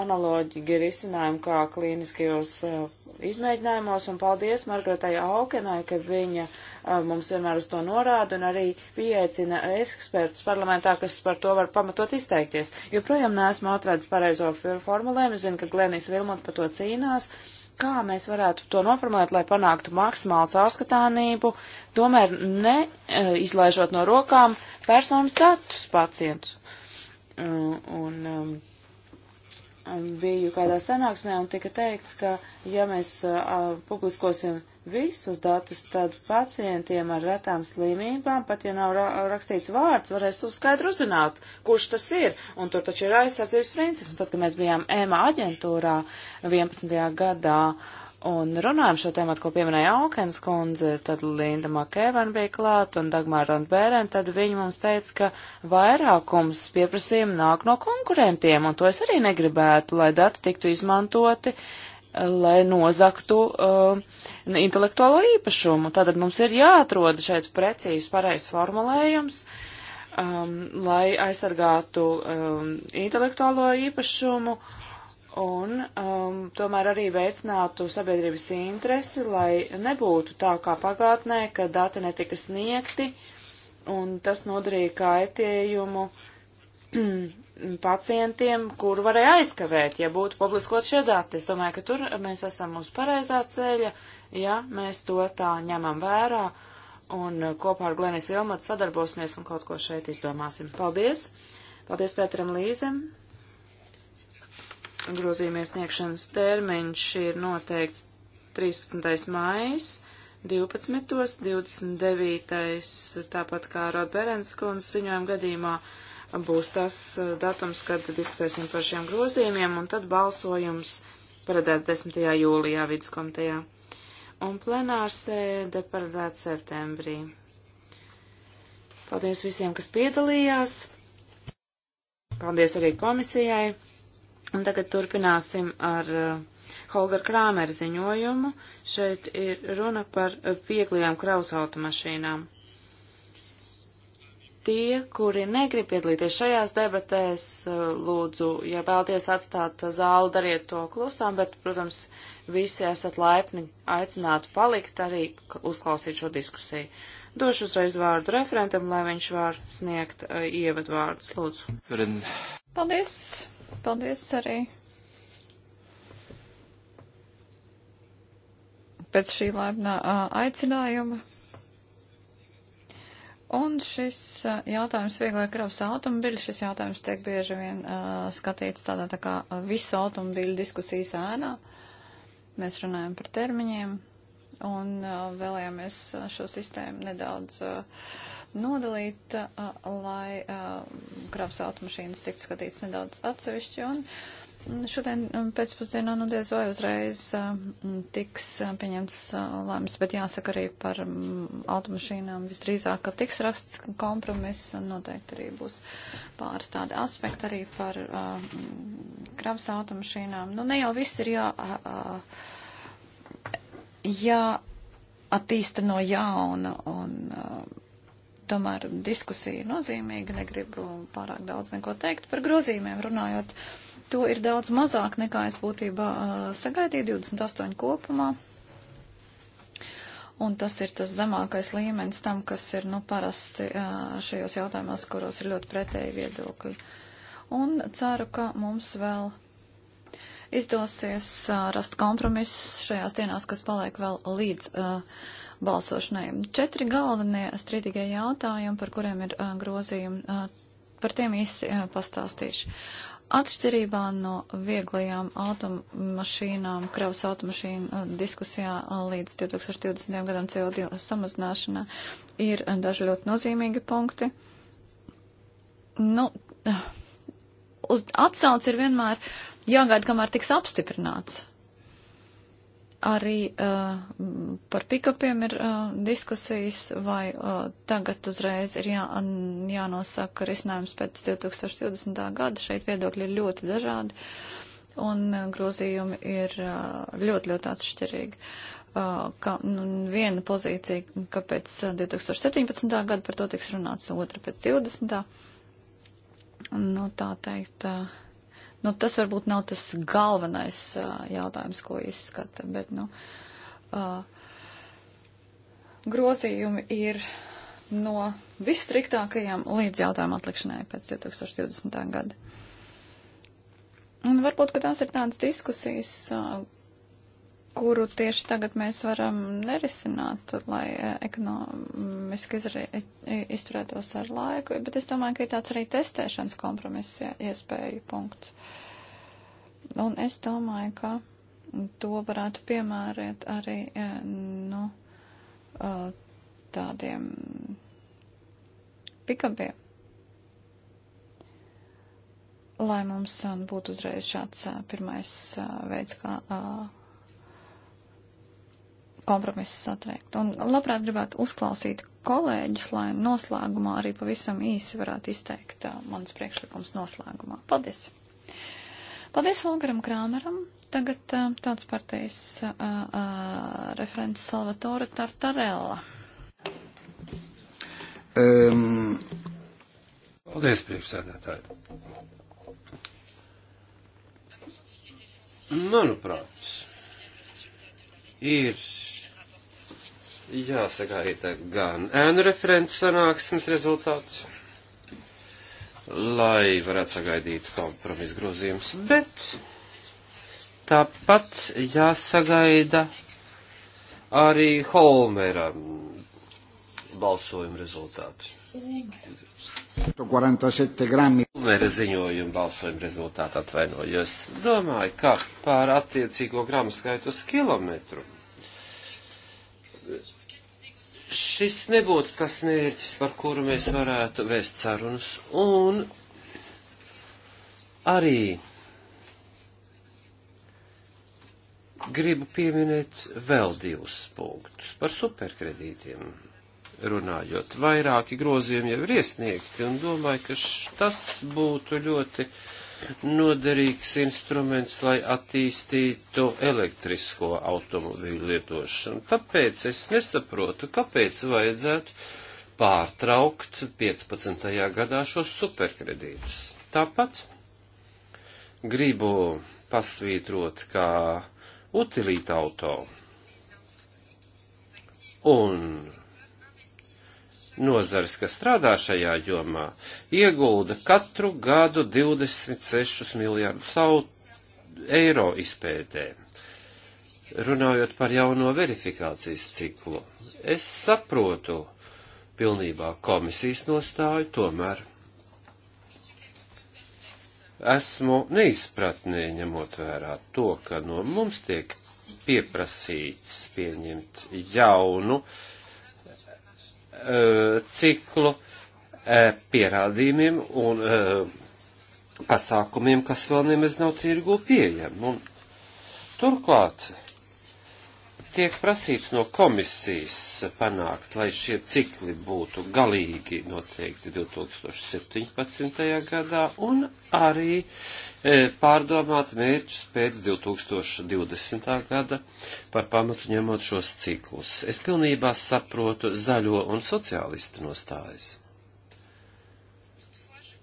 analoģīgi risinājumi kā klīniskajos uh, izmēģinājumos, un paldies Margaretai Aukenai, ka viņa uh, mums vienmēr uz to norāda un arī pieaicina ekspertus parlamentā, kas par to var pamatot izteikties. Joprojām neesmu atradis pareizo formulējumu, zinu, ka Glenis Vilmot par to cīnās. Uh, kā mēs varētu to noformulēt, lai panāktu maksimālu caurskatāmību, tomēr ne e, izlaižot no rokām personas datus pacientu. Un, un um, biju kādā sanāksmē un tika teikts, ka ja mēs uh, publiskosim visus datus, tad pacientiem ar retām slimībām, pat ja nav ra rakstīts vārds, varēs uzskaidru uzzināt, kurš tas ir. Un tur taču ir aizsardzības princips. Tad, kad mēs bijām EMA aģentūrā 11. gadā, uh, Un runājam šo tēmatu, ko pieminēja Aukens kundze, tad Linda Makēvan bija klāt un Dagmāra un Bērēn, tad viņi mums teica, ka vairākums pieprasījumu nāk no konkurentiem, un to es arī negribētu, lai dati tiktu izmantoti uh, lai nozaktu uh, intelektuālo īpašumu. Tātad mums ir jāatrod šeit precīzi pareizs formulējums, um, lai aizsargātu um, intelektuālo īpašumu un um, tomēr arī veicinātu sabiedrības interesi, lai nebūtu tā kā pagātnē, ka dati netika sniegti, un tas nodarīja kaitējumu mm, pacientiem, kur varēja aizkavēt, ja būtu publiskot šie dati. Es domāju, ka tur mēs esam uz pareizā ceļa, ja mēs to tā ņemam vērā, un kopā ar Glenis Vilmatu sadarbosimies un kaut ko šeit izdomāsim. Paldies! Paldies Pēteram Līzem! grozījuma iesniegšanas termiņš ir noteikts 13. mājas, 12. 29. tāpat kā Rodberens kundzes ziņojuma gadījumā būs tas uh, datums, kad diskutēsim par šiem grozījumiem, un tad balsojums paredzēts 10. jūlijā viduskomitejā. Un plenārsēde paredzēta septembrī. Paldies visiem, kas piedalījās. Paldies arī komisijai. Un tagad turpināsim ar uh, Holger Krāmer ziņojumu. Šeit ir runa par vieglajām eh, kraus automašīnām. Tie, kuri negrib piedalīties šajās debatēs, eh, lūdzu, ja vēlties atstāt zāli, dariet to klusām, bet, protams, visi esat laipni aicināti palikt arī uzklausīt šo diskusiju. Došu uzreiz vārdu referentam, lai viņš var sniegt uh, ievadvārdus. Lūdzu. Paldies! Paldies arī pēc šī laipnā aicinājuma. Un šis jautājums vieglai kravas automobiļu, šis jautājums tiek bieži vien uh, skatīts tādā tā kā visu automobiļu diskusijas ēnā. Mēs runājam par termiņiem un uh, vēlējāmies šo sistēmu nedaudz uh, nodalīt, lai kravas automašīnas tiktu skatīts nedaudz atsevišķi. Un šodien pēcpusdienā, nu diez vai uzreiz tiks pieņemts lēmums, bet jāsaka arī par automašīnām visdrīzāk, ka tiks rasts kompromiss un noteikti arī būs pāris tādi aspekti arī par kravas automašīnām. Nu ne jau viss ir jā. jā attīsta no jauna un uh, Tomēr diskusija ir nozīmīga, negribu pārāk daudz neko teikt par grozījumiem runājot. To ir daudz mazāk nekā es būtībā sagaidīju 28 kopumā. Un tas ir tas zemākais līmenis tam, kas ir nu, parasti šajos jautājumos, kuros ir ļoti pretēji viedokļi. Un ceru, ka mums vēl izdosies rast kompromisu šajās dienās, kas paliek vēl līdz uh, balsošanai. Četri galvenie strīdīgie jautājumi, par kuriem ir uh, grozījumi, uh, par tiem īsi uh, pastāstīšu. Atšķirībā no vieglajām automašīnām, kravas automašīnu diskusijā līdz 2020. gadam CO2 samazināšanā ir daži ļoti nozīmīgi punkti. Nu, uz atsauc ir vienmēr jāgaida, kamēr tiks apstiprināts Arī uh, par pikapiem ir uh, diskusijas, vai uh, tagad uzreiz ir jā, jānosaka risinājums pēc 2020. gada. Šeit viedokļi ir ļoti dažādi un uh, grozījumi ir uh, ļoti, ļoti atšķirīgi. Uh, ka, nu, viena pozīcija, ka pēc 2017. gada par to tiks runāts, otra pēc 20. Nu, tā teikt. Uh, Nu, tas varbūt nav tas galvenais uh, jautājums, ko izskata, bet, nu, uh, grozījumi ir no visstriktākajiem līdz jautājuma atlikšanai pēc 2020. gada. Un varbūt, ka tās ir tādas diskusijas, uh, kuru tieši tagad mēs varam nerisināt, lai e, ekonomiski izturētos ar laiku, bet es domāju, ka ir tāds arī testēšanas kompromiss iespēju punkts. Un es domāju, ka to varētu piemērēt arī, e, nu, e, tādiem pikabiem, lai mums būtu uzreiz šāds pirmais veids, kā kompromisus atveikt. Un labprāt gribētu uzklausīt kolēģus, lai noslēgumā arī pavisam īsi varētu izteikt uh, mans priekšlikums noslēgumā. Paldies! Paldies Holgaram Krāmeram. Tagad uh, tāds partijas uh, uh, referents Salvatore Tartarella. Um. Paldies, priekšsēdētāji. Manuprāt, ir jāsagaida gan ēnu referents sanāksmes rezultāts, lai varētu sagaidīt kompromisu grozījumus, bet tāpat jāsagaida arī Holmera balsojuma rezultāti. Holmera ziņojuma balsojuma rezultāti atvainojos. Domāju, ka pār attiecīgo gramu skaitu uz kilometru šis nebūtu tas mērķis, par kuru mēs varētu vēst sarunas, un arī gribu pieminēt vēl divus punktus par superkredītiem. Runājot, vairāki grozījumi jau ir iesniegti, un domāju, ka tas būtu ļoti uh, noderīgs instruments, lai attīstītu elektrisko automobīļu lietošanu. Tāpēc es nesaprotu, kāpēc vajadzētu pārtraukt 15. gadā šos superkredītus. Tāpat gribu pasvītrot, kā utilīta auto un nozares, kas strādā šajā jomā, iegulda katru gadu 26 miljardus eiro izpētē. Runājot par jauno verifikācijas ciklu, es saprotu pilnībā komisijas nostāju, tomēr esmu neizpratnē ņemot vērā to, ka no mums tiek pieprasīts pieņemt jaunu uh, Eh, ciklu eh, pierādījumiem un eh, pasākumiem, kas vēl nemaz nav tirgu pieejami. Turklāt tiek prasīts no komisijas panākt, lai šie cikli būtu galīgi noteikti 2017. gadā un arī e, pārdomāt mērķus pēc 2020. gada par pamatu ņemot šos ciklus. Es pilnībā saprotu zaļo un sociālistu nostājas.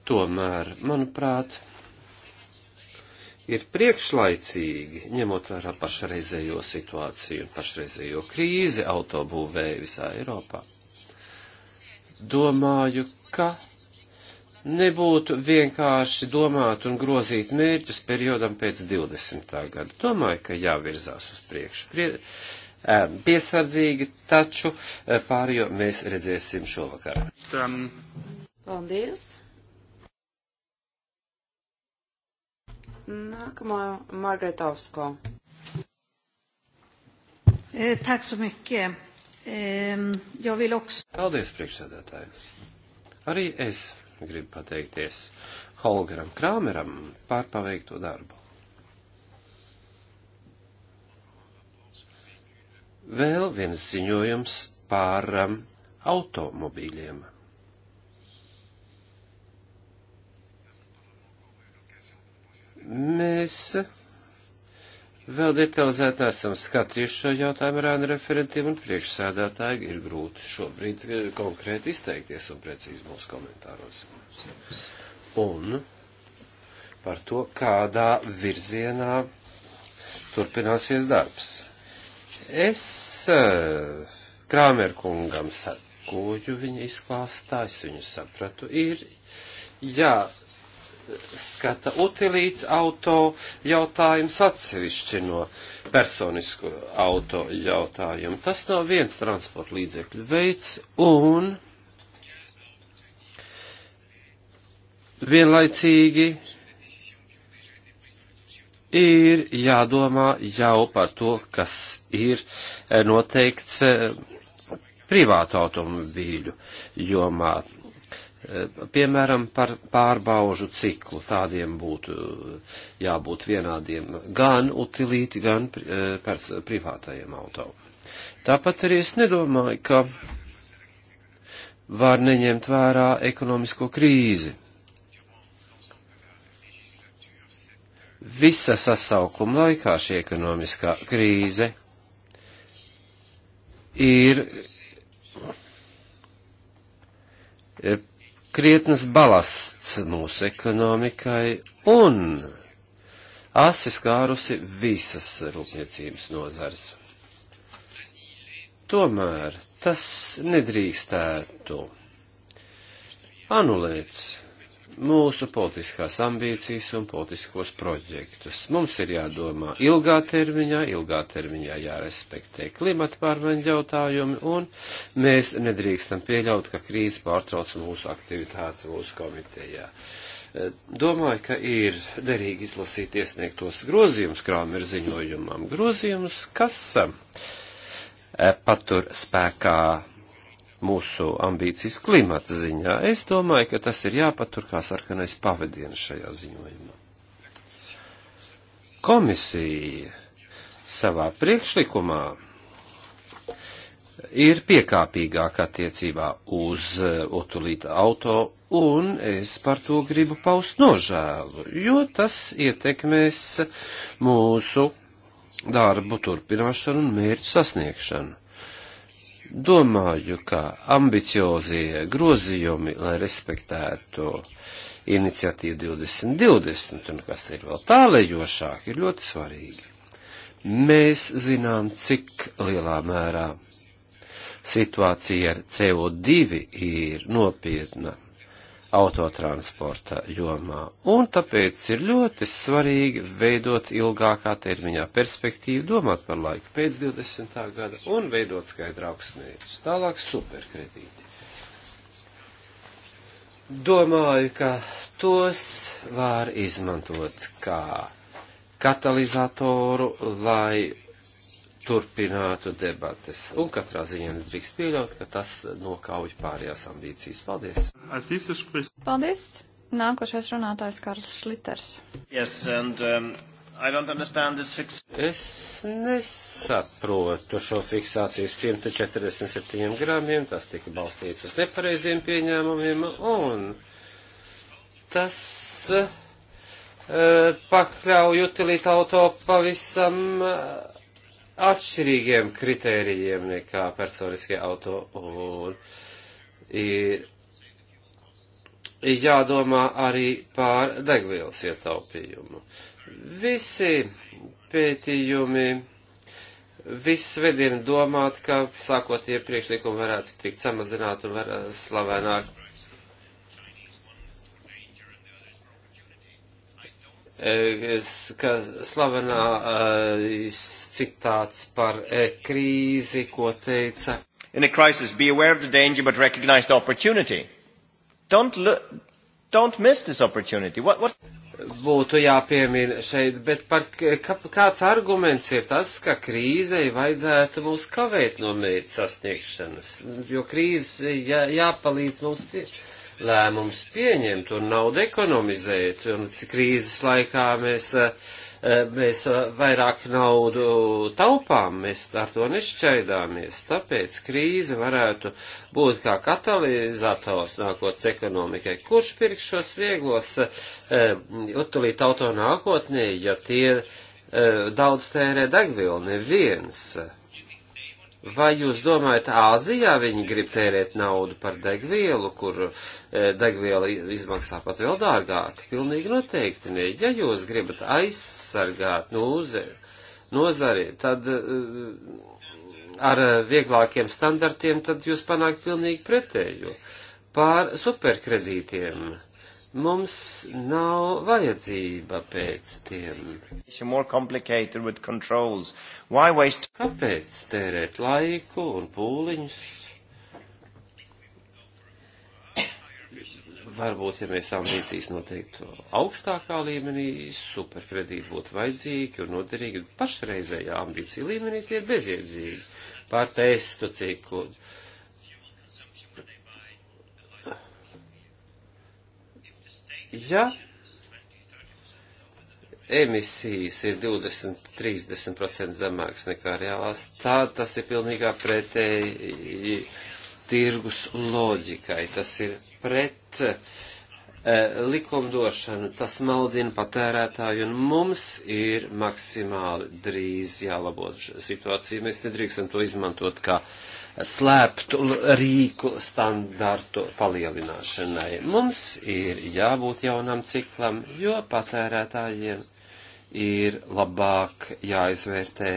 Tomēr, manuprāt, ir priekšlaicīgi, ņemot vērā pašreizējo situāciju un pašreizējo krīzi autobūvēja visā Eiropā. Domāju, ka nebūtu vienkārši domāt un grozīt mērķus periodam pēc 20. gada. Domāju, ka jāvirzās uz priekšu. Prie, piesardzīgi, taču pārējo mēs redzēsim šovakar. Tam. Paldies! Nākamā Margarita Avsko. Eh, tack så mycket. Ehm, jag vill också... Paldies, priekšsēdētājs. Arī es gribu pateikties Holgeram Krāmeram par paveikto darbu. Vēl viens ziņojums par um, automobīļiem. Mēs vēl detalizēti esam skatījuši šo jautājumu ar ānu referentiem un priekšsēdētāji ir grūti šobrīd eh, konkrēti izteikties un precīzi mūsu komentāros. Un par to, kādā virzienā turpināsies darbs. Es eh, Krāmerkungam sakoju, viņa izklāstā, es viņu sapratu, ir jā. Ja, jāskata utilīts auto jautājums atsevišķi no personisku auto jautājumu. Tas nav viens transporta līdzekļu veids un vienlaicīgi ir jādomā jau par to, kas ir eh, noteikts eh, privātu automobīļu jomā piemēram, par pārbaužu ciklu. Tādiem būtu jābūt vienādiem gan utilīti, gan e, privātajiem auto. Tāpat arī es nedomāju, ka var neņemt vērā ekonomisko krīzi. Visa sasaukuma laikā šī ekonomiskā krīze ir e, krietnas balasts mūsu ekonomikai un asi skārusi visas rūpniecības nozars. Tomēr tas nedrīkstētu anulēt mūsu politiskās ambīcijas un politiskos projektus. Mums ir jādomā ilgā termiņā, ilgā termiņā jārespektē klimata pārmaiņu jautājumi, un mēs nedrīkstam pieļaut, ka krīze pārtrauc mūsu aktivitātes mūsu komitejā. E, domāju, ka ir derīgi izlasīt iesniegtos grozījumus krāmer ziņojumam. Grozījumus, kas e, patur spēkā mūsu ambīcijas klimata ziņā. Es domāju, ka tas ir jāpatur kā sarkanais pavadienis šajā ziņojumā. Komisija savā priekšlikumā ir piekāpīgāk attiecībā uz eh, otulīta auto, un es par to gribu paust nožēlu, jo tas ietekmēs mūsu darbu turpināšanu un mērķu sasniegšanu domāju, ka ambiciozie grozījumi, lai respektētu iniciatīvu 2020 un kas ir vēl tālējošāk, ir ļoti svarīgi. Mēs zinām, cik lielā mērā situācija ar CO2 ir nopietna autotransporta jomā. Un tāpēc ir ļoti svarīgi veidot ilgākā termiņā perspektīvu, domāt par laiku pēc 20. gada un veidot skaidrākus mērķus. Tālāk superkredīti. Domāju, ka tos var izmantot kā katalizatoru, lai turpinātu debates. Un katrā ziņā nedrīkst pieļaut, ka tas nokauj pārējās ambīcijas. Paldies! Paldies! Nākošais runātājs Karls Šliters. Yes, and, um... Es nesaprotu šo fiksāciju 147 gramiem, tas tika balstīts uz nepareiziem pieņēmumiem, un tas uh, pakļauj utilitāto pavisam uh, atšķirīgiem kritērijiem nekā personiskie auto un ir jādomā arī pār degvielas ietaupījumu. Visi pētījumi, viss vedina domāt, ka sākotie priekšlikumi varētu tikt samazināt un var slavenāk ka slavenā eh, citāts par krīzi, ko teica. In a crisis, be aware of the danger, but recognize the opportunity. Don't, don't miss this opportunity. What, what? Būtu jāpiemina šeit, bet par, ka, kāds arguments ir tas, ka krīzei vajadzētu mums kavēt no mērķa sasniegšanas, jo krīze jā, jāpalīdz mums pieši lēmums pieņemt un naudu ekonomizēt, un krīzes laikā mēs, eh, eh, mēs eh, vairāk naudu taupām, mēs ar to nešķaidāmies, tāpēc krīze varētu būt kā katalizators nākotnes ekonomikai. Kurš pirks šos vieglos utilīt auto nākotnē, ja tie daudz tērē degvielu? Neviens. Vai jūs domājat, Āzijā viņi grib tērēt naudu par degvielu, kur e, degviela izmaksā pat vēl dārgāk? Pilnīgi noteikti ne. Ja jūs gribat aizsargāt nūze, nozari, tad e, ar vieglākiem standartiem, tad jūs panākt pilnīgi pretējo. Pār superkredītiem Mums nav vajadzība pēc tiem. Kāpēc tērēt laiku un pūliņus? varbūt, ja mēs ambīcijas noteiktu augstākā līmenī, superkredīti būtu vajadzīgi un noderīgi. Pašreizējā ambīcija līmenī tie ir bezjēdzīgi. Pār testu ciklu, Ja emisijas ir 20-30% zemākas nekā reālās, tad tas ir pilnīgā pretēji tirgus loģikai. Tas ir pret e, likumdošanu, tas maldina patērētāju, un mums ir maksimāli drīz jālabo situācija. Mēs nedrīkstam to izmantot kā uh, slēptu rīku standartu palielināšanai. Mums ir jābūt jaunam ciklam, jo patērētājiem ir labāk jāizvērtē,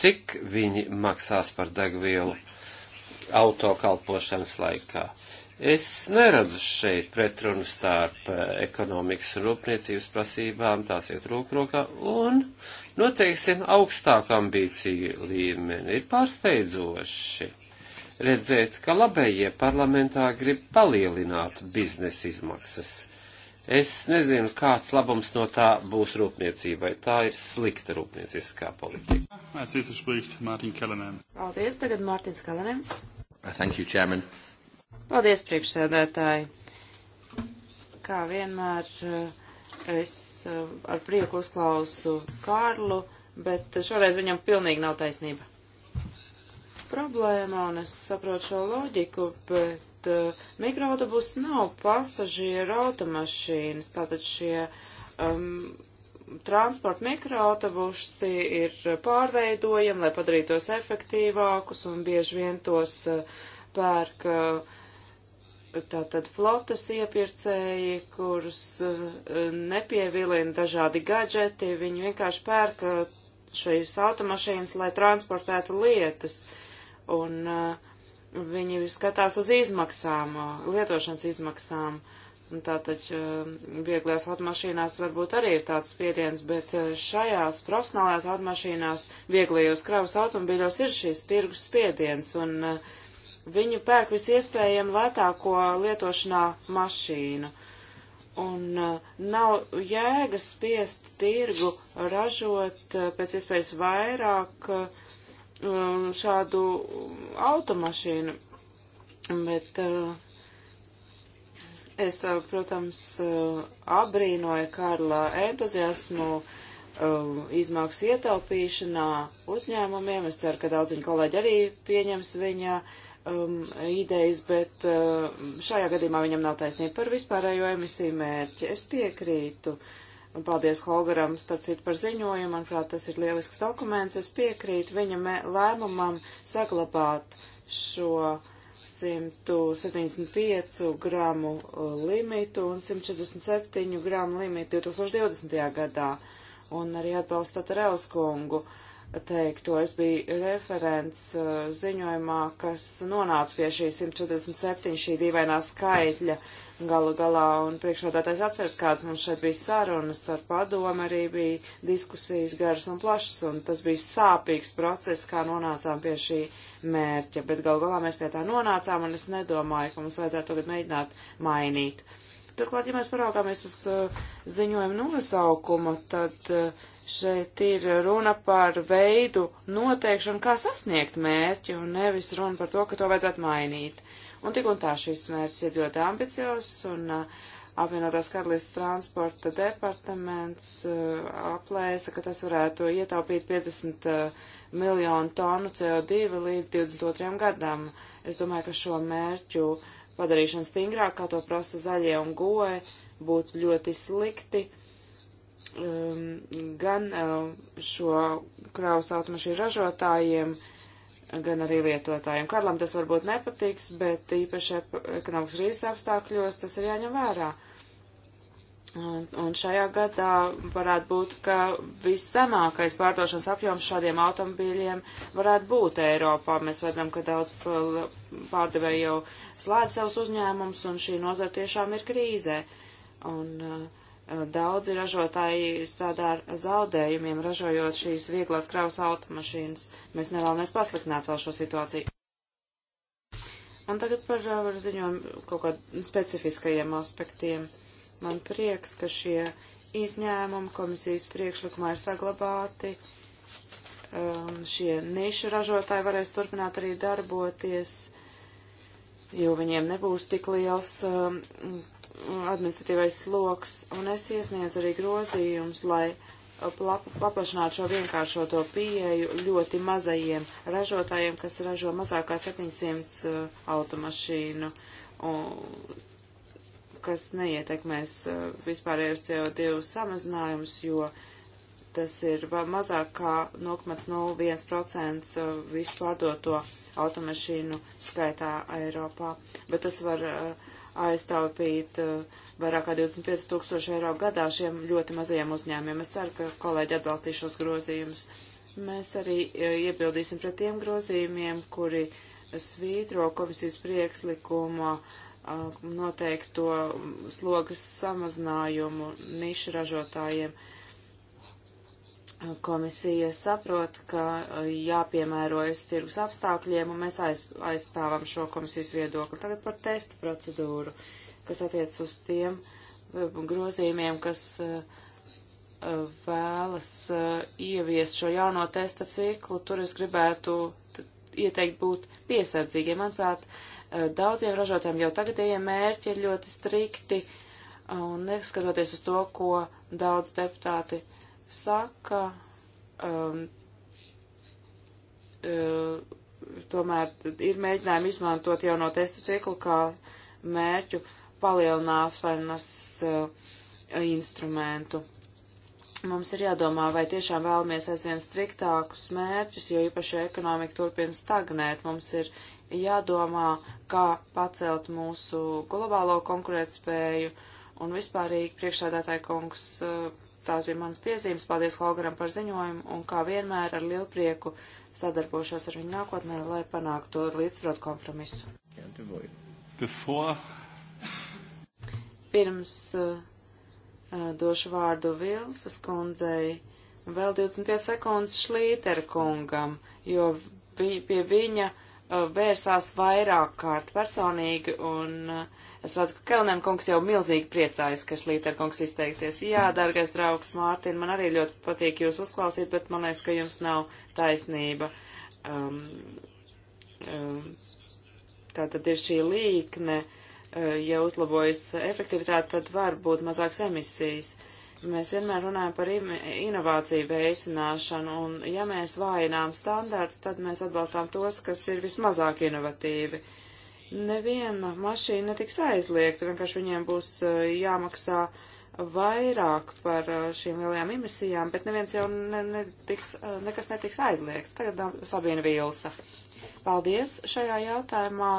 cik viņi maksās par degvielu autokalpošanas laikā. Es neredzu šeit pretrunu starp eh, ekonomikas un rūpniecības prasībām, tās iet rūkrokā, un noteiksim nu, augstāku ambīciju līmeni. Ir pārsteidzoši redzēt, ka labējie parlamentā grib palielināt biznesa izmaksas. Es nezinu, kāds labums no tā būs rūpniecībai. Tā ir slikta rūpnieciskā politika. Paldies, tagad Mārtiņš Kalenēms. Thank you, Chairman. Paldies, priekšsēdētāji. Kā vienmēr eh, es eh, ar prieku uzklausu Kārlu, bet šoreiz viņam pilnīgi nav taisnība. Problēma, un es saprotu šo loģiku, bet uh, mikroautobus nav pasažieru automašīnas, tātad šie um, transporta mikroautobusi ir pārveidojami, lai padarītos efektīvākus, un bieži vien tos pērk uh, Tātad flotas iepirkēji, kurus eh, nepievilina dažādi gadžeti, viņi vienkārši pērka eh, šīs automašīnas, lai transportētu lietas. Un eh, viņi skatās uz izmaksām, lietošanas izmaksām. Un tātad vieglajās automašīnās varbūt arī ir tāds spiediens, bet šajās profesionālajās automašīnās, vieglajos kravas automobīļos ir šis tirgus spiediens, un viņi pērk visiespējami lētāko lietošanā mašīnu. Un uh, nav jēgas spiest tirgu ražot uh, pēc iespējas vairāk uh, um, šādu automašīnu. Bet uh, es, uh, protams, uh, abrīnoju Karla entuziasmu izmaksu ietaupīšanā uzņēmumiem. Es ceru, ka daudz viņa kolēģi arī pieņems viņa uh, um, idejas, bet uh, šajā gadījumā viņam nav taisnība par vispārējo emisiju mērķi. Es piekrītu. Un paldies Holgaram, starp citu, par ziņojumu. Manuprāt, tas ir lielisks dokuments. Es piekrītu viņa lēmumam saglabāt šo 175 uh, gramu limitu un 147 gramu limitu 2020. gadā. Un arī atbalstot Reuskungu. Ar teikto. Es biju referents uh, ziņojumā, kas nonāca pie šī 147 šī dīvainā skaitļa galu galā, un priekšnodātais atceras, kādas mums šeit bija sarunas ar padomu, arī bija diskusijas garas un plašas, un tas bija sāpīgs process, kā nonācām pie šī mērķa, bet galu galā mēs pie tā nonācām, un es nedomāju, ka mums vajadzētu tagad mēģināt mainīt. Turklāt, ja mēs paraugāmies uz uh, ziņojumu nosaukuma, tad uh, Šeit ir runa par veidu noteikšanu, kā sasniegt mērķi, un nevis runa par to, ka to vajadzētu mainīt. Un tik un tā šis mērķis ir ļoti ambiciozs, un uh, apvienotās karalistas transporta departaments uh, aplēsa, ka tas varētu ietaupīt 50 uh, miljonu tonu CO2 līdz 22 gadam. Es domāju, ka šo mērķu padarīšana stingrāk, kā to prasa zaļie un goji, būtu ļoti slikti Um, gan uh, šo kraus automašīnu ražotājiem, gan arī lietotājiem. Karlam tas varbūt nepatiks, bet īpaši ekonomikas rīzes apstākļos tas ir jāņem vērā. Un, un šajā gadā varētu būt, ka viszemākais pārdošanas apjoms šādiem automobīļiem varētu būt Eiropā. Mēs redzam, ka daudz pārdevēju jau slēdz savus uzņēmumus, un šī nozara tiešām ir krīzē. Un, uh, Eh, daudzi ražotāji strādā ar zaudējumiem, ražojot šīs vieglās kravas automašīnas. Mēs nevēlamies pasliktināt vēl šo situāciju. Un tagad par eh, ziņojumu kaut kādiem specifiskajiem aspektiem. Man prieks, ka šie izņēmumi komisijas priekšlikumā ir saglabāti. Um, šie nišu ražotāji varēs turpināt arī darboties, jo viņiem nebūs tik liels um, administratīvais sloks, un es iesniedzu arī grozījumus, lai uh, paplašinātu šo vienkāršoto pieeju ļoti mazajiem ražotājiem, kas ražo mazākā 700 uh, automašīnu, un, kas neietekmēs uh, vispārējos CO2 samazinājumus, jo tas ir mazāk kā 0,01% vispārdoto automašīnu skaitā Eiropā. Bet tas var uh, aiztaupīt uh, vairāk kā 25 tūkstoši eiro gadā šiem ļoti mazajiem uzņēmiem. Es ceru, ka kolēģi atbalstīs šos grozījumus. Mēs arī uh, iebildīsim pret tiem grozījumiem, kuri svītro komisijas priekšlikuma uh, noteikto slogas samazinājumu nišu ražotājiem. Uh, Komisija saprot, ka uh, jāpiemērojas tirgus apstākļiem, un mēs aiz, aizstāvam šo komisijas viedokli. Tagad par testa procedūru, kas attiec uz tiem uh, grozījumiem, kas uh, uh, vēlas uh, ieviest šo jauno testa ciklu, tur es gribētu ieteikt būt piesardzīgiem. Manuprāt, uh, daudziem ražotājiem jau tagadējie mērķi ir ļoti strikti, un uh, neskatoties uz to, ko daudz deputāti saka, um, uh, tomēr ir mēģinājumi izmantot jauno testu ciklu kā mērķu palielināšanas uh, instrumentu. Mums ir jādomā, vai tiešām vēlamies aizvien striktākus mērķus, jo īpaši ekonomika turpina stagnēt. Mums ir jādomā, kā pacelt mūsu globālo konkurētspēju un vispārīgi priekšsādātāja kungs uh, tās bija manas piezīmes. Paldies Holgaram par ziņojumu un kā vienmēr ar lielu prieku sadarbošos ar viņu nākotnē, lai panāktu līdzsvarot kompromisu. Before... Pirms uh, uh došu vārdu Vilsas kundzei vēl 25 sekundes Šlītera kungam, jo vi, pie viņa uh, Uh, vērsās vairāk kārt personīgi, un uh, es redzu, ka Kelnēm kungs jau milzīgi priecājas, ka Šlīter kungs izteikties. Jā, dargais draugs Mārtiņ, man arī ļoti patīk jūs uzklausīt, bet man liekas, ka jums nav taisnība. Um, um, tā tad ir šī līkne, uh, ja uzlabojas efektivitāte, tad var būt mazāks emisijas. Mēs vienmēr runājam par inovāciju veicināšanu, un ja mēs vājinām standārts, tad mēs atbalstām tos, kas ir vismazāk inovatīvi. Neviena mašīna netiks aizliegta, vienkārši viņiem būs eh, jāmaksā vairāk par eh, šīm lielajām emisijām, bet neviens jau ne, netiks, eh, nekas netiks aizliegts. Tagad Sabīna Vīlsa. Paldies šajā jautājumā.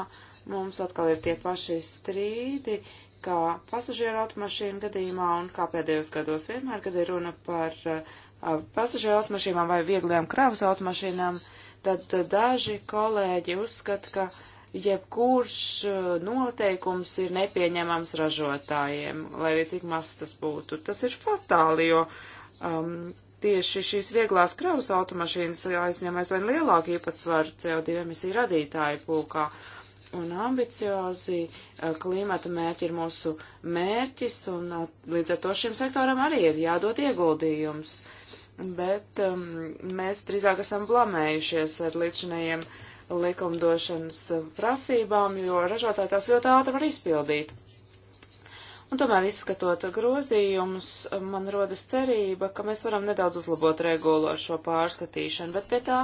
Mums atkal ir tie paši strīdi, kā pasažieru automašīnu gadījumā un kā pēdējos gados vienmēr, kad ir runa par uh, pasažieru automašīnām vai vieglajām kravas automašīnām, tad uh, daži kolēģi uzskata, ka jebkurš uh, noteikums ir nepieņemams ražotājiem, lai arī cik maz tas būtu. Tas ir fatāli, jo um, tieši šīs vieglās kravas automašīnas aizņem aizvien lielāku īpatsvaru CO2 emisiju radītāju pulkā. Uh, un ambiciozi klimata mērķi ir mūsu mērķis, un līdz ar to šim sektoram arī ir jādod ieguldījums. Bet um, mēs drīzāk esam blamējušies ar līdzinējiem likumdošanas prasībām, jo ražotāji tās ļoti ātri var izpildīt. Un tomēr, izskatot grozījumus, man rodas cerība, ka mēs varam nedaudz uzlabot regulo šo pārskatīšanu, bet pie tā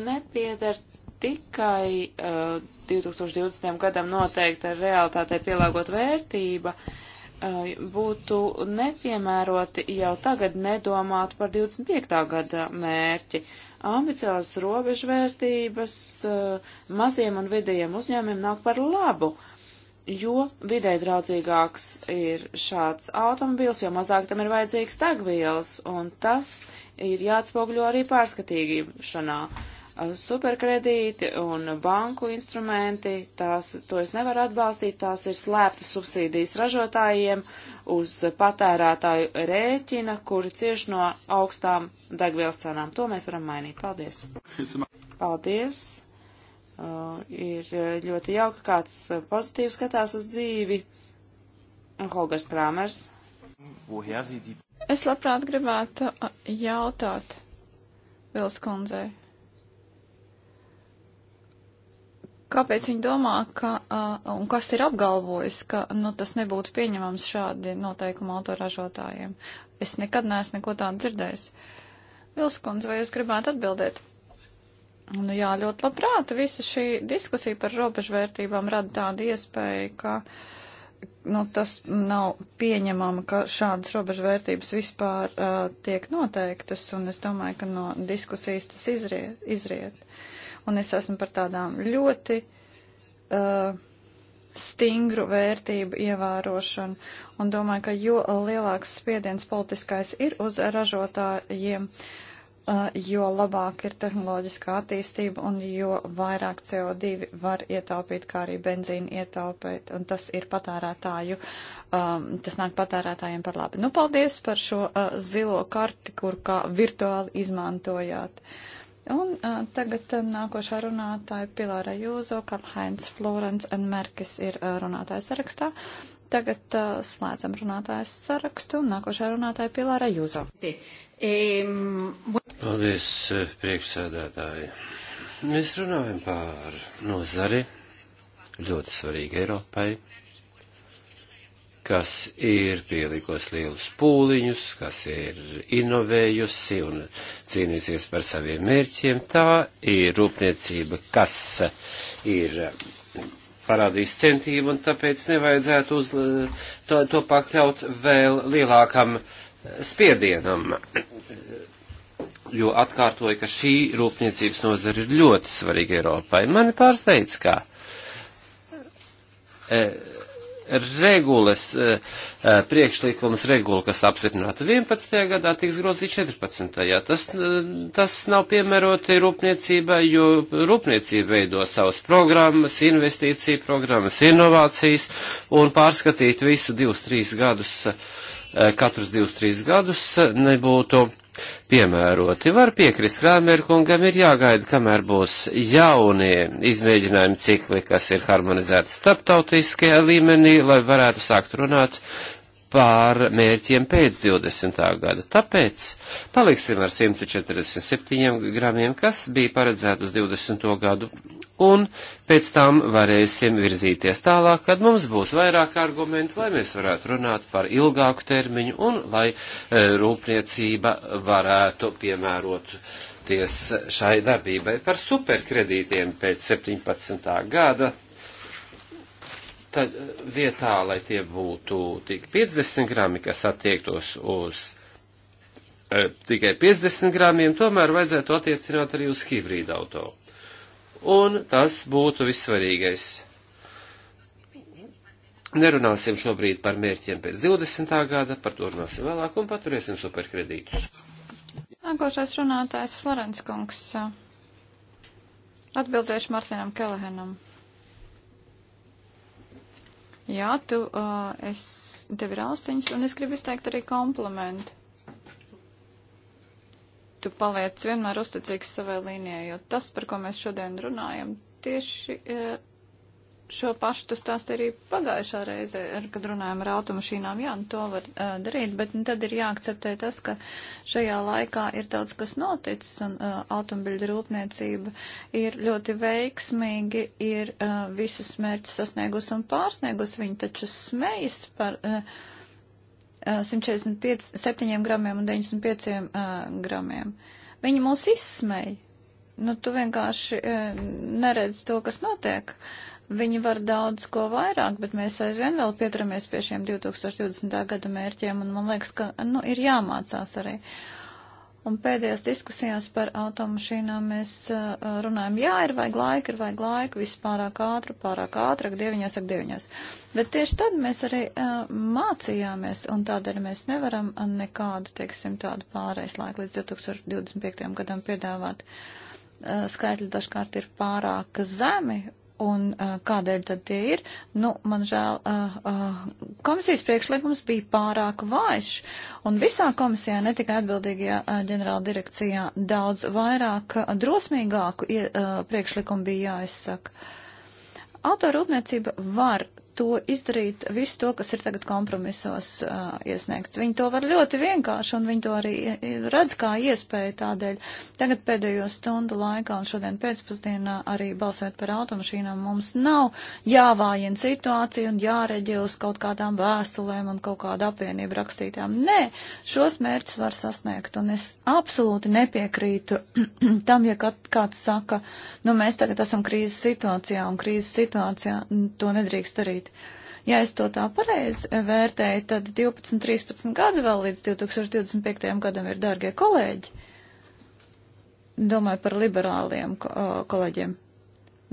nepieder tikai uh, eh, 2020. gadam noteikta realitātei pielāgot vērtība, uh, būtu nepiemēroti jau tagad nedomāt par 25. gada mērķi. Ambiciozas robežvērtības uh, maziem un vidējiem uzņēmiem nāk par labu, jo vidē draudzīgāks ir šāds automobils, jo mazāk tam ir vajadzīgs degvielas, un tas ir jāatspogļo arī pārskatīšanā. Uh, superkredīti un banku instrumenti, tās, to es nevaru atbalstīt, tās ir slēptas subsīdijas ražotājiem uz patērētāju rēķina, kuri cieš no augstām degvielas cenām. To mēs varam mainīt. Paldies! Paldies! Uh, ir ļoti jauka, kāds pozitīvi skatās uz dzīvi. Holgers Krāmers. Es labprāt gribētu uh, jautāt Vils kundzei Kāpēc viņi domā, ka, uh, un kas ir apgalvojis, ka nu, tas nebūtu pieņemams šādi noteikumi autoražotājiem? Es nekad neesmu neko tādu dzirdējis. Vilskundze, vai jūs gribētu atbildēt? Nu, jā, ļoti labprāt. Visa šī diskusija par robežvērtībām rada tādu iespēju, ka nu, tas nav pieņemama, ka šādas robežvērtības vispār uh, tiek noteiktas, un es domāju, ka no diskusijas tas izriet. izriet. Uh, un es esmu par tādām ļoti uh, stingru vērtību ievērošanu, un domāju, ka jo lielāks spiediens politiskais ir uz ražotājiem, uh, jo labāk ir tehnoloģiskā attīstība un jo vairāk CO2 var ietaupīt, kā arī benzīnu ietaupīt, un tas ir patērētāju, um, tas nāk patērētājiem par labi. Nu, paldies par šo uh, zilo karti, kur kā virtuāli izmantojāt. Uh, Un uh, tagad uh, nākošā runātāja Pilāra Jūzo, Karlheins Florence un Merkis ir uh, runātājs sarakstā. Tagad uh, slēdzam runātājs sarakstu. Nākošā runātāja Pilāra Jūzo. Paldies, priekšsēdētāji. Mēs runājam pār nozari, ļoti svarīgi Eiropai kas ir pielikusi lielus pūliņus, kas ir inovējusi un cīnīsies par saviem mērķiem. Tā ir rūpniecība, kas ir parādījis centību un tāpēc nevajadzētu uz, to, to pakļaut vēl lielākam spiedienam. Jo atkārtoju, ka šī rūpniecības nozara ir ļoti svarīga Eiropai. Mani pārsteidz, kā. E, regulas eh, eh, priekšlikums, regula, kas apstiprināta 11. gadā, tiks grozīta 14. Tas, eh, tas nav piemēroti rūpniecībai, jo rūpniecība veido savas programmas, investīciju programmas, inovācijas un pārskatīt visu 2-3 gadus, katrus 2-3 gadus nebūtu piemēroti. Var piekrist Krāmerkungam, ir jāgaida, kamēr būs jaunie izmēģinājumi cikli, kas ir harmonizēti starptautiskajā līmenī, lai varētu sākt runāt pār mērķiem pēc 20. gada. Tāpēc paliksim ar 147 gramiem, kas bija paredzēti uz 20. gadu, un pēc tam varēsim virzīties tālāk, kad mums būs vairāk argumentu, lai mēs varētu runāt par ilgāku termiņu un lai e, rūpniecība varētu piemērot ties šai darbībai par superkredītiem pēc 17. gada tad vietā, lai tie būtu tik 50 grami, kas attiektos uz e, tikai 50 gramiem, tomēr vajadzētu attiecināt arī uz hibrīda auto. Un tas būtu vissvarīgais. Nerunāsim šobrīd par mērķiem pēc 20. gada, par to runāsim vēlāk un paturēsim superkredītus. Nākošais runātājs Florence Kungs. Atbildēšu Martinam Kelehenam. Jā, tu, uh, es, tev ir austiņas, un es gribu izteikt arī komplimentu. Tu paliec vienmēr uzticīgs savai līnijai, jo tas, par ko mēs šodien runājam, tieši uh, Šo pašu tu stāst arī pagājušā reize, kad runājām ar automašīnām. Jā, nu to var uh, darīt, bet nu, tad ir jāakceptē tas, ka šajā laikā ir daudz kas noticis un uh, automobiļu rūpniecība ir ļoti veiksmīgi, ir uh, visus mērķus sasniegusi un pārsniegusi. Viņi taču smejas par. Uh, 147 gramiem un 95 uh, gramiem. Viņi mūs izsmeja. Nu, tu vienkārši uh, neredz to, kas notiek. Uh, Viņi var daudz ko vairāk, bet mēs aizvien vēl pieturamies pie šiem 2020. gada mērķiem, un man liekas, ka nu, ir jāmācās arī. Un pēdējās diskusijās par automašīnām mēs uh, runājam, jā, ir vajag laika, ir vajag laika, viss pārāk ātri, pārāk ātri, dieviņās ak dieviņās. Bet tieši tad mēs arī uh, mācījāmies, un tādēļ mēs nevaram nekādu, teiksim, tādu pārējais laiku līdz 2025. gadam piedāvāt. Uh, skaitļi dažkārt ir pārāk zemi, Un uh, kādēļ tad tie ir? Nu, man žēl, uh, uh, komisijas priekšlikums bija pārāk vājš, un visā komisijā, ne tikai atbildīgajā uh, ģenerāla direkcijā, daudz vairāk uh, drosmīgāku uh, priekšlikumu bija jāizsaka. Autorūpniecība var to izdarīt, visu to, kas ir tagad kompromisos uh, iesniegts. Viņi to var ļoti vienkārši, un viņi to arī redz kā iespēju tādēļ. Tagad pēdējo stundu laikā un šodien pēcpusdienā arī balsot par automašīnām mums nav jāvājina situācija un jāreģē uz kaut kādām vēstulēm un kaut kādu apvienību rakstītām. Nē, šos mērķus var sasniegt, un es absolūti nepiekrītu tam, ja kāds saka, nu mēs tagad esam krīzes situācijā, un krīzes situācijā to nedrīkst darīt darīt. Ja es to tā pareizi vērtēju, tad 12, 13 gadi vēl līdz 2025. gadam ir dārgie kolēģi. Domāju par liberāliem kolēģiem.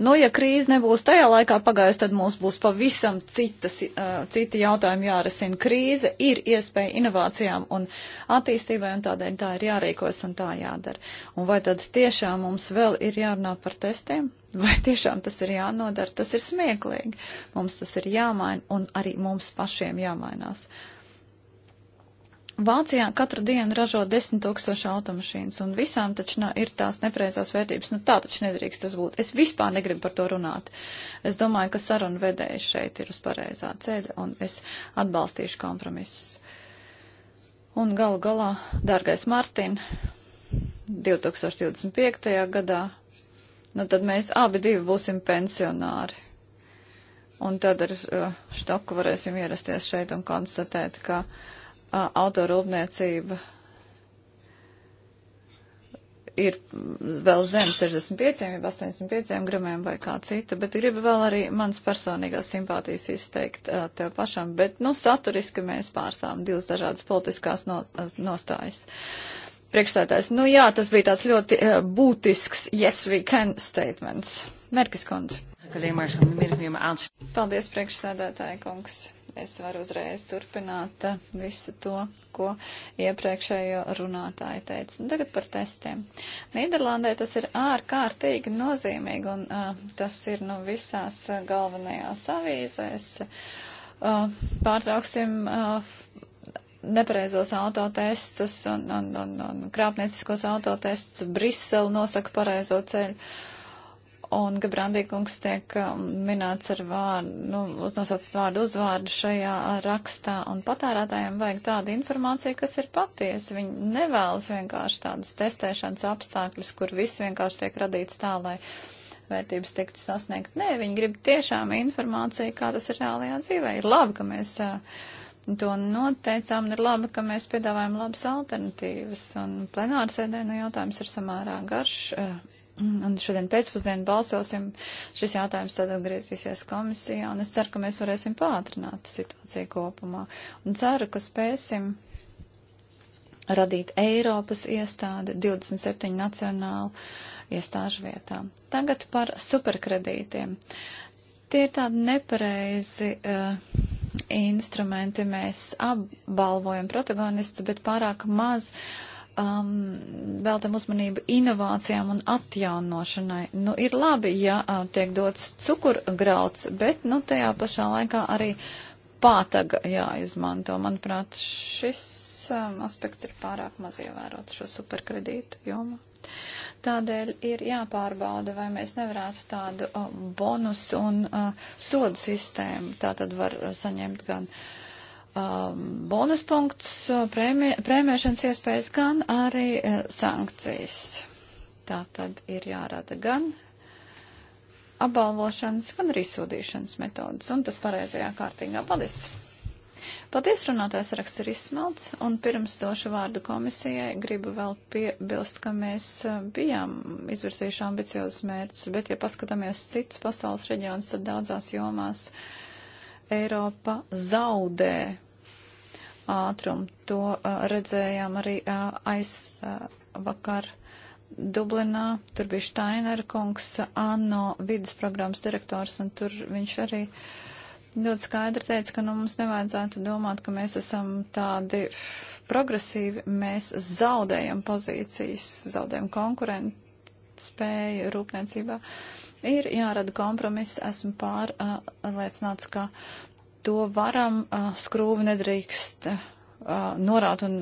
Nu, ja krīze nebūs tajā laikā pagājusi, tad mums būs pavisam citas, uh, citi jautājumi jārisina. Krīze ir iespēja inovācijām un attīstībai, un tādēļ tā ir jārīkojas un tā jādara. Un vai tad tiešām mums vēl ir jārunā par testiem? Vai tiešām tas ir jānodara? Tas ir smieklīgi. Mums tas ir jāmaina un arī mums pašiem jāmainās. Vācijā katru dienu ražo desmit tūkstoši automašīnas, un visām taču nā, ir tās nepreizās vērtības. Nu tā taču nedrīkst tas būt. Es vispār negribu par to runāt. Es domāju, ka saruna vedējs šeit ir uz pareizā ceļa, un es atbalstīšu kompromisus. Un galu galā, dārgais Martin, 2025. gadā nu tad mēs abi divi būsim pensionāri. Un tad ar uh, štoku varēsim ierasties šeit un konstatēt, ka uh, autorūpniecība ir vēl zem 65, jau 85 gramiem vai kā cita, bet gribu vēl arī mans personīgās simpātijas izteikt uh, tev pašam, bet, nu, saturiski mēs pārstāvam divas dažādas politiskās no, uh, nostājas. Priekšstādājs, nu jā, tas bija tāds ļoti uh, būtisks yes we can statements. Merkis kundze. Paldies, priekšstādātāja kungs. Es varu uzreiz turpināt uh, visu to, ko iepriekšējo runātāju teica. Nu, tagad par testiem. Nīderlandē tas ir ārkārtīgi nozīmīgi un uh, tas ir nu visās galvenajās avīzēs. Uh, pārtrauksim. Uh, nepareizos autotestus un, un, un, un krāpnieciskos autotestus. Brisele nosaka pareizo ceļu. Un Gabrandīkungs tiek um, minēts ar vārdu, nu, uznosaucot vārdu uzvārdu šajā rakstā. Un patērētājiem vajag tādu informāciju, kas ir patiesa. Viņi nevēlas vienkārši tādus testēšanas apstākļus, kur viss vienkārši tiek radīts tā, lai vērtības tiktu sasniegt. Nē, viņi grib tiešām informāciju, kā tas ir reālajā dzīvē. Ir labi, ka mēs. Uh, to noteicām, un ir labi, ka mēs piedāvājam labas alternatīvas, un plenārsēdē, nu, jautājums ir samērā garš, eh, un šodien pēcpusdienu balsosim, šis jautājums tad atgriezīsies komisijā, un es ceru, ka mēs varēsim pātrināt situāciju kopumā, un ceru, ka spēsim radīt Eiropas iestādi 27 nacionālu iestāžu vietā. Tagad par superkredītiem. Tie ir tādi nepareizi. Uh, instrumenti. Mēs apbalvojam protagonistus, bet pārāk maz um, veltam uzmanību inovācijām un atjaunošanai. Nu, ir labi, ja uh, tiek dots cukurgrauds, bet, nu, tajā pašā laikā arī pātaga jāizmanto. Manuprāt, šis um, aspekts ir pārāk maz ievērots šo superkredītu jomu. Tādēļ ir jāpārbauda, vai mēs nevarētu tādu bonus un uh, sodu sistēmu. Tā tad var saņemt gan uh, bonus punktus, prēmie, prēmēšanas iespējas, gan arī uh, sankcijas. Tā tad ir jārada gan apbalvošanas, gan arī sodīšanas metodas. Un tas pareizajā kārtīgā. Paldies! Paldies, runātājs raksts ir izsmelts, un pirms došu vārdu komisijai gribu vēl piebilst, ka mēs eh, bijām izvirsījuši ambiciozus mērķus, bet ja paskatāmies citus pasaules reģionus, tad daudzās jomās Eiropa zaudē ātrumu. To uh, redzējām arī uh, aiz uh, vakar. Dublinā, tur bija Štainera kungs, ANO vidas programmas direktors, un tur viņš arī uh, ļoti skaidri teica, ka nu, mums nevajadzētu domāt, ka mēs esam tādi progresīvi, mēs zaudējam pozīcijas, zaudējam konkurentu spēju rūpniecībā. Ir jārada kompromiss, esmu pārliecināts, ka to varam, skrūvi nedrīkst noraut un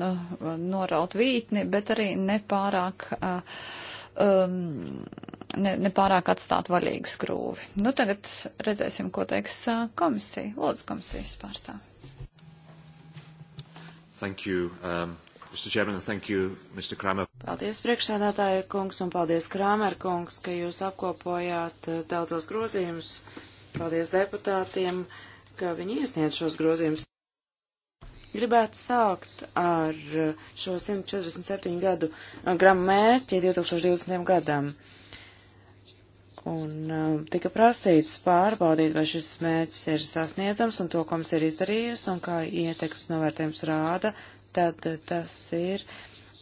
noraut vītni, bet arī nepārāk um, ne, nepārāk atstāt vaļīgu skrūvi. Nu, tagad redzēsim, ko teiks komisija, lūdzu komisijas pārstāv. Thank you, um, Mr. Chairman, thank you, Mr. Kramer. Paldies, priekšsēdētāja kungs, un paldies, Kramer kungs, ka jūs apkopojāt daudzos grozījumus. Paldies deputātiem, ka viņi iesniedz šos grozījumus. Gribētu sākt ar šo 147 gadu gramu mērķi 2020. gadam. Un um, tika prasīts pārbaudīt, vai šis mērķis ir sasniedzams un to, ko mums ir izdarījusi un kā ietekmes novērtējums rāda, tad tas ir,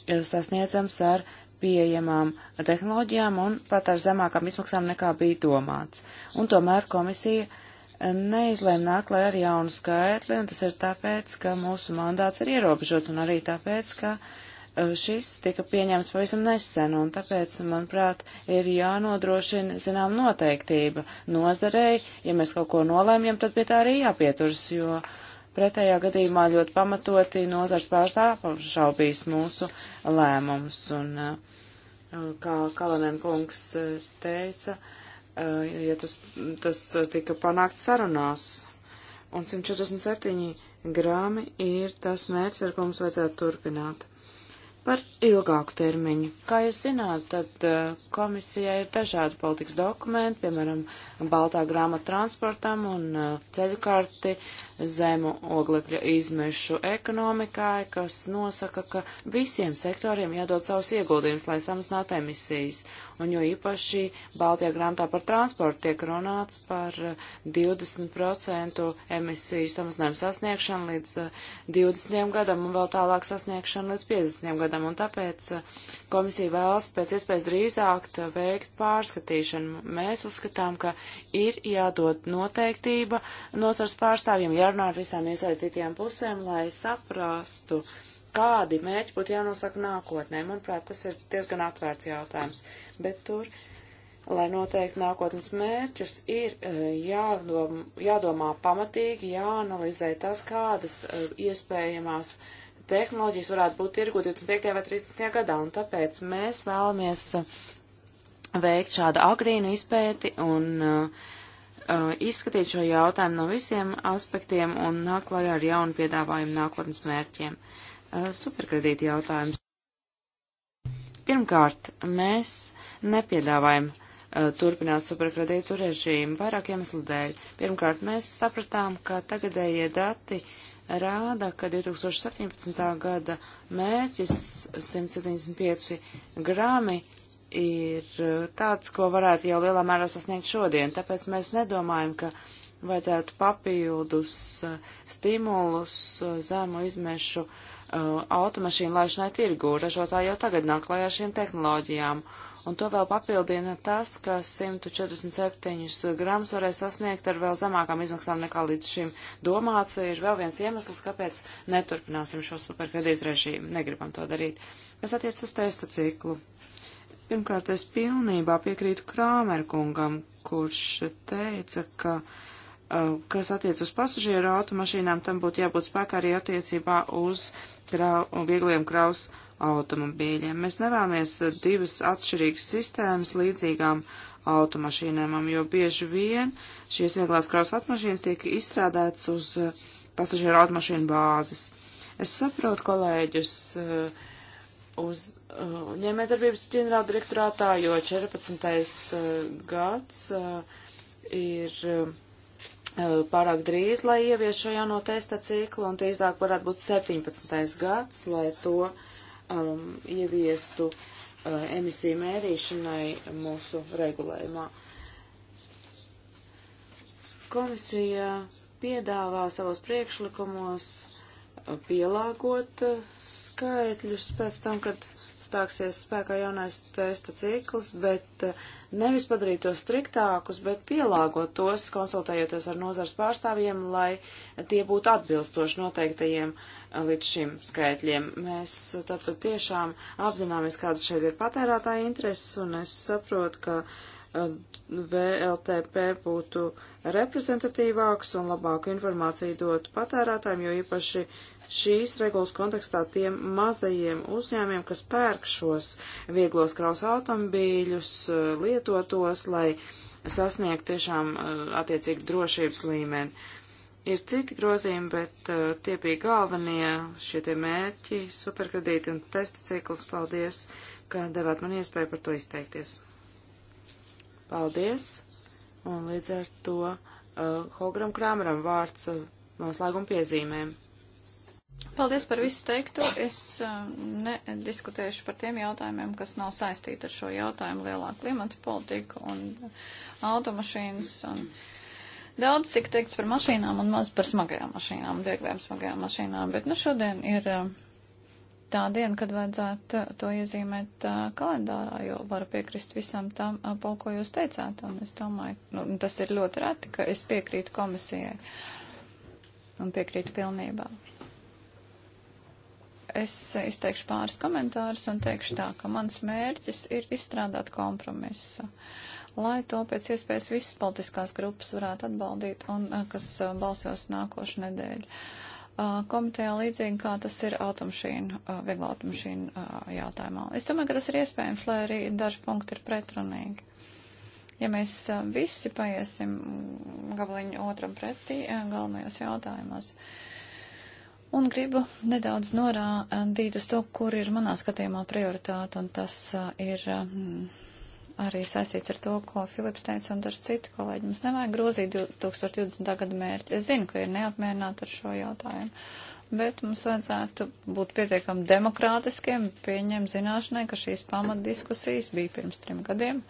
ir uh, sasniedzams ar pieejamām tehnoloģijām un pat ar zemākām izmaksām nekā bija domāts. Un tomēr komisija uh, neizlēma nāk lai ar jaunu skaitli, un tas ir tāpēc, ka mūsu mandāts ir ierobežots un arī tāpēc, ka uh, Eh, šis tika pieņemts pavisam nesen, un tāpēc, manuprāt, ir jānodrošina, zinām, noteiktība nozarei. Ja mēs kaut ko nolēmjam, tad pie tā arī jāpieturas, jo pretējā gadījumā ļoti pamatoti nozars pārstāvšaubīs mūsu lēmumus. Un eh, kā Kalanēn kungs eh, teica, ja tas, tas tika panākt sarunās, un 147 grāmi ir tas mērķis, ar ko mums vajadzētu turpināt. Par ilgāku termiņu. Kā jūs zināt, tad uh, komisijai ir dažādi politikas dokumenti, piemēram, baltā grāmata transportam un uh, ceļu karti zemu oglekļa izmešu ekonomikai, kas nosaka, ka visiem sektoriem jādod savus ieguldījumus, lai samazinātu emisijas un jo īpaši Baltijā grāmatā par transportu tiek runāts par 20% eh, emisiju samazinājumu sasniegšanu līdz 20. Eh, gadam un vēl tālāk sasniegšanu līdz 50. gadam, un tāpēc eh, komisija vēlas pēc iespējas drīzāk veikt pārskatīšanu. Mēs uzskatām, ka ir jādod noteiktība nosars pārstāvjiem, jārunā ar visām iesaistītajām pusēm, lai saprastu, kādi mērķi būtu jānosaka nākotnē. Manuprāt, tas ir diezgan atvērts jautājums, bet tur, lai noteikti nākotnes mērķus, ir e, jādom, jādomā pamatīgi, jāanalizē tas, kādas e, iespējamās tehnoloģijas varētu būt tirgu 25. vai 30. gadā, un tāpēc mēs vēlamies e, veikt šādu agrīnu izpēti un uh, izskatīt šo jautājumu no visiem aspektiem un nāk klajā ar jaunu piedāvājumu nākotnes mērķiem. Uh, Uh, superkredīta jautājums. Pirmkārt, mēs nepiedāvājam uh, turpināt superkredītu režīmu vairāk iemeslu dēļ. Pirmkārt, mēs sapratām, ka tagadējie dati rāda, ka 2017. gada mērķis 175 grami ir uh, tāds, ko varētu jau lielā mērā sasniegt šodien. Tāpēc mēs nedomājam, ka vajadzētu papildus stimulus zemu izmešu uh, Uh, automašīnu laišanai tirgū. Ražotāji jau tagad nāk klajā ar šīm tehnoloģijām. Un to vēl papildina tas, ka 147 grams varēs sasniegt ar vēl zemākām izmaksām nekā līdz šim domāts. Ir vēl viens iemesls, kāpēc neturpināsim šo superkredītu režīmu. Negribam to darīt. Kas attiec uz testa ciklu? Pirmkārt, es pilnībā piekrītu Krāmerkungam, kurš teica, ka uh, Uh, kas attiec uz pasažieru automašīnām, tam būtu jābūt spēkā arī attiecībā uz krau, viegliem kraus automobīļiem. Mēs nevēlamies divas atšķirīgas sistēmas līdzīgām automašīnām, jo bieži vien šīs vieglās kraus automašīnas tiek izstrādātas uz uh, pasažieru automašīnu bāzes. Es saprotu kolēģus uh, uz ņēmētarbības ģenerāla direktorātā, jo 14. gads ir um, Eh, pārāk drīz, lai ievies šo jauno testa ciklu, un drīzāk varētu būt 17. gads, lai to um, ieviestu uh, emisiju mērīšanai mūsu regulējumā. Komisija piedāvā savos priekšlikumos eh, pielāgot skaitļus pēc tam, kad stāksies spēkā jaunais testa cikls, bet uh, nevis padarīt tos striktākus, bet pielāgot tos, konsultējoties ar nozars pārstāvjiem, lai tie būtu atbilstoši noteiktajiem eh, līdz šim skaitļiem. Mēs tātad eh, tiešām apzināmies, kādas šeit ir patērētāja intereses, un es saprotu, ka VLTP būtu reprezentatīvāks un labāku informāciju dotu patērētājiem, jo īpaši šīs regulas kontekstā tiem mazajiem uzņēmiem, kas pērk šos vieglos kraus automobīļus, eh, lietotos, lai sasniegtu tiešām eh, attiecīgi drošības līmeni. Ir citi grozījumi, bet uh, tie bija galvenie šie tie mērķi, superkredīti un testa cikls. Paldies, ka devāt man iespēju par to izteikties. Paldies! Un līdz ar to uh, Hogram Krāmeram vārds uh, noslēguma piezīmēm. Paldies par visu teikto. Es uh, nediskutēšu par tiem jautājumiem, kas nav saistīti ar šo jautājumu lielā klimata politika un automašīnas. Un daudz tika teikts par mašīnām un maz par smagajām mašīnām, vieglajām smagajām mašīnām, bet nu šodien ir. Uh, tā diena, kad vajadzētu to iezīmēt uh, kalendārā, jo varu piekrist visam tam, uh, pa ko jūs teicāt. Un es domāju, nu, tas ir ļoti reti, ka es piekrītu komisijai un piekrītu pilnībā. Es izteikšu pāris komentārus un teikšu tā, ka mans mērķis ir izstrādāt kompromisu, lai to pēc iespējas visas politiskās grupas varētu atbaldīt un kas balsos nākošu nedēļu. Uh, Uh, komitejā līdzīgi, kā tas ir automašīnu, uh, viegla automašīnu uh, jautājumā. Es domāju, ka tas ir iespējams, lai arī daži punkti ir pretrunīgi. Ja mēs visi paiesim gabaliņu otram pretī galvenajos jautājumos. Un gribu nedaudz norādīt uz to, kur ir manā skatījumā prioritāte, un tas ir. Mm, arī saistīts ar to, ko Filips teica un daži citi kolēģi. Mums nevajag grozīt 2020. gada mērķi. Es zinu, ka ir neapmierināti ar šo jautājumu, bet mums vajadzētu būt pietiekami demokrātiskiem, pieņem zināšanai, ka šīs pamatdiskusijas bija pirms trim gadiem,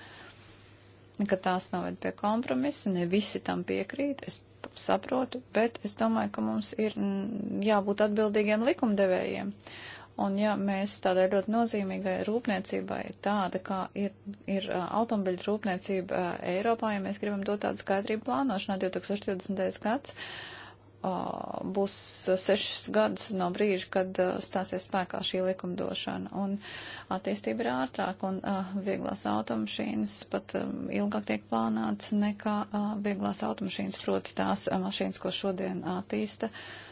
ka tās noved pie kompromisa, ne visi tam piekrīt, es saprotu, bet es domāju, ka mums ir jābūt atbildīgiem likumdevējiem. Uh, Un ja mēs tādai ļoti nozīmīgai rūpniecībai, tāda kā ir, ir automobiļu rūpniecība Eiropā, ja mēs gribam dot tādu skaidrību plānošanā 2020. gads, būs sešas gadus no brīža, kad stāsies spēkā šī likumdošana. Un attīstība ir ātrāk, un vieglās automašīnas pat ilgāk tiek plānāts nekā vieglās automašīnas, proti tās mašīnas, ko šodien attīsta. Uh,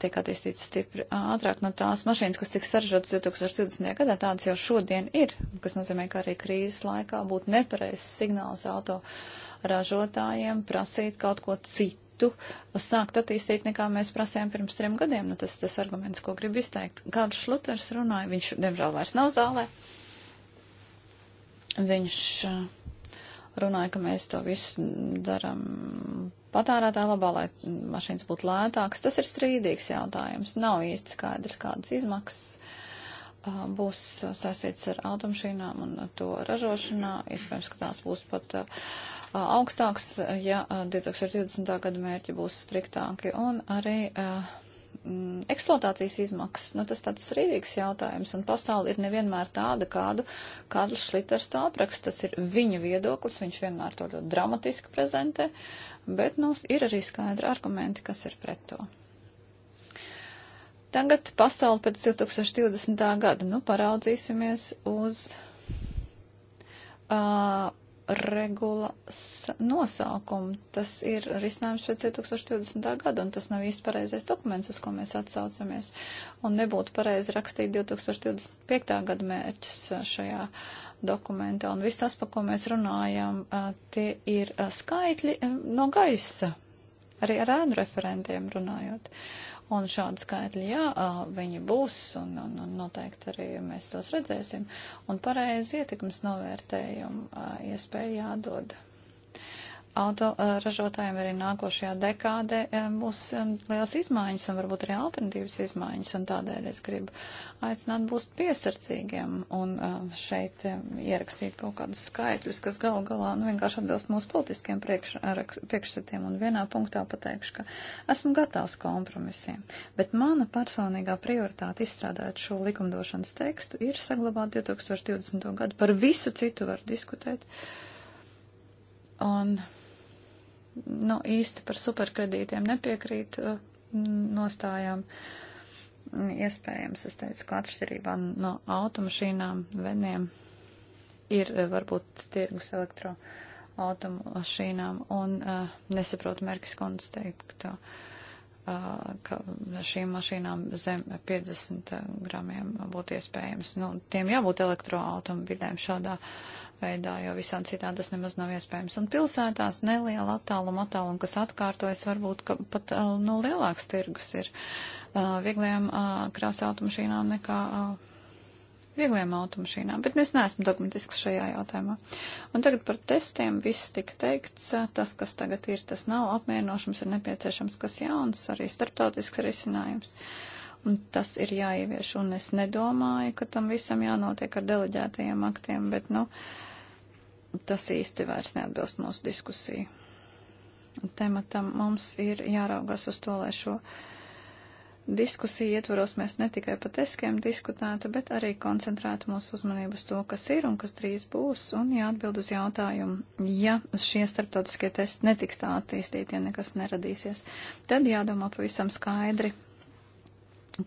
tiek attīstīts stipri ātrāk. No tās mašīnas, kas tiks saražotas 2020. gadā, tādas jau šodien ir, kas nozīmē, ka arī krīzes laikā būtu nepareizs signāls auto ražotājiem prasīt kaut ko citu, sākt attīstīt, nekā mēs prasījām pirms trim gadiem. Nu, tas tas arguments, ko gribu izteikt. Kārlis Šluters runāja, viņš, diemžēl, vairs nav zālē. Viņš runāja, ka mēs to visu daram patērētāja labā, lai mašīnas būtu lētākas. Tas ir strīdīgs jautājums. Nav īsti skaidrs, kādas izmaksas uh, būs saistīts ar automašīnām un to ražošanā. Iespējams, ka tās būs pat uh, augstāks, ja 2020. Uh, gada mērķi būs striktāki. Un arī mm, eksploatācijas izmaksas, nu tas tāds rīdīgs jautājums, un pasauli ir nevienmēr tāda, kādu Kārlis Šliters to apraksta. Tas ir viņa viedoklis, viņš vienmēr to ļoti dramatiski prezentē, bet mums nu, ir arī skaidri argumenti, kas ir pret to. Tagad pasauli pēc 2020. gada, nu, paraudzīsimies uz uh, regulas nosaukumu. Tas ir risinājums pēc 2020. gada, un tas nav īsti pareizais dokuments, uz ko mēs atsaucamies. Un nebūtu pareizi rakstīt 2025. gada mērķus šajā uh, dokumentā. Un viss tas, pa ko mēs runājam, tie ir skaitļi no gaisa, arī ar ēnu referentiem runājot. Un šādi skaitļi, jā, viņi būs, un, un, un noteikti arī mēs tos redzēsim. Un pareizi ietekmes novērtējumu iespēja jādod. Uh, autoražotājiem arī nākošajā dekādē e, būs e, liels izmaiņas un varbūt arī alternatīvas izmaiņas, un tādēļ es gribu aicināt būt piesardzīgiem un e, šeit ierakstīt kaut kādus skaitļus, kas gal galā nu, vienkārši atbilst mūsu politiskiem priekš, priekšstatiem, un vienā punktā pateikšu, ka esmu gatavs kompromisiem. Bet mana personīgā prioritāte izstrādāt šo likumdošanas tekstu ir saglabāt 2020. gadu. Par visu citu var diskutēt. Un nu, īsti par superkredītiem nepiekrīt uh, nostājām. Iespējams, es teicu, ka atšķirībā no automašīnām, veniem ir uh, varbūt tirgus elektroautomašīnām un uh, nesaprotu Merkis kundas teikto, uh, ka šīm mašīnām zem 50 uh, gramiem būtu iespējams. Nu, tiem jābūt elektroautomobiļiem šādā uh, veidā, jo visādi citādi tas nemaz nav iespējams. Un pilsētās neliela attāluma attāluma, kas atkārtojas, varbūt pat no nu, lielāks tirgus ir viegliem krāsas automašīnām nekā viegliem automašīnām, bet es neesmu dogmatisks šajā jautājumā. Un tagad par testiem viss tika teikts, tas, kas tagad ir, tas nav apmierinošams, ir nepieciešams kas jauns, arī starptautisks risinājums. Uh, Un tas ir jāievieš, un es nedomāju, ka tam visam jānotiek ar deleģētajiem aktiem, bet, nu, tas īsti vairs neatbilst mūsu diskusiju. Tematam mums ir jāraugās uz to, lai šo diskusiju ietvaros mēs ne tikai par teskiem diskutētu, bet arī koncentrētu mūsu uzmanību uz to, kas ir un kas drīz būs, un jāatbild uz jautājumu, ja šie starptautiskie testi netiks tā attīstīti, ja nekas neradīsies, tad jādomā pavisam skaidri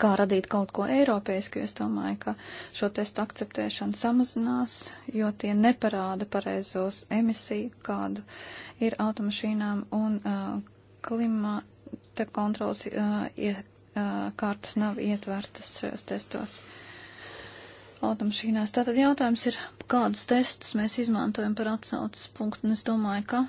kā radīt kaut ko eiropeisku, es domāju, ka šo testu akceptēšana samazinās, jo tie neparāda pareizos emisiju, kādu ir automašīnām un uh, klimata kontrols uh, iet, uh, kārtas nav ietvertas šajos testos. Automašīnās. Tātad jautājums ir, kādus testus mēs izmantojam par atsaucas punktu, un es domāju, ka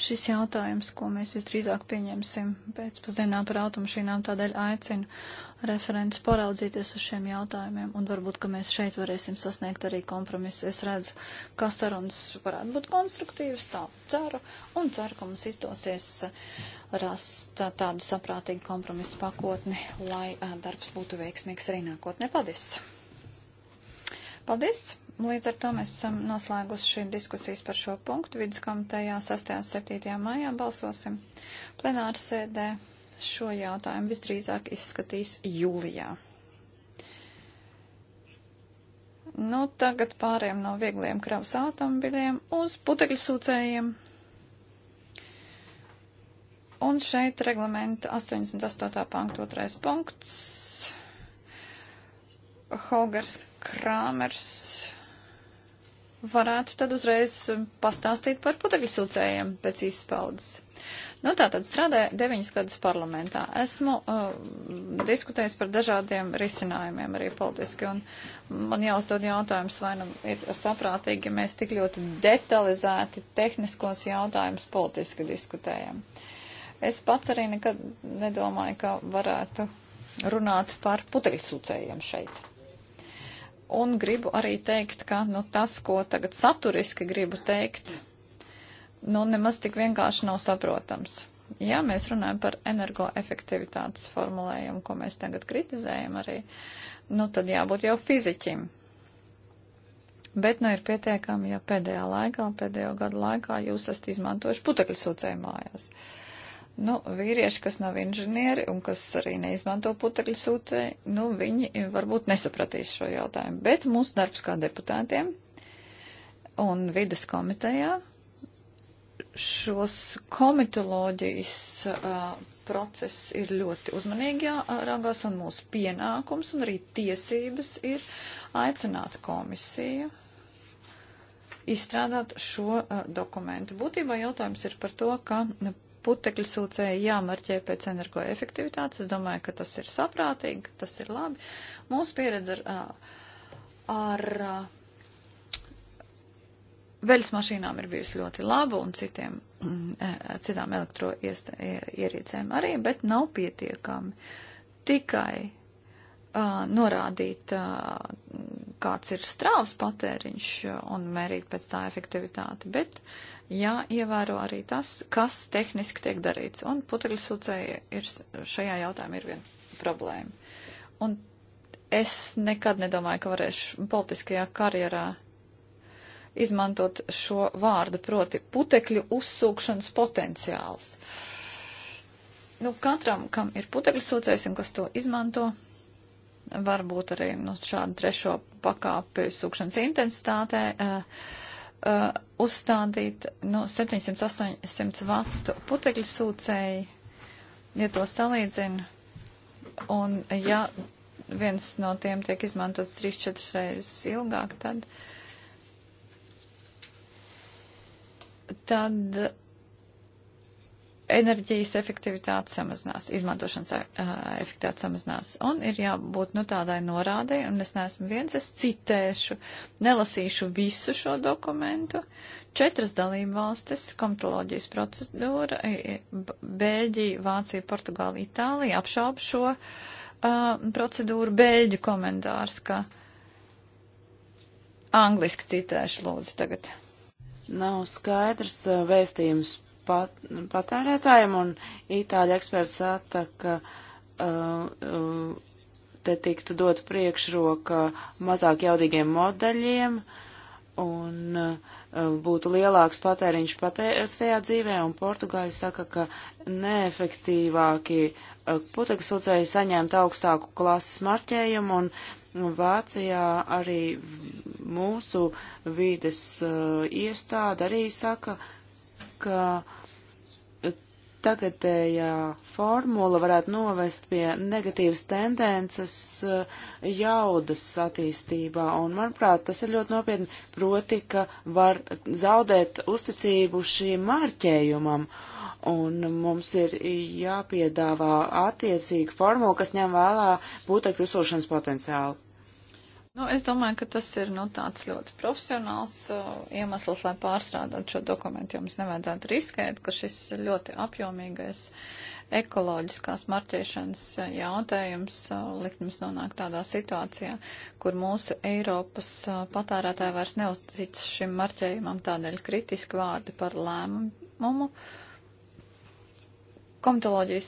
šis jautājums, ko mēs visdrīzāk pieņemsim pēcpusdienā par automašīnām, tādēļ aicinu referents paraudzīties uz šiem jautājumiem, un varbūt, ka mēs šeit varēsim sasniegt arī kompromisu. Es redzu, ka sarunas varētu būt konstruktīvas, tā ceru, un ceru, ka mums izdosies rast tādu saprātīgu kompromisu pakotni, lai darbs būtu veiksmīgs arī nākotnē. Paldies! Paldies! Nu, līdz ar to mēs esam noslēguši diskusijas par šo punktu. Viduskomitejā 6. un 7. maijā balsosim. Plenāra sēdē šo jautājumu visdrīzāk izskatīs jūlijā. Nu, tagad pāriem no viegliem kravas automobiļiem uz putekļu sūcējiem. Un šeit reglamenta 88. pankt 2. punkts. Holgers Krāmers varētu tad uzreiz pastāstīt par putekļu sūcējiem pēc izpaudas. Nu, tā tad strādāju deviņas gadus parlamentā. Esmu uh, diskutējis par dažādiem risinājumiem arī politiski, un man jāuzdod jautājums, vai nu ir saprātīgi, ja mēs tik ļoti detalizēti tehniskos jautājumus politiski diskutējam. Es pats arī nekad nedomāju, ka varētu runāt par putekļu sūcējiem šeit. Un gribu arī teikt, ka nu, tas, ko tagad saturiski gribu teikt, nu, nemaz tik vienkārši nav saprotams. Ja mēs runājam par energoefektivitātes formulējumu, ko mēs tagad kritizējam arī, nu, tad jābūt jau fiziķim. Bet, nu, ir pietiekami, ja pēdējā laikā, pēdējo gadu laikā jūs esat izmantojuši putekļu sūcēju mājās. Uh, Nu, vīrieši, kas nav inženieri un kas arī neizmanto putekļu sūtē, nu, viņi varbūt nesapratīs šo jautājumu. Bet mūsu darbs kā deputātiem un vidas komitejā šos komitoloģijas uh, process ir ļoti uzmanīgi jāraugās, un mūsu pienākums un arī tiesības ir aicināt komisiju izstrādāt šo uh, dokumentu. Būtībā jautājums ir par to, ka putekļu sūcēji jāmarķē pēc energoefektivitātes. Es domāju, ka tas ir saprātīgi, ka tas ir labi. Mūsu pieredze ar, ar, ar veļas mašīnām ir bijusi ļoti laba un citiem, mm, citām elektroierīcēm arī, bet nav pietiekami. Tikai Uh, norādīt, uh, kāds ir strāvas patēriņš un mērīt pēc tā efektivitāti, bet uh, jāievēro arī tas, kas tehniski tiek darīts. Un putekļsūcēji ir šajā jautājumā ir viena problēma. Un es nekad nedomāju, ka varēšu politiskajā karjerā izmantot šo vārdu, proti putekļu uzsūkšanas potenciāls. Nu, katram, kam ir putekļu sūcējs un kas to izmanto, varbūt arī nu, šādu trešo pakāpju sūkšanas intensitātē. Uh, uh, uzstādīt no nu, 700-800 vatu putekļu sūcēji, ja to salīdzinu, un ja viens no tiem tiek izmantots 3-4 reizes ilgāk, tad, tad enerģijas efektivitāte samazinās, izmantošanas uh, efektivitāte samazinās. Un ir jābūt nu, tādai norādē, un es neesmu viens, es citēšu, nelasīšu visu šo dokumentu. Četras dalību valstis, komitoloģijas procedūra, Bēļģija, Vācija, Portugāla, Itālija apšaub šo uh, procedūru. Bēļģu komentārs, ka angliski citēšu lūdzu tagad. Nav skaidrs eh, vēstījums pat, patērētājiem, un itāļu eksperts saka, ka uh, uh, te tiktu dot priekšroka mazāk jaudīgiem modeļiem, un uh, būtu lielāks patēriņš patērējā dzīvē, un Portugāļi saka, ka neefektīvāki uh, putekļu sūcēji saņemt augstāku klases marķējumu, un Vācijā arī mūsu vīdes uh, iestāde arī saka, ka tagadējā formula varētu novest pie negatīvas tendences eh, jaudas attīstībā, un, manuprāt, tas ir ļoti nopietni, proti, ka var zaudēt uzticību šīm marķējumam, un mums ir jāpiedāvā attiecīga formula, kas ņem vēlā būtekļu uzsūšanas potenciālu. Nu, es domāju, ka tas ir nu, tāds ļoti profesionāls uh, iemesls, lai pārstrādātu šo dokumentu. Jums nevajadzētu riskēt, ka šis ļoti apjomīgais ekoloģiskās marķēšanas uh, jautājums uh, likt mums nonākt tādā situācijā, kur mūsu Eiropas uh, patērētāji vairs neuztic šim marķējumam tādēļ kritiski vārdi par lēmumu Komitoloģijas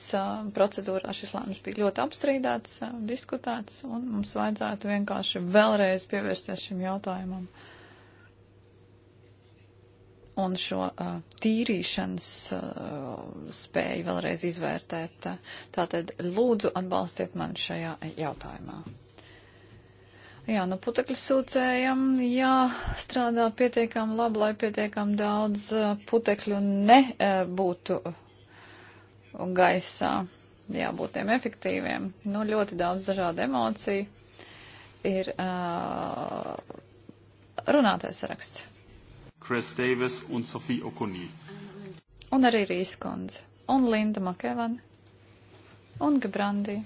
procedūrā šis lēmums bija ļoti apstrīdēts, diskutēts, un mums vajadzētu vienkārši vēlreiz pievērsties šim jautājumam. Un šo uh, tīrīšanas uh, spēju vēlreiz izvērtēt. Tātad lūdzu atbalstiet mani šajā jautājumā. Jā, nu putekļu sūcējam jāstrādā pietiekami labi, lai pietiekami daudz putekļu nebūtu. Uh, un gaisā. Jābūt tiem efektīviem. Nu, ļoti daudz dažādu emociju ir uh, runātais raksts. Chris Davis un Sofija Okunī. Un arī Rīskundze. Un Linda Makevani. Un Gebrandī.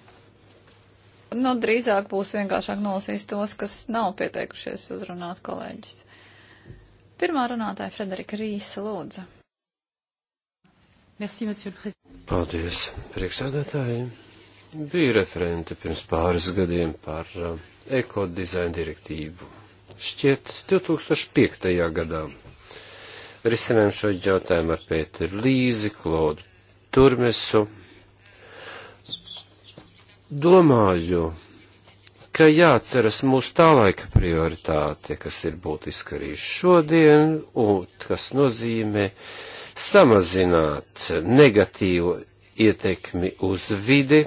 Nu, drīzāk būs vienkāršāk nolasīt tos, kas nav pieteikušies uzrunāt kolēģis. Pirmā runātāja Frederika Rīsa lūdza. Merci, monsieur le président. Paldies, priekšsēdētāji. Bija referente pirms pāris gadiem par eh, ekodizaina direktīvu. Šķiet, 2005. gadā risinājām šo jautājumu ar Pēteru Līzi, Klodu Turmesu. Domāju, ka jāatceras mūsu tā laika prioritāte, kas ir būtiska arī šodien, un kas nozīmē samazināt negatīvu ietekmi uz vidi,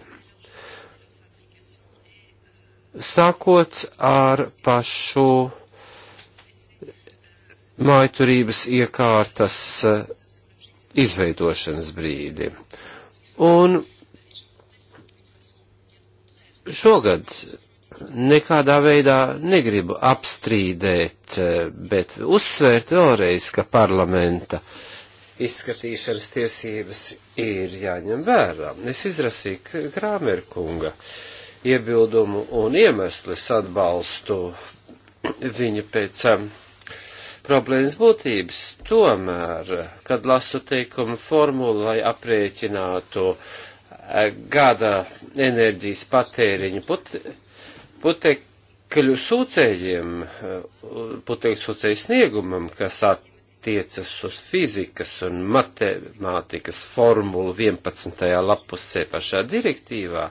sākot ar pašu mājturības iekārtas eh, izveidošanas brīdi. Un šogad nekādā veidā negribu apstrīdēt, eh, bet uzsvērt vēlreiz, ka parlamenta uh, izskatīšanas tiesības ir jāņem vērā. Es izrasīju Krāmerkunga iebildumu un iemeslis atbalstu viņu pēc um, problēmas būtības. Tomēr, kad lasu teikumu formulu, lai aprēķinātu eh, gada enerģijas patēriņu put, putekļu sūcējiem, eh, putekļu sūcēju sniegumam, kas at, attiecas uz fizikas un matemātikas formulu 11. lapusē pašā direktīvā,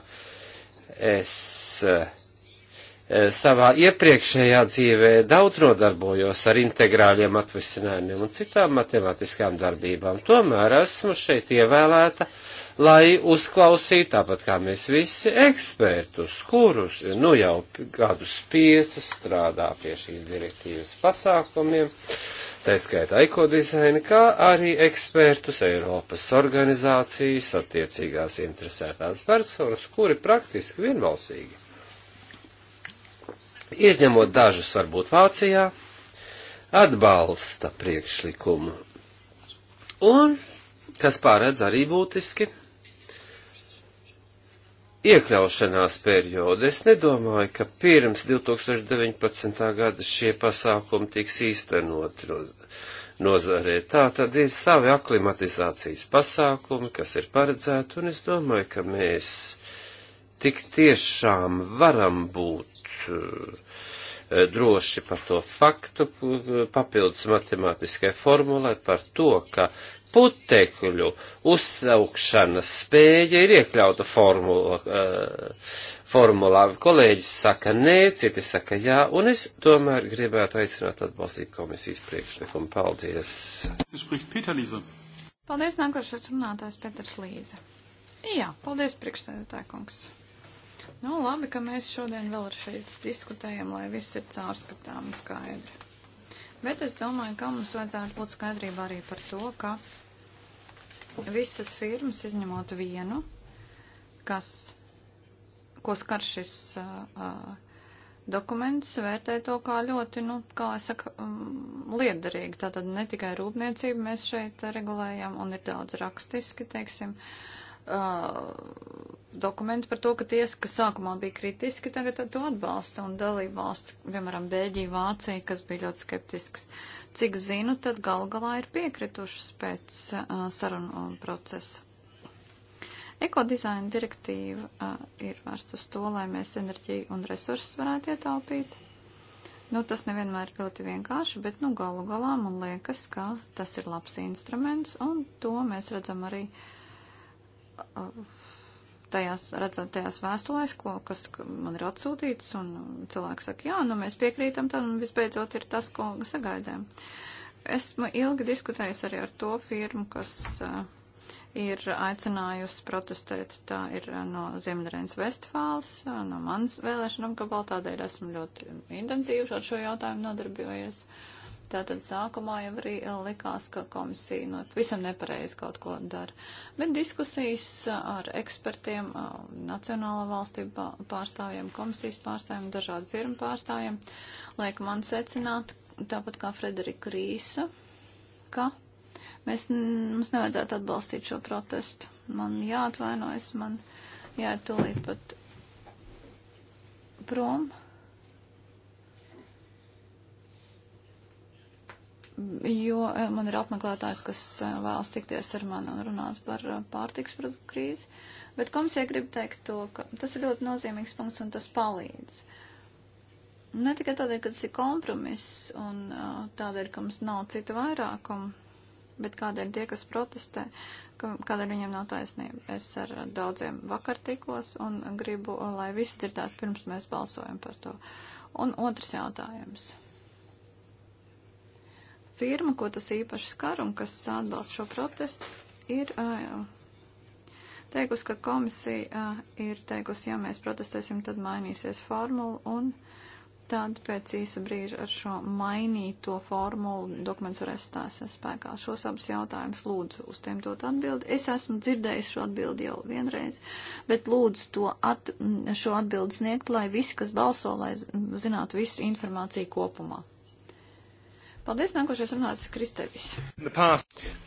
es eh, savā iepriekšējā dzīvē daudz nodarbojos ar integrāļiem atvisinājumiem un citām matemātiskām darbībām. Tomēr esmu šeit ievēlēta, lai uzklausītu, tāpat kā mēs visi, ekspertus, kurus nu jau gadus piecus strādā pie šīs direktīvas pasākumiem. Uh, tā skaitā ekodizaini, kā arī ekspertus Eiropas organizācijas, attiecīgās interesētās personas, kuri praktiski vienbalsīgi. Izņemot dažus, varbūt Vācijā, atbalsta priekšlikumu. Un, kas pārēdz arī būtiski, iekļaušanās periodu. Es nedomāju, ka pirms 2019. gada šie pasākumi tiks īstenoti nozarē. Tā tad ir savi aklimatizācijas pasākumi, kas ir paredzēti, un es domāju, ka mēs tik tiešām varam būt eh, droši par to faktu, papildus matemātiskai formulai, par to, ka putekļu uzsaukšanas spēja ir iekļauta formula, uh, formulā. Kolēģis saka nē, citi saka jā, un es tomēr gribētu aicināt atbalstīt komisijas priekšlikumu. Paldies! Paldies, nākošais runātājs Peters Līze. Jā, paldies, priekšsēdētāj kungs. Nu, labi, ka mēs šodien vēl ar šeit diskutējam, lai viss ir caurskatām un skaidri. Bet es domāju, ka mums vajadzētu būt skaidrība arī par to, ka Visas firmas, izņemot vienu, kas, ko skar šis uh, uh dokuments, vērtē to kā ļoti, nu, kā es saku, um, mm, liederīgi. Tātad ne tikai rūpniecību mēs šeit regulējam, un ir daudz rakstiski, teiksim, uh, uh, dokumentu par to, ka tiesa, kas sākumā bija kritiski, tagad to atbalsta un dalība valsts, piemēram, Bēļģija, Vācija, kas bija ļoti skeptisks. Cik zinu, tad gal galā ir piekritušas pēc uh, sarunu procesa. Ekodizaina direktīva uh, ir vērsta uz to, lai mēs enerģiju un resursus varētu ietaupīt. Nu, tas nevienmēr ir ļoti vienkārši, bet, nu, galu galā man liekas, ka tas ir labs instruments, un to mēs redzam arī uh, tajās, redzot tajās vēstulēs, ko, kas man ir atsūtīts, un cilvēki saka, jā, nu mēs piekrītam tam, un visbeidzot ir tas, ko sagaidām. Esmu ilgi diskutējis arī ar to firmu, kas uh, ir aicinājusi protestēt. Tā ir no Ziemeļrēnas Vestfāls, no manas vēlēšana apgabala, tādēļ esmu ļoti intensīvi ar šo jautājumu nodarbojies. Uh, Tātad sākumā jau arī likās, ka komisija nu, visam nepareizi kaut ko dara. Bet diskusijas ar ekspertiem, nacionālā valstība pārstāvjiem, komisijas pārstāvjiem, dažādu firmu pārstāvjiem, liek man secināt, tāpat kā Frederika Rīsa, ka mēs, mums nevajadzētu atbalstīt šo protestu. Man jāatvainojas, man jāiet tūlīt pat prom. jo eh, man ir apmeklētājs, kas eh, vēlas tikties ar mani un runāt par eh, pārtiks produktu krīzi. Bet komisija grib teikt to, ka tas ir ļoti nozīmīgs punkts un tas palīdz. Ne tikai tādēļ, ka tas ir kompromiss un tādēļ, ka mums nav cita vairākuma, bet kādēļ tie, kas protestē, ka, kādēļ viņiem nav taisnība. Es ar daudziem vakar tikos un gribu, lai visi dzirdētu pirms mēs balsojam par to. Un otrs jautājums firma, ko tas īpaši skar un kas atbalsta šo protestu, ir teikusi, ka komisija ir teikusi, ja mēs protestēsim, tad mainīsies formula un tad pēc īsa brīža ar šo mainīto formulu dokuments varēs stāsies spēkā. Šos abus jautājumus lūdzu uz tiem dot atbildi. Es esmu dzirdējis šo atbildi jau vienreiz, bet lūdzu to at, šo atbildi sniegt, lai visi, kas balso, lai zinātu visu informāciju kopumā. Paldies, nākošais runātājs Kristevis.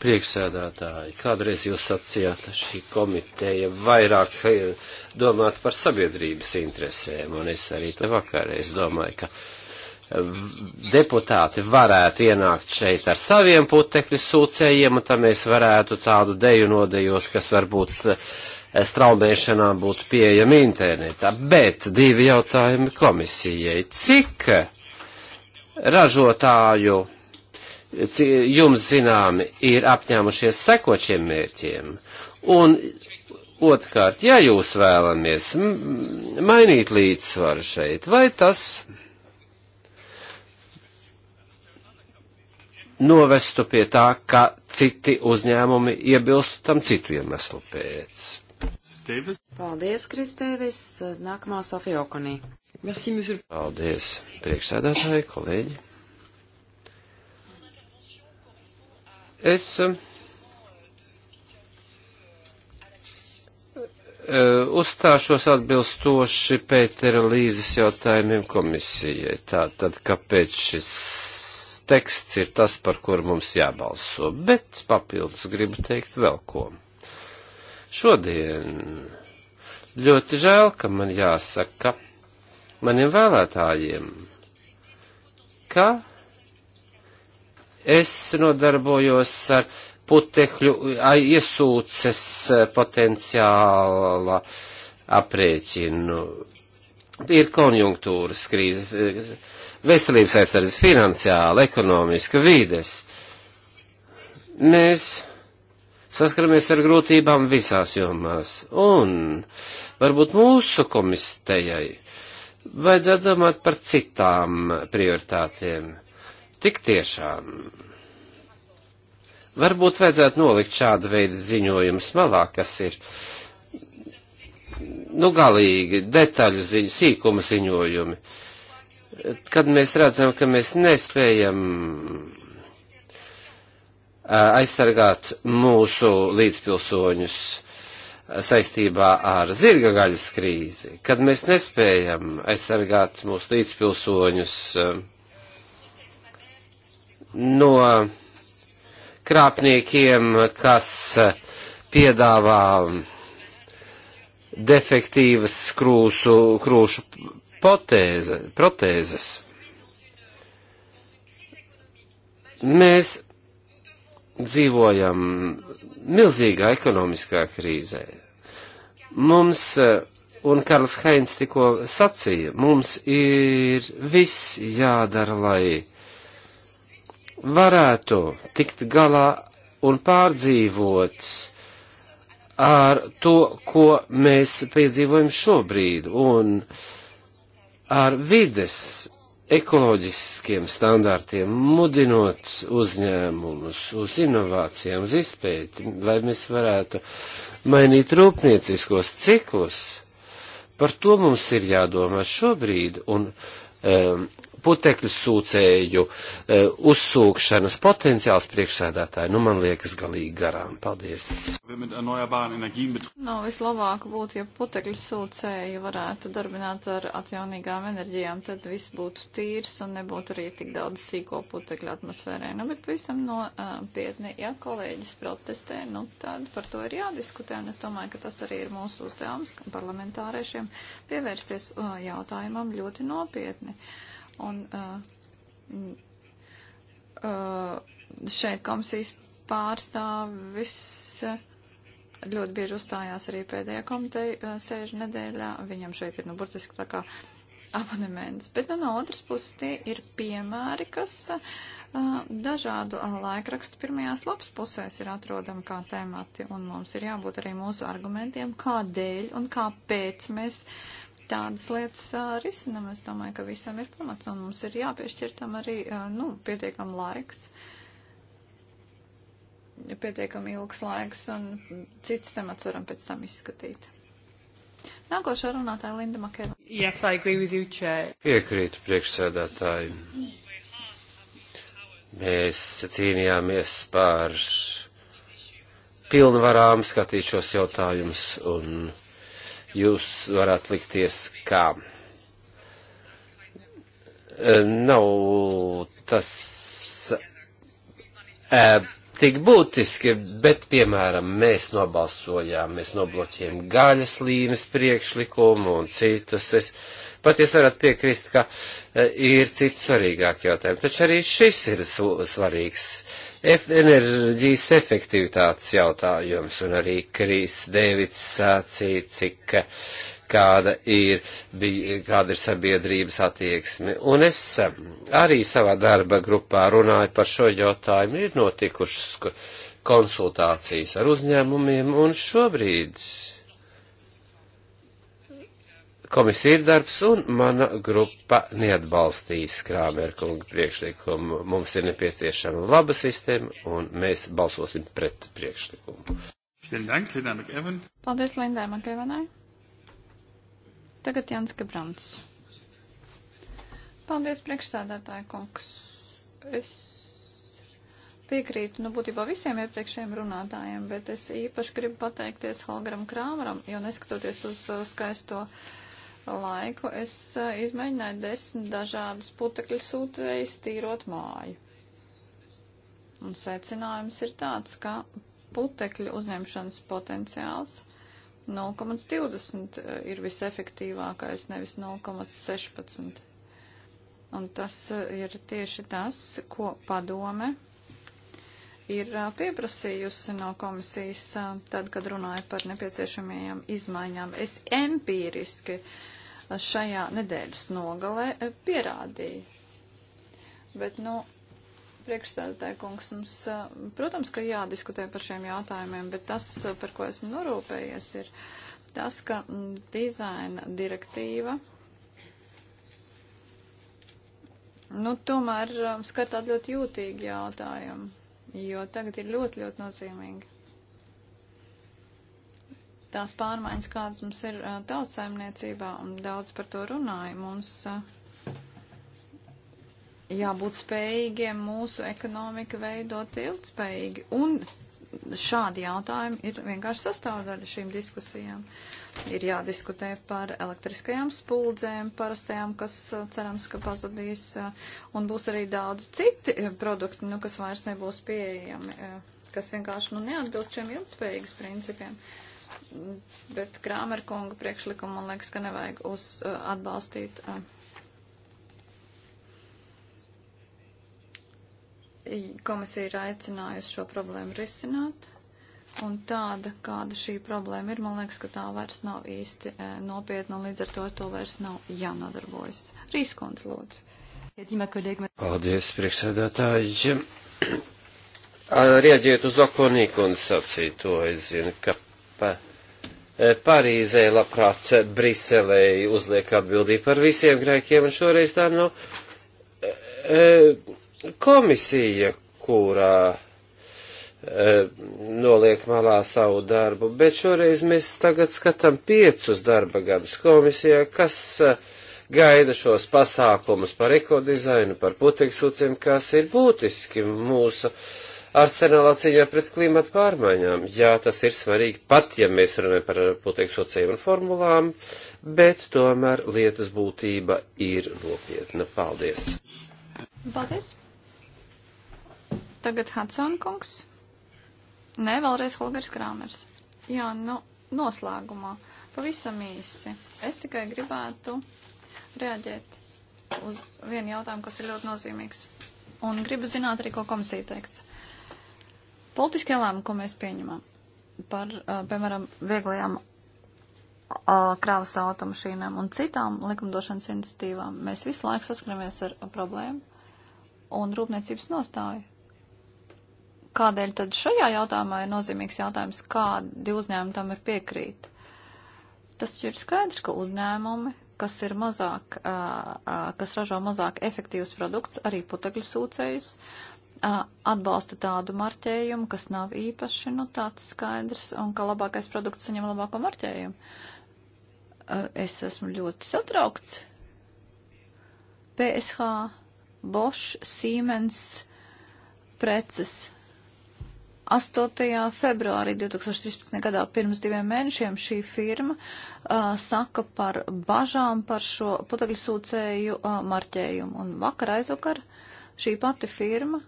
Priekšsēdētāji, kādreiz jūs sacījāt, šī komiteja vairāk eh, domāt par sabiedrības interesēm, un es arī te vakarreiz domāju, ka eh, deputāti varētu ienākt šeit ar saviem putekļu sūcējiem, un tam mēs varētu tādu deju nodejot, kas varbūt eh, straumēšanā būtu pieejama internetā. Bet divi jautājumi komisijai. Cik? ražotāju jums zināmi ir apņēmušies sekot šiem mērķiem. Un otrkārt, ja jūs vēlamies mainīt līdzsvaru šeit, vai tas novestu pie tā, ka citi uzņēmumi iebilstu tam citu iemeslu pēc. Paldies, Kristēvis. Nākamā Sofija Okonī. Merci, monsieur. Paldies, priekšsēdētāji, kolēģi. Es um, uh, uzstāšos atbilstoši Pētera Līzes jautājumiem komisijai. Tātad, kāpēc šis teksts ir tas, par kur mums jābalso, bet papildus gribu teikt vēl ko. Šodien ļoti žēl, ka man jāsaka, maniem vēlētājiem, ka es nodarbojos ar putekļu ai, iesūces potenciāla aprēķinu. Ir konjunktūras krīze, veselības aizsardzes finansiāla, ekonomiska, vides. Mēs saskaramies ar grūtībām visās jomās, un varbūt mūsu komistejai vajadzētu domāt par citām prioritātiem. Tik tiešām. Varbūt vajadzētu nolikt šādu veidu ziņojumu smalā, kas ir, nu, galīgi detaļu ziņu, sīkuma ziņojumi. Kad mēs redzam, ka mēs nespējam aizsargāt mūsu līdzpilsoņus saistībā ar zirga gaļas krīzi, kad mēs nespējam aizsargāt mūsu līdzpilsoņus eh, no krāpniekiem, kas eh, piedāvā defektīvas krūsu, krūšu potēze, protēzes. Mēs dzīvojam milzīgā ekonomiskā krīzē. Mums, eh, un Karls Hainz tikko sacīja, mums ir viss jādara, lai varētu tikt galā un pārdzīvot ar to, ko mēs piedzīvojam šobrīd, un ar vides ekoloģiskiem standārtiem, mudinot uzņēmumus uz inovācijām, uz izpēti, lai mēs varētu mainīt rūpnieciskos ciklus. Par to mums ir jādomā šobrīd, un um, putekļu sūcēju eh, uzsūkšanas potenciāls priekšsēdētāji, nu man liekas galīgi garām. Paldies. Nav vislabāk būtu, ja putekļu sūcēju varētu darbināt ar atjaunīgām enerģijām, tad viss būtu tīrs un nebūtu arī tik daudz sīko putekļu atmosfērē. Nu, bet pavisam nopietni, ja kolēģis protestē, nu tad par to ir jādiskutē, un es domāju, ka tas arī ir mūsu uzdevums parlamentāriešiem pievērsties jautājumam ļoti nopietni. Uh, Un uh, uh, šeit komisijas pārstāvis ļoti bieži uzstājās arī pēdējā komiteja sēžu nedēļā. Viņam šeit ir, nu, burtiski tā kā abonements. Bet, nu, no otras puses tie ir piemēri, kas uh, dažādu laikrakstu pirmajās labs pusēs ir atrodami kā temati, un mums ir jābūt arī mūsu argumentiem, kādēļ un kāpēc mēs uh, tādas lietas risinam. Es domāju, ka visam ir pamats un mums ir jāpiešķir tam arī, nu, pietiekam laiks pietiekami ilgs laiks, un citas temats varam pēc tam izskatīt. Nākošā runātāja Linda Makēna. Yes, I agree with you, Chair. Piekrītu priekšsēdētāji. Mēs cīnījāmies par pilnvarām skatīt šos jautājumus, un jūs varat likties, ka e, nav tas e, tik būtiski, bet, piemēram, mēs nobalsojām, mēs nobloķējām gaļas līnes priekšlikumu un citus. Es, Pat jūs varat piekrist, ka e, ir citi svarīgāki jautājumi, taču arī šis ir svarīgs enerģijas efektivitātes jautājums, un arī Krīs Devits sācīja, cik e, kāda ir, bija, kāda ir sabiedrības attieksme. Un es e, arī savā darba grupā runāju par šo jautājumu, ir notikušas konsultācijas ar uzņēmumiem, un šobrīd komisija ir darbs, un mana grupa neatbalstīs Krāmerkunga priekšlikumu. Mums ir nepieciešama laba sistēma, un mēs balsosim pret priekšlikumu. Paldies Lindai Makevanai. Tagad Jānis Gebrants. Paldies priekšsādātāju kungs. Es piekrītu, nu, būtībā visiem iepriekšējiem runātājiem, bet es īpaši gribu pateikties Holgram Krāmaram, jo neskatoties uz uh, skaisto. Uh, laiku es uh, izmēģināju desmit dažādus putekļu sūtējus tīrot māju. Un secinājums ir tāds, ka putekļu uzņemšanas potenciāls 0,20 eh, ir visefektīvākais, nevis 0,16. Un tas eh, ir tieši tas, ko padome ir pieprasījusi no komisijas, tad, kad runāja par nepieciešamajām izmaiņām. Es empīriski uh, šajā nedēļas nogalē e, pierādīja. Bet, nu, priekšstādātāja kungs, mums, e, protams, ka jādiskutē par šiem jautājumiem, bet tas, e, par ko esmu norūpējies, ir tas, ka dizaina direktīva. Nu, tomēr skar tādu ļoti jūtīgu jautājumu, jo tagad ir ļoti, ļoti nozīmīgi tās pārmaiņas, kādas mums ir tautsaimniecībā, un daudz par to runāja. Mums jābūt spējīgiem mūsu ekonomiku veidot ilgspējīgi. Un šādi jautājumi ir vienkārši sastāvdaļa šīm diskusijām. Ir jādiskutē par elektriskajām spuldzēm, parastajām, kas cerams, ka pazudīs, un būs arī daudz citi produkti, nu, kas vairs nebūs pieejami, kas vienkārši nu, neatbilst šiem ilgspējīgas principiem. Uh, bet Krāmer kunga priekšlikumu man liekas, ka nevajag uz uh, atbalstīt. Uh, Komisija ir aicinājusi šo problēmu risināt, un tāda, kāda šī problēma ir, man liekas, ka tā vairs nav īsti uh, nopietna, un līdz ar to to vairs nav jānodarbojas. Rīskundz, lūdzu. Paldies, priekšsēdētāji. Rieģiet uz Okonīku un sacīto, es zinu, ka pa, Parīzē labprāt Briselei uzliek atbildību par visiem grēkiem, un šoreiz tā nav nu, e, e, komisija, kurā e, noliek malā savu darbu, bet šoreiz mēs tagad skatām piecus darba gadus komisijā, kas gaida šos pasākumus par ekodizainu, par putekļsūciem, kas ir būtiski mūsu uh, arsenālā cīņā pret klimatu pārmaiņām. Jā, tas ir svarīgi, pat ja mēs runājam par putekļu socēju un formulām, bet tomēr lietas būtība ir nopietna. Paldies! Paldies! Tagad Hudson kungs. Nē, vēlreiz Holgers Krāmers. Jā, nu, noslēgumā. Pavisam īsi. Es tikai gribētu reaģēt uz vienu jautājumu, kas ir ļoti nozīmīgs. Un gribu zināt arī, ko komisija teikts. Uh, Politiskie lēmumi, ko mēs pieņemam par, piemēram, vieglajām krāvas automašīnām un citām likumdošanas iniciatīvām, mēs visu laiku saskaramies ar problēmu un rūpniecības nostāju. Kādēļ tad šajā jautājumā ir nozīmīgs jautājums, kādi uzņēmumi tam ir piekrīt? Tas ir skaidrs, ka uzņēmumi, kas ir mazāk, kas ražo mazāk efektīvs produkts, arī putekļu sūcējus, atbalsta tādu marķējumu, kas nav īpaši, nu, tāds skaidrs, un ka labākais produkts saņem labāko marķējumu. Es esmu ļoti satraukts. PSH, Bosch, Siemens preces 8. februārī 2013. gadā pirms diviem mēnešiem šī firma uh, saka par bažām par šo putekļu sūcēju uh, marķējumu. Un vakar aizvakar šī pati firma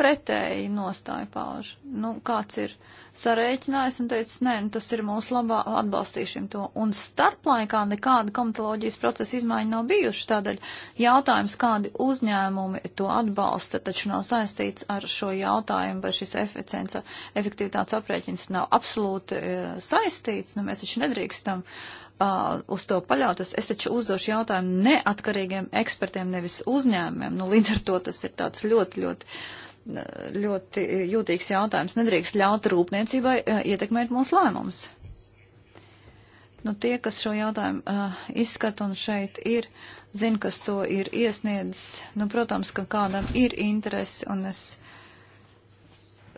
pretēji nostāju pauž. Nu, kāds ir sarēķinājis un teicis, nē, nu, tas ir mūsu labā, atbalstīšim to. Un starplaikā nekāda komitoloģijas procesa izmaiņa nav bijuši, tādēļ jautājums, kādi uzņēmumi to atbalsta, taču nav saistīts ar šo jautājumu, vai šis efektivitātes aprēķins nav absolūti e, saistīts, nu, mēs taču nedrīkstam. Uh, uz to paļautas. Es taču uzdošu jautājumu neatkarīgiem ekspertiem, nevis uzņēmumiem. Nu, līdz ar to tas ir tāds ļoti, ļoti uh, ļoti jūtīgs jautājums. Nedrīkst ļaut rūpniecībai eh, ietekmēt mūsu lēmumus. Nu, tie, kas šo jautājumu uh, eh, izskata un šeit ir, zina, kas to ir iesniedzis. Nu, protams, ka kādam ir interesi, un es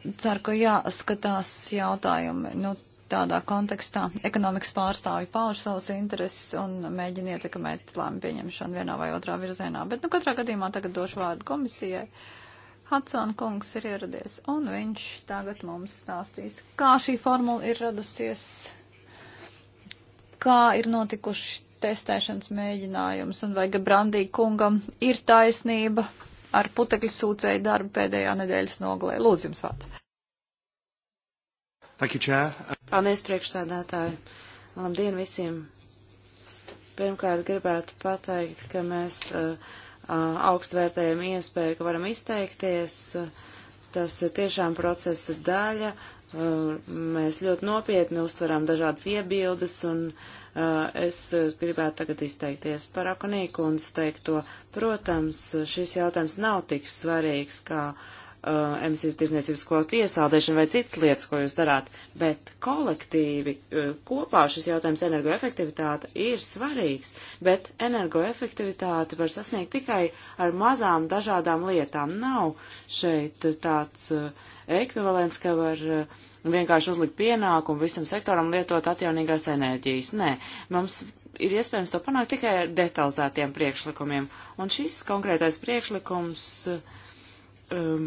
ceru, ka jāskatās jautājumi. Nu, tādā kontekstā ekonomikas pārstāvji pauž savus intereses un mēģina ietekmēt lēmumu pieņemšanu vienā vai otrā virzienā. Bet, nu, katrā gadījumā tagad došu vārdu komisijai. Uh, Hatsona kungs ir ieradies, un viņš tagad mums stāstīs, kā šī formula ir radusies, kā ir notikuši testēšanas mēģinājums, un vai Gabrandī kungam ir taisnība ar putekļu sūcēju darbu pēdējā nedēļas nogalē. Lūdzu jums vārds. Paldies, priekšsēdētāji. Labdien visiem. Pirmkārt gribētu pateikt, ka mēs uh, augstvērtējam iespēju, ka varam izteikties. Tas ir tiešām procesa daļa. Mēs ļoti nopietni uztveram dažādas iebildes, un es gribētu tagad izteikties par Akonīku un teikto. Protams, šis jautājums nav tik svarīgs kā uh, emisiju tirdzniecības kvotu iesaldēšanu vai citas lietas, ko jūs darāt, bet kolektīvi uh, kopā šis jautājums energoefektivitāte ir svarīgs, bet energoefektivitāte var sasniegt tikai ar mazām dažādām lietām. Nav šeit tāds uh, ekvivalents, ka var uh, vienkārši uzlikt pienākumu visam sektoram lietot atjaunīgās enerģijas. Nē, mums ir iespējams to panākt tikai ar detalizētiem priekšlikumiem. Un šis konkrētais priekšlikums uh, um,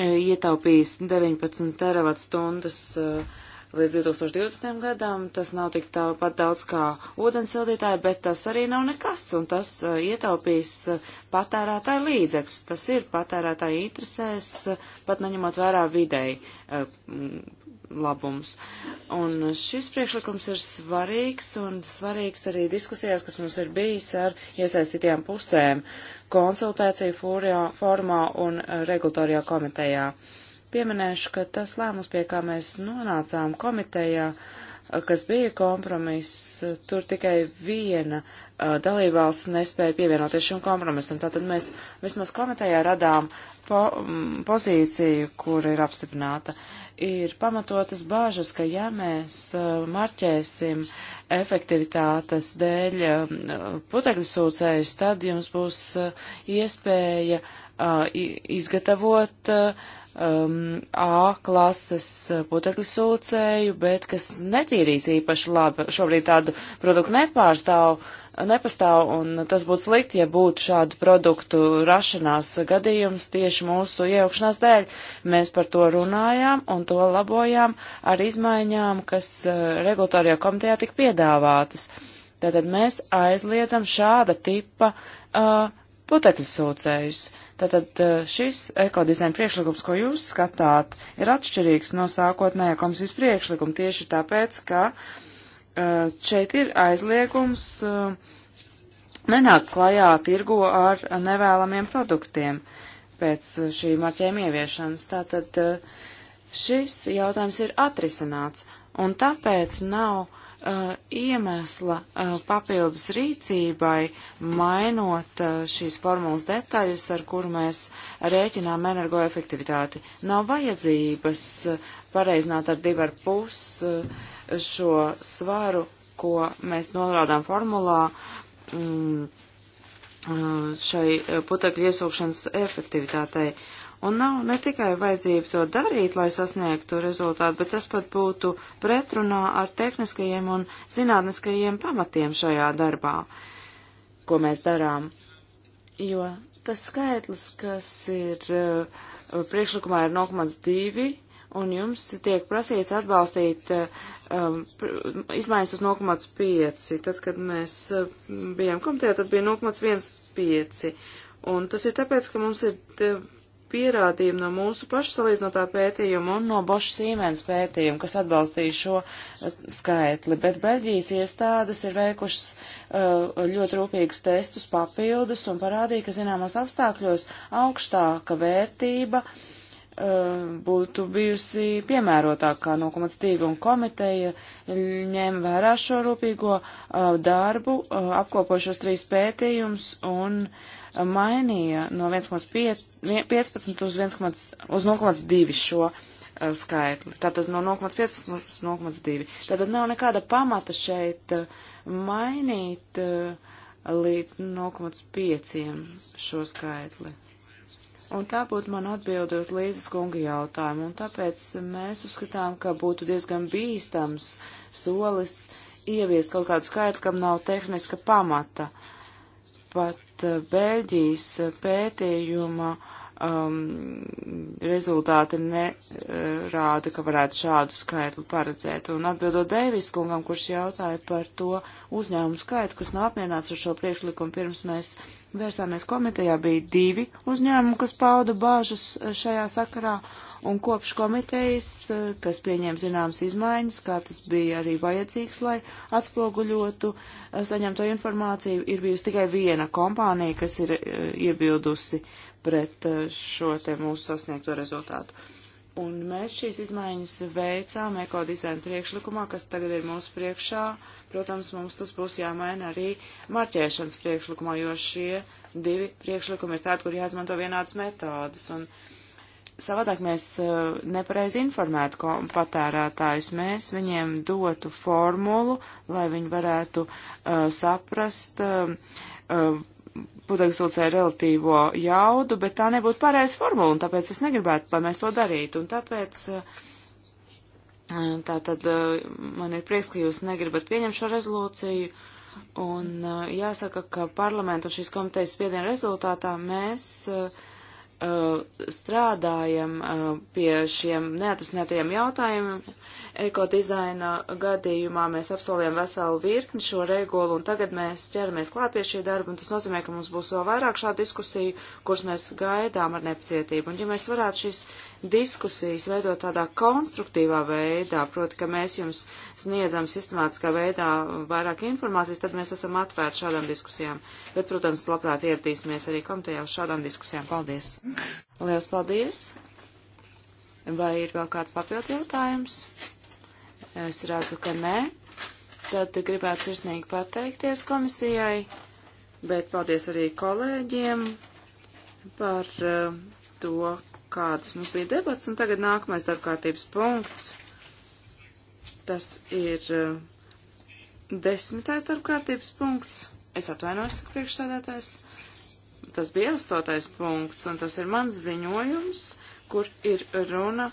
ietaupījis 19 terawatstundas eh, līdz 2020. gadam. Tas nav tik tāpat daudz kā ūdensildītāji, bet tas arī nav nekas, un tas eh, ietaupīs eh, patērētāju līdzekļus. Tas ir patērētāju interesēs, pat neņemot vērā videi labums. Un šis priekšlikums ir svarīgs, un svarīgs arī diskusijās, kas mums ir bijis ar iesaistītajām pusēm konsultāciju fūrijā, formā un eh, regulatorijā komitejā. Pieminēšu, ka tas lēmums, pie kā mēs nonācām komitejā, eh, kas bija kompromiss, tur tikai viena eh, dalībvalsts nespēja pievienoties šim kompromisam. Tātad mēs vismaz komitejā radām po, pozīciju, kur ir apstiprināta. Uh, ir pamatotas bāžas, ka ja mēs uh, marķēsim efektivitātes dēļ uh, putekļu sūcējus, tad jums būs uh, iespēja izgatavot um, A klases putekļu sūcēju, bet kas netīrīs īpaši labi. Šobrīd tādu produktu nepārstāv nepastāv, un tas būtu slikti, ja būtu šādu produktu rašanās gadījums tieši mūsu iejaukšanās dēļ. Mēs par to runājām un to labojām ar izmaiņām, kas eh, regulatorijā komitejā tika piedāvātas. Tātad mēs aizliedzam šāda tipa uh, putekļu sūcējus. Tātad eh, šis ekodizaina priekšlikums, ko jūs skatāt, ir atšķirīgs no sākotnējā komisijas priekšlikuma tieši tāpēc, ka uh, Eh, šeit ir aizliegums eh, nenākt klajā tirgo ar nevēlamiem produktiem pēc šī marķējuma ieviešanas. Tātad eh, šis jautājums ir atrisināts, un tāpēc nav uh, iemesla uh, papildus rīcībai, mainot uh, šīs formulas detaļas, ar kur mēs rēķinām energoefektivitāti. Nav vajadzības pareizināt ar divu ar pusi šo svaru, ko mēs norādām formulā mm, mm šai putekļu iesūkšanas efektivitātei. Un nav ne tikai vajadzība to darīt, lai sasniegtu rezultātu, bet tas pat būtu pretrunā ar tehniskajiem un zinātniskajiem pamatiem šajā darbā, ko mēs darām. Jo tas skaitlis, kas ir eh, priekšlikumā ir 0,2 un jums tiek prasīts atbalstīt um, izmaiņas uz 0,5. Tad, kad mēs uh, bijām komitejā, tad bija 0,15. Un tas ir tāpēc, ka mums ir pierādījumi no mūsu pašu salīdzinotā pētījuma un no Boša Sīmens pētījuma, kas atbalstīja šo uh, skaitli. Bet Beļģijas iestādes ir veikušas uh, ļoti rūpīgus testus papildus un parādīja, ka zināmos apstākļos augstāka vērtība uh, Uh, būtu bijusi piemērotākā nokumats tīguma komiteja ņēma vērā šo rūpīgo uh, darbu, uh, apkopošos trīs pētījumus un mainīja no 1,15 uz, 1, uz 0,2 šo skaitli. Tātad no 0,15 uz 0,2. Tātad nav nekāda pamata šeit mainīt līdz 0,5 šo skaitli. Un tā būtu man atbildi uz Līzes kunga jautājumu. Un tāpēc mēs uzskatām, ka būtu diezgan bīstams solis ieviest kaut kādu skaitu, kam nav tehniska pamata. Pat eh, Bēļģijas eh, pētījuma uh, um, rezultāti nerāda, ka varētu šādu skaitli paredzēt. Un atbildot Deivis kungam, kurš jautāja par to uzņēmumu skaitu, kas nav apmierināts ar šo priekšlikumu, pirms mēs vērsāmies komitejā, bija divi uzņēmumi, kas pauda bāžas uh, šajā sakarā, un kopš komitejas, uh, kas pieņēma zināmas izmaiņas, kā tas bija arī vajadzīgs, lai atspoguļotu uh, saņemto informāciju, ir bijusi tikai viena kompānija, kas ir iebildusi pret eh, šo te mūsu sasniegto rezultātu. Un mēs šīs izmaiņas veicām ekodizaina priekšlikumā, kas tagad ir mūsu priekšā. Protams, mums tas būs jāmaina arī marķēšanas priekšlikumā, jo šie divi priekšlikumi ir tādi, kur jāizmanto vienādas metodas. Un savādāk mēs eh, nepareizi informētu patērētājus. Mēs viņiem dotu formulu, lai viņi varētu uh, saprast. Uh, uh, putekļsūcei relatīvo jaudu, bet tā nebūtu pareiza formula, un tāpēc es negribētu, lai mēs to darītu. Un tāpēc eh, eh, tā tad eh, man ir prieks, ka jūs negribat pieņemt šo rezolūciju, un jāsaka, ka parlamentu šīs komitejas spiediena rezultātā mēs uh, Uh, strādājam uh, pie šiem neatrasinātajiem jautājumiem. Ekodizaina gadījumā mēs apsolījām veselu virkni šo regulu, un tagad mēs ķeramies klāt pie šī darba, un tas nozīmē, ka mums būs vēl vairāk šādu diskusiju, kuras mēs gaidām ar nepacietību. Un ja mēs varētu šīs diskusijas veidot tādā konstruktīvā veidā, proti, ka mēs jums sniedzam sistemātiskā veidā vairāk informācijas, tad mēs esam atvērti šādām diskusijām. Bet, protams, labprāt ieradīsimies arī komitejā uz šādām diskusijām. Paldies! Lielas paldies! Vai ir vēl kāds papildu jautājums? Es redzu, ka nē. Tad gribētu sirsnīgi pateikties komisijai, bet paldies arī kolēģiem par uh, to, kādas mums bija debats, un tagad nākamais darbkārtības punkts. Tas ir eh, desmitais darbkārtības punkts. Es atvainojos, ka priekšsēdētājs. Tas bija astotais punkts, un tas ir mans ziņojums, kur ir runa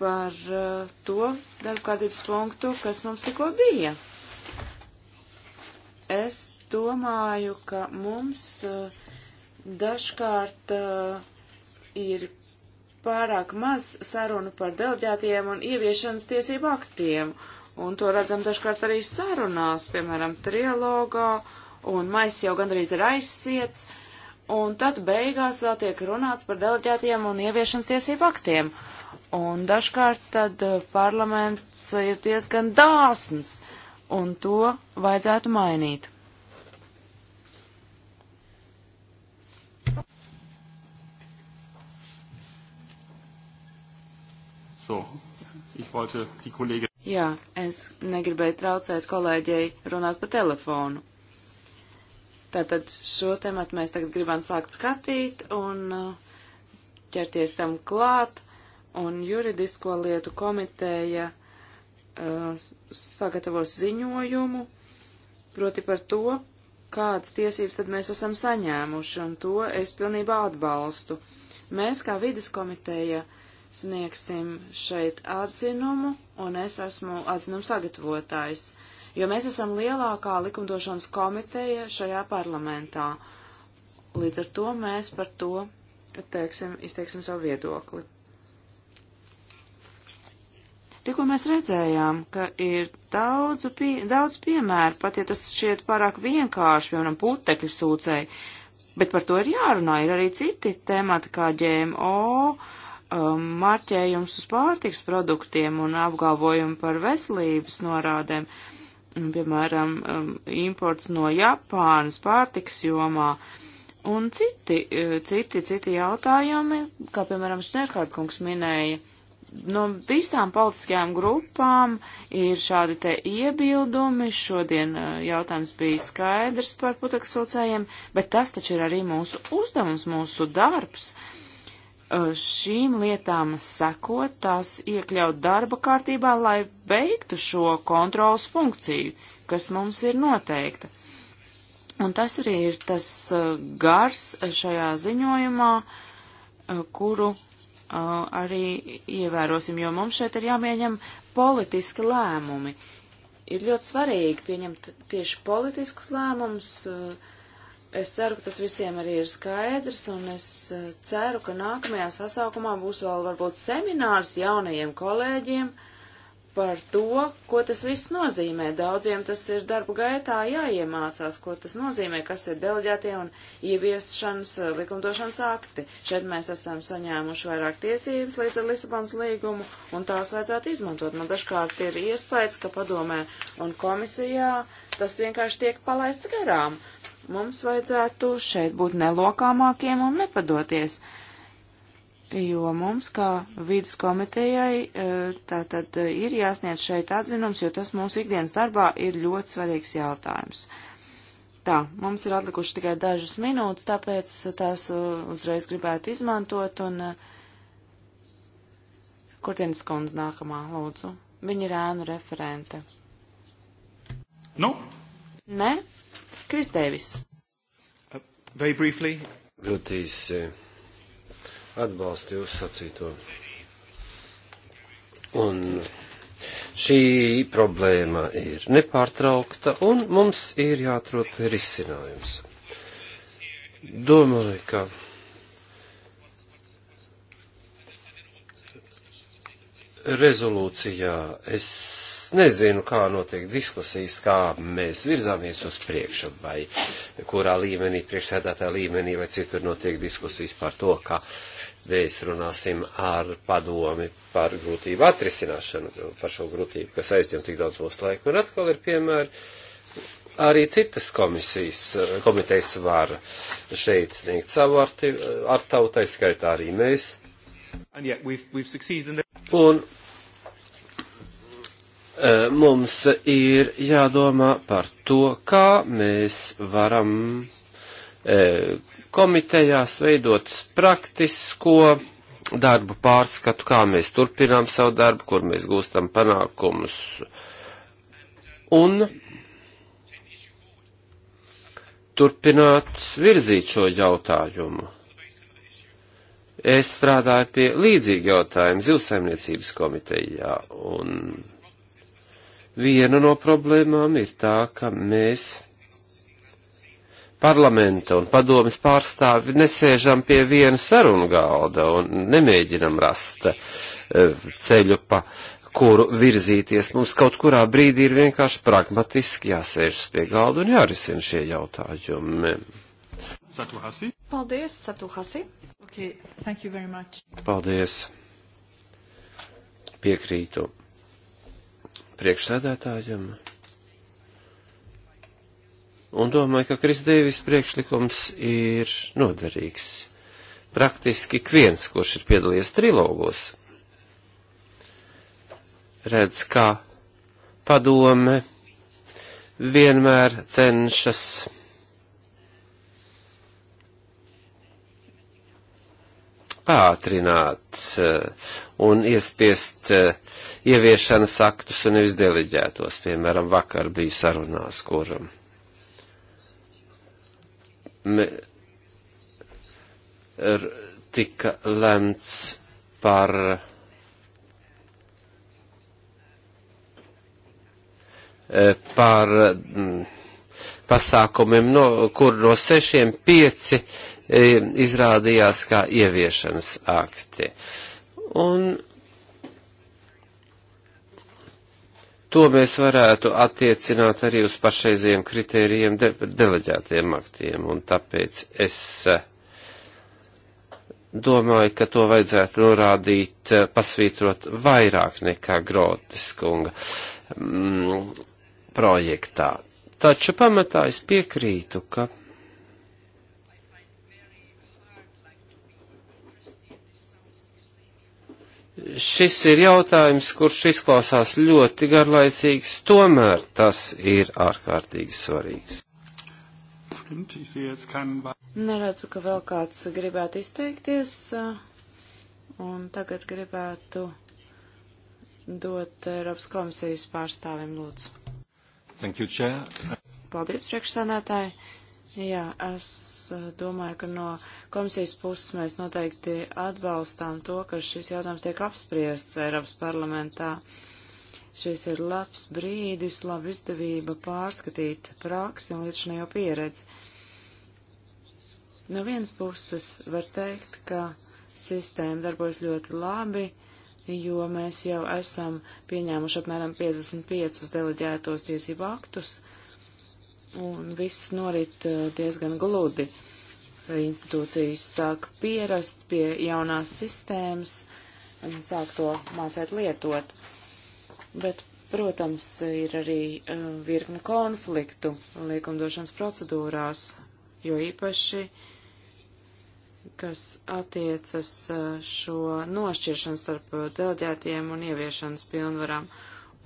par uh, to darbkārtības punktu, kas mums tikko bija. Es domāju, ka mums uh, dažkārt uh, ir pārāk maz sarunu par delģētiem un ieviešanas tiesību aktiem, un to redzam dažkārt arī sarunās, piemēram, trialogā, un maiss jau gandrīz ir aizsiets, un tad beigās vēl tiek runāts par delģētiem un ieviešanas tiesību aktiem. Un dažkārt tad eh, parlaments ir diezgan dāsns, un to vajadzētu mainīt. So, ich wollte die Kollegin. Jā, es negribēju traucēt kolēģei runāt pa telefonu. Tātad šo tematu mēs tagad gribam sākt skatīt un uh, ķerties tam klāt, un juridisko lietu komiteja uh, sagatavos ziņojumu, proti par to, kādas tiesības tad mēs esam saņēmuši, un to es pilnībā atbalstu. Mēs kā vidas komiteja uh, sniegsim šeit atzinumu, un es esmu atzinumu sagatavotājs, jo mēs esam lielākā likumdošanas komiteja šajā parlamentā. Līdz ar to mēs par to teiksim, izteiksim savu viedokli. Tikko mēs redzējām, ka ir daudz, pie, daudz piemēru, pat ja tas šķiet pārāk vienkārši, piemēram, putekļu sūcēji, bet par to ir jārunā. Ir arī citi temati kā GMO, uh, Um, marķējums uz pārtiks produktiem un apgalvojumi par veselības norādēm, mm, piemēram, um, imports no Japānas pārtiks jomā un citi, uh, citi, citi jautājumi, kā piemēram Šnerkārtkungs minēja. No visām politiskajām grupām ir šādi te iebildumi. Šodien uh, jautājums bija skaidrs par putekļsūcējiem, bet tas taču ir arī mūsu uzdevums, mūsu darbs. Uh, šīm lietām sekot, tās iekļaut darba kārtībā, lai beigtu šo kontrolas funkciju, kas mums ir noteikta. Un tas arī ir tas gars šajā ziņojumā, kuru arī ievērosim, jo mums šeit ir jāmieņem politiski lēmumi. Ir ļoti svarīgi pieņemt tieši politiskus lēmumus, uh, Es ceru, ka tas visiem arī ir skaidrs, un es eh, ceru, ka nākamajā sasaukumā būs vēl varbūt seminārs jaunajiem kolēģiem par to, ko tas viss nozīmē. Daudziem tas ir darba gaitā jāiemācās, ko tas nozīmē, kas ir deleģētie un ieviešanas eh, likumdošanas akti. Šeit mēs esam saņēmuši vairāk tiesības līdz ar Lisabonas līgumu, un tās vajadzētu izmantot. Man dažkārt ir iespējas, ka padomē un komisijā tas vienkārši tiek palaists garām. Mums vajadzētu šeit būt nelokāmākiem un nepadoties, jo mums, kā vidas komitejai, e, tā tad e, ir jāsniedz šeit atzinums, jo tas mūsu ikdienas darbā ir ļoti svarīgs jautājums. Tā, mums ir atlikuši tikai dažas minūtes, tāpēc tās e, uzreiz gribētu izmantot un uh, Kurtienes kundze nākamā, lūdzu. Viņa ir ēnu referente. Nu? Nē? Kristēvis. Uh, Ļoti īsi atbalstu jūs sacīto. Un šī problēma ir nepārtraukta, un mums ir jāatrod risinājums. Domāju, ka rezolūcijā es nezinu, kā notiek diskusijas, kā mēs virzāmies uz priekšu, vai kurā līmenī, priekšsēdētā līmenī, vai citur notiek diskusijas par to, kā mēs runāsim ar padomi par grūtību atrisināšanu, par šo grūtību, kas aizņem tik daudz mūsu laiku. Un atkal ir piemēri, arī citas komisijas, komitejas var šeit sniegt savu arti, ar tautai, skaitā arī mēs. We've, we've in... Un Eh, mums ir jādomā par to, kā mēs varam eh, komitejās veidot praktisko darbu pārskatu, kā mēs turpinām savu darbu, kur mēs gūstam panākumus. Un turpināt virzīt šo jautājumu. Es strādāju pie līdzīga jautājuma zilsaimniecības komitejā, un Viena no problēmām ir tā, ka mēs parlamenta un padomis pārstāvi nesēžam pie viena sarunu galda un nemēģinam rast eh, ceļu pa kuru virzīties. Mums kaut kurā brīdī ir vienkārši pragmatiski jāsēžas pie galda un jārisina šie jautājumi. Satuhasi. Paldies, Satuhasi. Okay, thank you very much. Paldies. Piekrītu priekšsēdētājam. Un domāju, ka Kristēvis priekšlikums ir noderīgs. Praktiski ik viens, kurš ir piedalījies trilogos, redz, kā padome vienmēr cenšas pātrināt eh, un iespiest eh, ieviešanas aktus un nevis deleģētos. Piemēram, vakar bija sarunās, kur me, r, tika lemts par eh, par mm, pasākumiem, no, kur no sešiem pieci E, izrādījās kā ieviešanas akti. Un to mēs varētu attiecināt arī uz pašreiziem kritērijiem de deleģētiem aktiem, un tāpēc es e, domāju, ka to vajadzētu norādīt, e, pasvītrot vairāk nekā Grotis kunga mm, projektā. Taču pamatā es piekrītu, ka Šis ir jautājums, kurš izklausās ļoti garlaicīgs, tomēr tas ir ārkārtīgi svarīgs. Neredzu, ka vēl kāds gribētu izteikties, un tagad gribētu dot Eiropas komisijas pārstāvim lūdzu. Thank you, Chair. Paldies, priekšsēdētāji. Jā, es eh, domāju, ka no komisijas puses mēs noteikti atbalstām to, ka šis jautājums tiek apspriests Eiropas parlamentā. Šis ir labs brīdis, laba izdevība pārskatīt praksi un līdzinējo pieredzi. No vienas puses var teikt, ka sistēma darbojas ļoti labi, jo mēs jau esam pieņēmuši apmēram 55 deleģētos tiesību aktus un viss norit uh, diezgan gludi. Institūcijas sāk pierast pie jaunās sistēmas un sāk to mācēt lietot. Bet, protams, ir arī uh, virkne konfliktu likumdošanas procedūrās, jo īpaši, kas attiecas uh, šo nošķiršanu starp delegētiem un ieviešanas pilnvarām.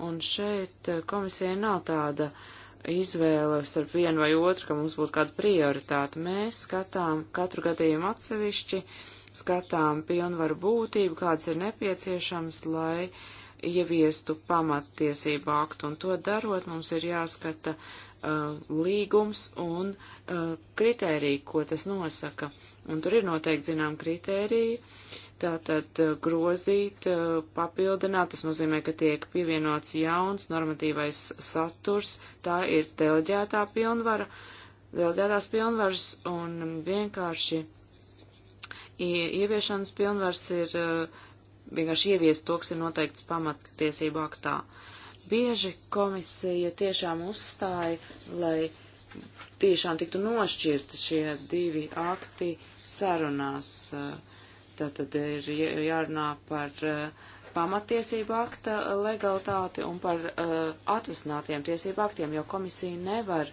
Un šeit komisija nav tāda uh, izvēle starp vienu vai otru, ka mums būtu kāda prioritāte. Mēs skatām katru gadījumu atsevišķi, skatām pilnvaru būtību, kāds ir nepieciešams, lai ieviestu pamattiesību aktu. Un to darot, mums ir jāskata uh, līgums un uh, kritērija, ko tas nosaka. Un tur ir noteikti zinām kritērija. Uh, tātad eh, grozīt, eh, papildināt, tas nozīmē, ka tiek pievienots jauns normatīvais saturs, tā ir deleģētā pilnvara, deleģētās pilnvaras un vienkārši ieviešanas pilnvaras ir eh, vienkārši ieviest to, kas ir noteikts pamattiesību aktā. Bieži komisija tiešām uzstāja, lai tiešām tiktu nošķirti šie divi akti sarunās. Uh, Tātad ir jārunā par uh, pamatiesību akta legalitāti un par uh, atvasinātiem tiesību aktiem, jo komisija nevar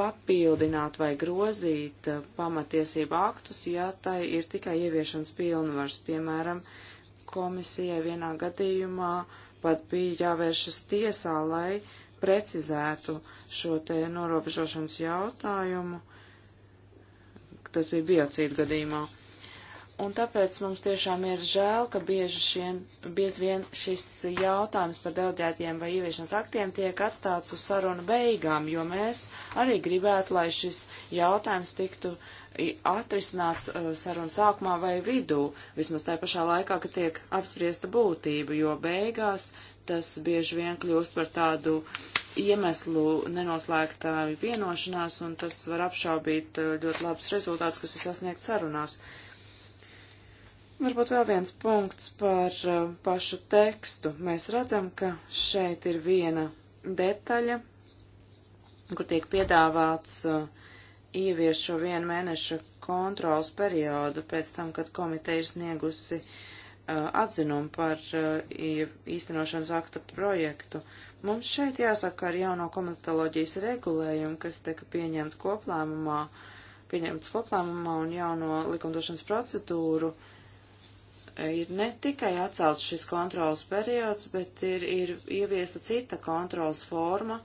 papildināt vai grozīt uh, pamatiesību aktus, ja tai ir tikai ieviešanas pilnvars. Piemēram, komisijai vienā gadījumā pat bija jāvēršas tiesā, lai precizētu šo te norobežošanas jautājumu. Tas bija biocīdu gadījumā. Un tāpēc mums tiešām ir žēl, ka bieži, šien, bieži vien šis jautājums par delģētiem vai ieviešanas aktiem tiek atstāts uz sarunu beigām, jo mēs arī gribētu, lai šis jautājums tiktu atrisināts uh, sarunu sākumā vai vidū, vismaz tajā pašā laikā, ka tiek apspriesta būtība, jo beigās tas bieži vien kļūst par tādu iemeslu nenoslēgtā vienošanās, un tas var apšaubīt uh, ļoti labus rezultātus, kas ir sasniegts sarunās. Uh, Varbūt vēl viens punkts par uh, pašu tekstu. Mēs redzam, ka šeit ir viena detaļa, kur tiek piedāvāts uh, ievies šo vienu mēnešu kontrols periodu pēc tam, kad komiteja ir sniegusi uh, atzinumu par uh, īstenošanas akta projektu. Mums šeit jāsaka ar jauno komitoloģijas regulējumu, kas tika pieņemt koplēmumā, pieņemts koplēmumā un jauno likumdošanas procedūru. Uh, ir ne tikai atcelts šis kontrols periods, bet ir, ir ieviesta cita kontrols forma,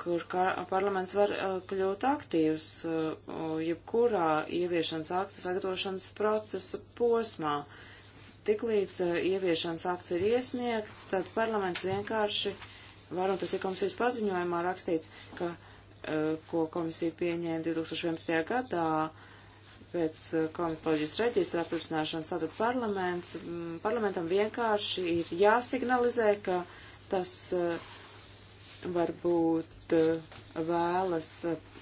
kur parlaments var uh, kļūt aktīvs uh, jebkurā ieviešanas akta sagatavošanas procesa posmā. Tiklīdz uh, ieviešanas akts ir iesniegts, tad parlaments vienkārši var, un tas ir komisijas paziņojumā rakstīts, ka, uh, ko komisija pieņēma 2011. gadā, pēc eh, komitoloģijas reģistrā apstiprināšanas. Tātad parlaments, parlamentam vienkārši ir jāsignalizē, ka tas eh, varbūt eh, vēlas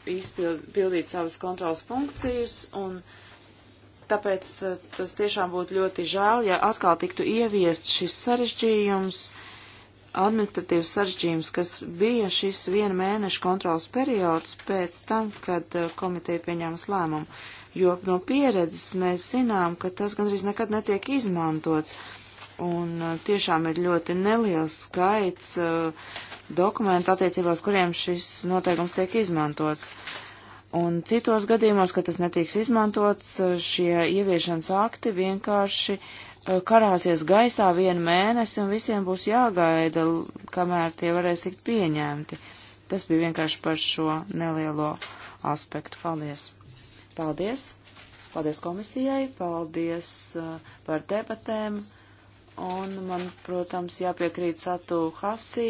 izpildīt savas kontrolas funkcijas un tāpēc tas tiešām būtu ļoti žēl, ja atkal tiktu ieviest šis sarežģījums, administratīvs sarežģījums, kas bija šis viena mēneša kontrolas periods pēc tam, kad komiteja pieņēma lēmumu jo no pieredzes mēs zinām, ka tas gandrīz nekad netiek izmantots. Un uh, tiešām ir ļoti neliels skaits uh, dokumentu attiecībās, kuriem šis noteikums tiek izmantots. Un citos gadījumos, kad tas netiks izmantots, uh, šie ieviešanas akti vienkārši uh, karāsies gaisā vienu mēnesi un visiem būs jāgaida, kamēr tie varēs tikt pieņemti. Tas bija vienkārši par šo nelielo aspektu. Paldies! Paldies! Paldies komisijai, paldies uh, par debatēm. Un man, protams, jāpiekrīt Satu Hasī,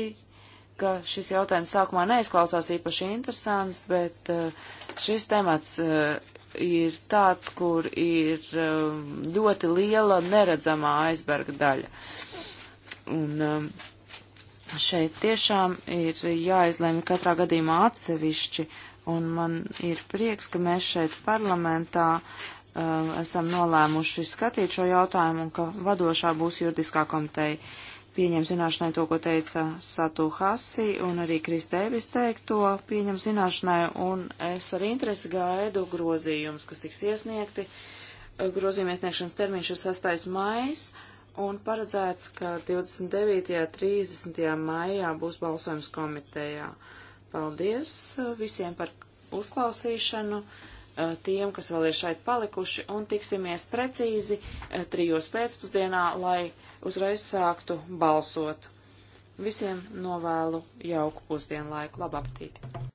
ka šis jautājums sākumā neizklausās īpaši interesants, bet uh, šis temats uh, ir tāds, kur ir ļoti liela neredzamā aizberga daļa. Un um, šeit tiešām ir jāizlemj katrā gadījumā atsevišķi, Un man ir prieks, ka mēs šeit parlamentā uh, esam nolēmuši skatīt šo jautājumu un ka vadošā būs juridiskā komiteja. Pieņem zināšanai to, ko teica Satu Hasi un arī Kris Dēvis teikto, pieņem zināšanai un es ar interesi gaidu grozījumus, kas tiks iesniegti. Uh, grozījuma iesniegšanas termiņš ir 6. maijs un paredzēts, ka 29. un 30. maijā būs balsojums komitejā. Uh, Paldies uh, visiem par uzklausīšanu, uh, tiem, kas vēl ir šeit palikuši, un tiksimies precīzi uh, trijos pēcpusdienā, lai uzreiz sāktu balsot. Visiem novēlu jauku pusdienlaiku, labu aptīti!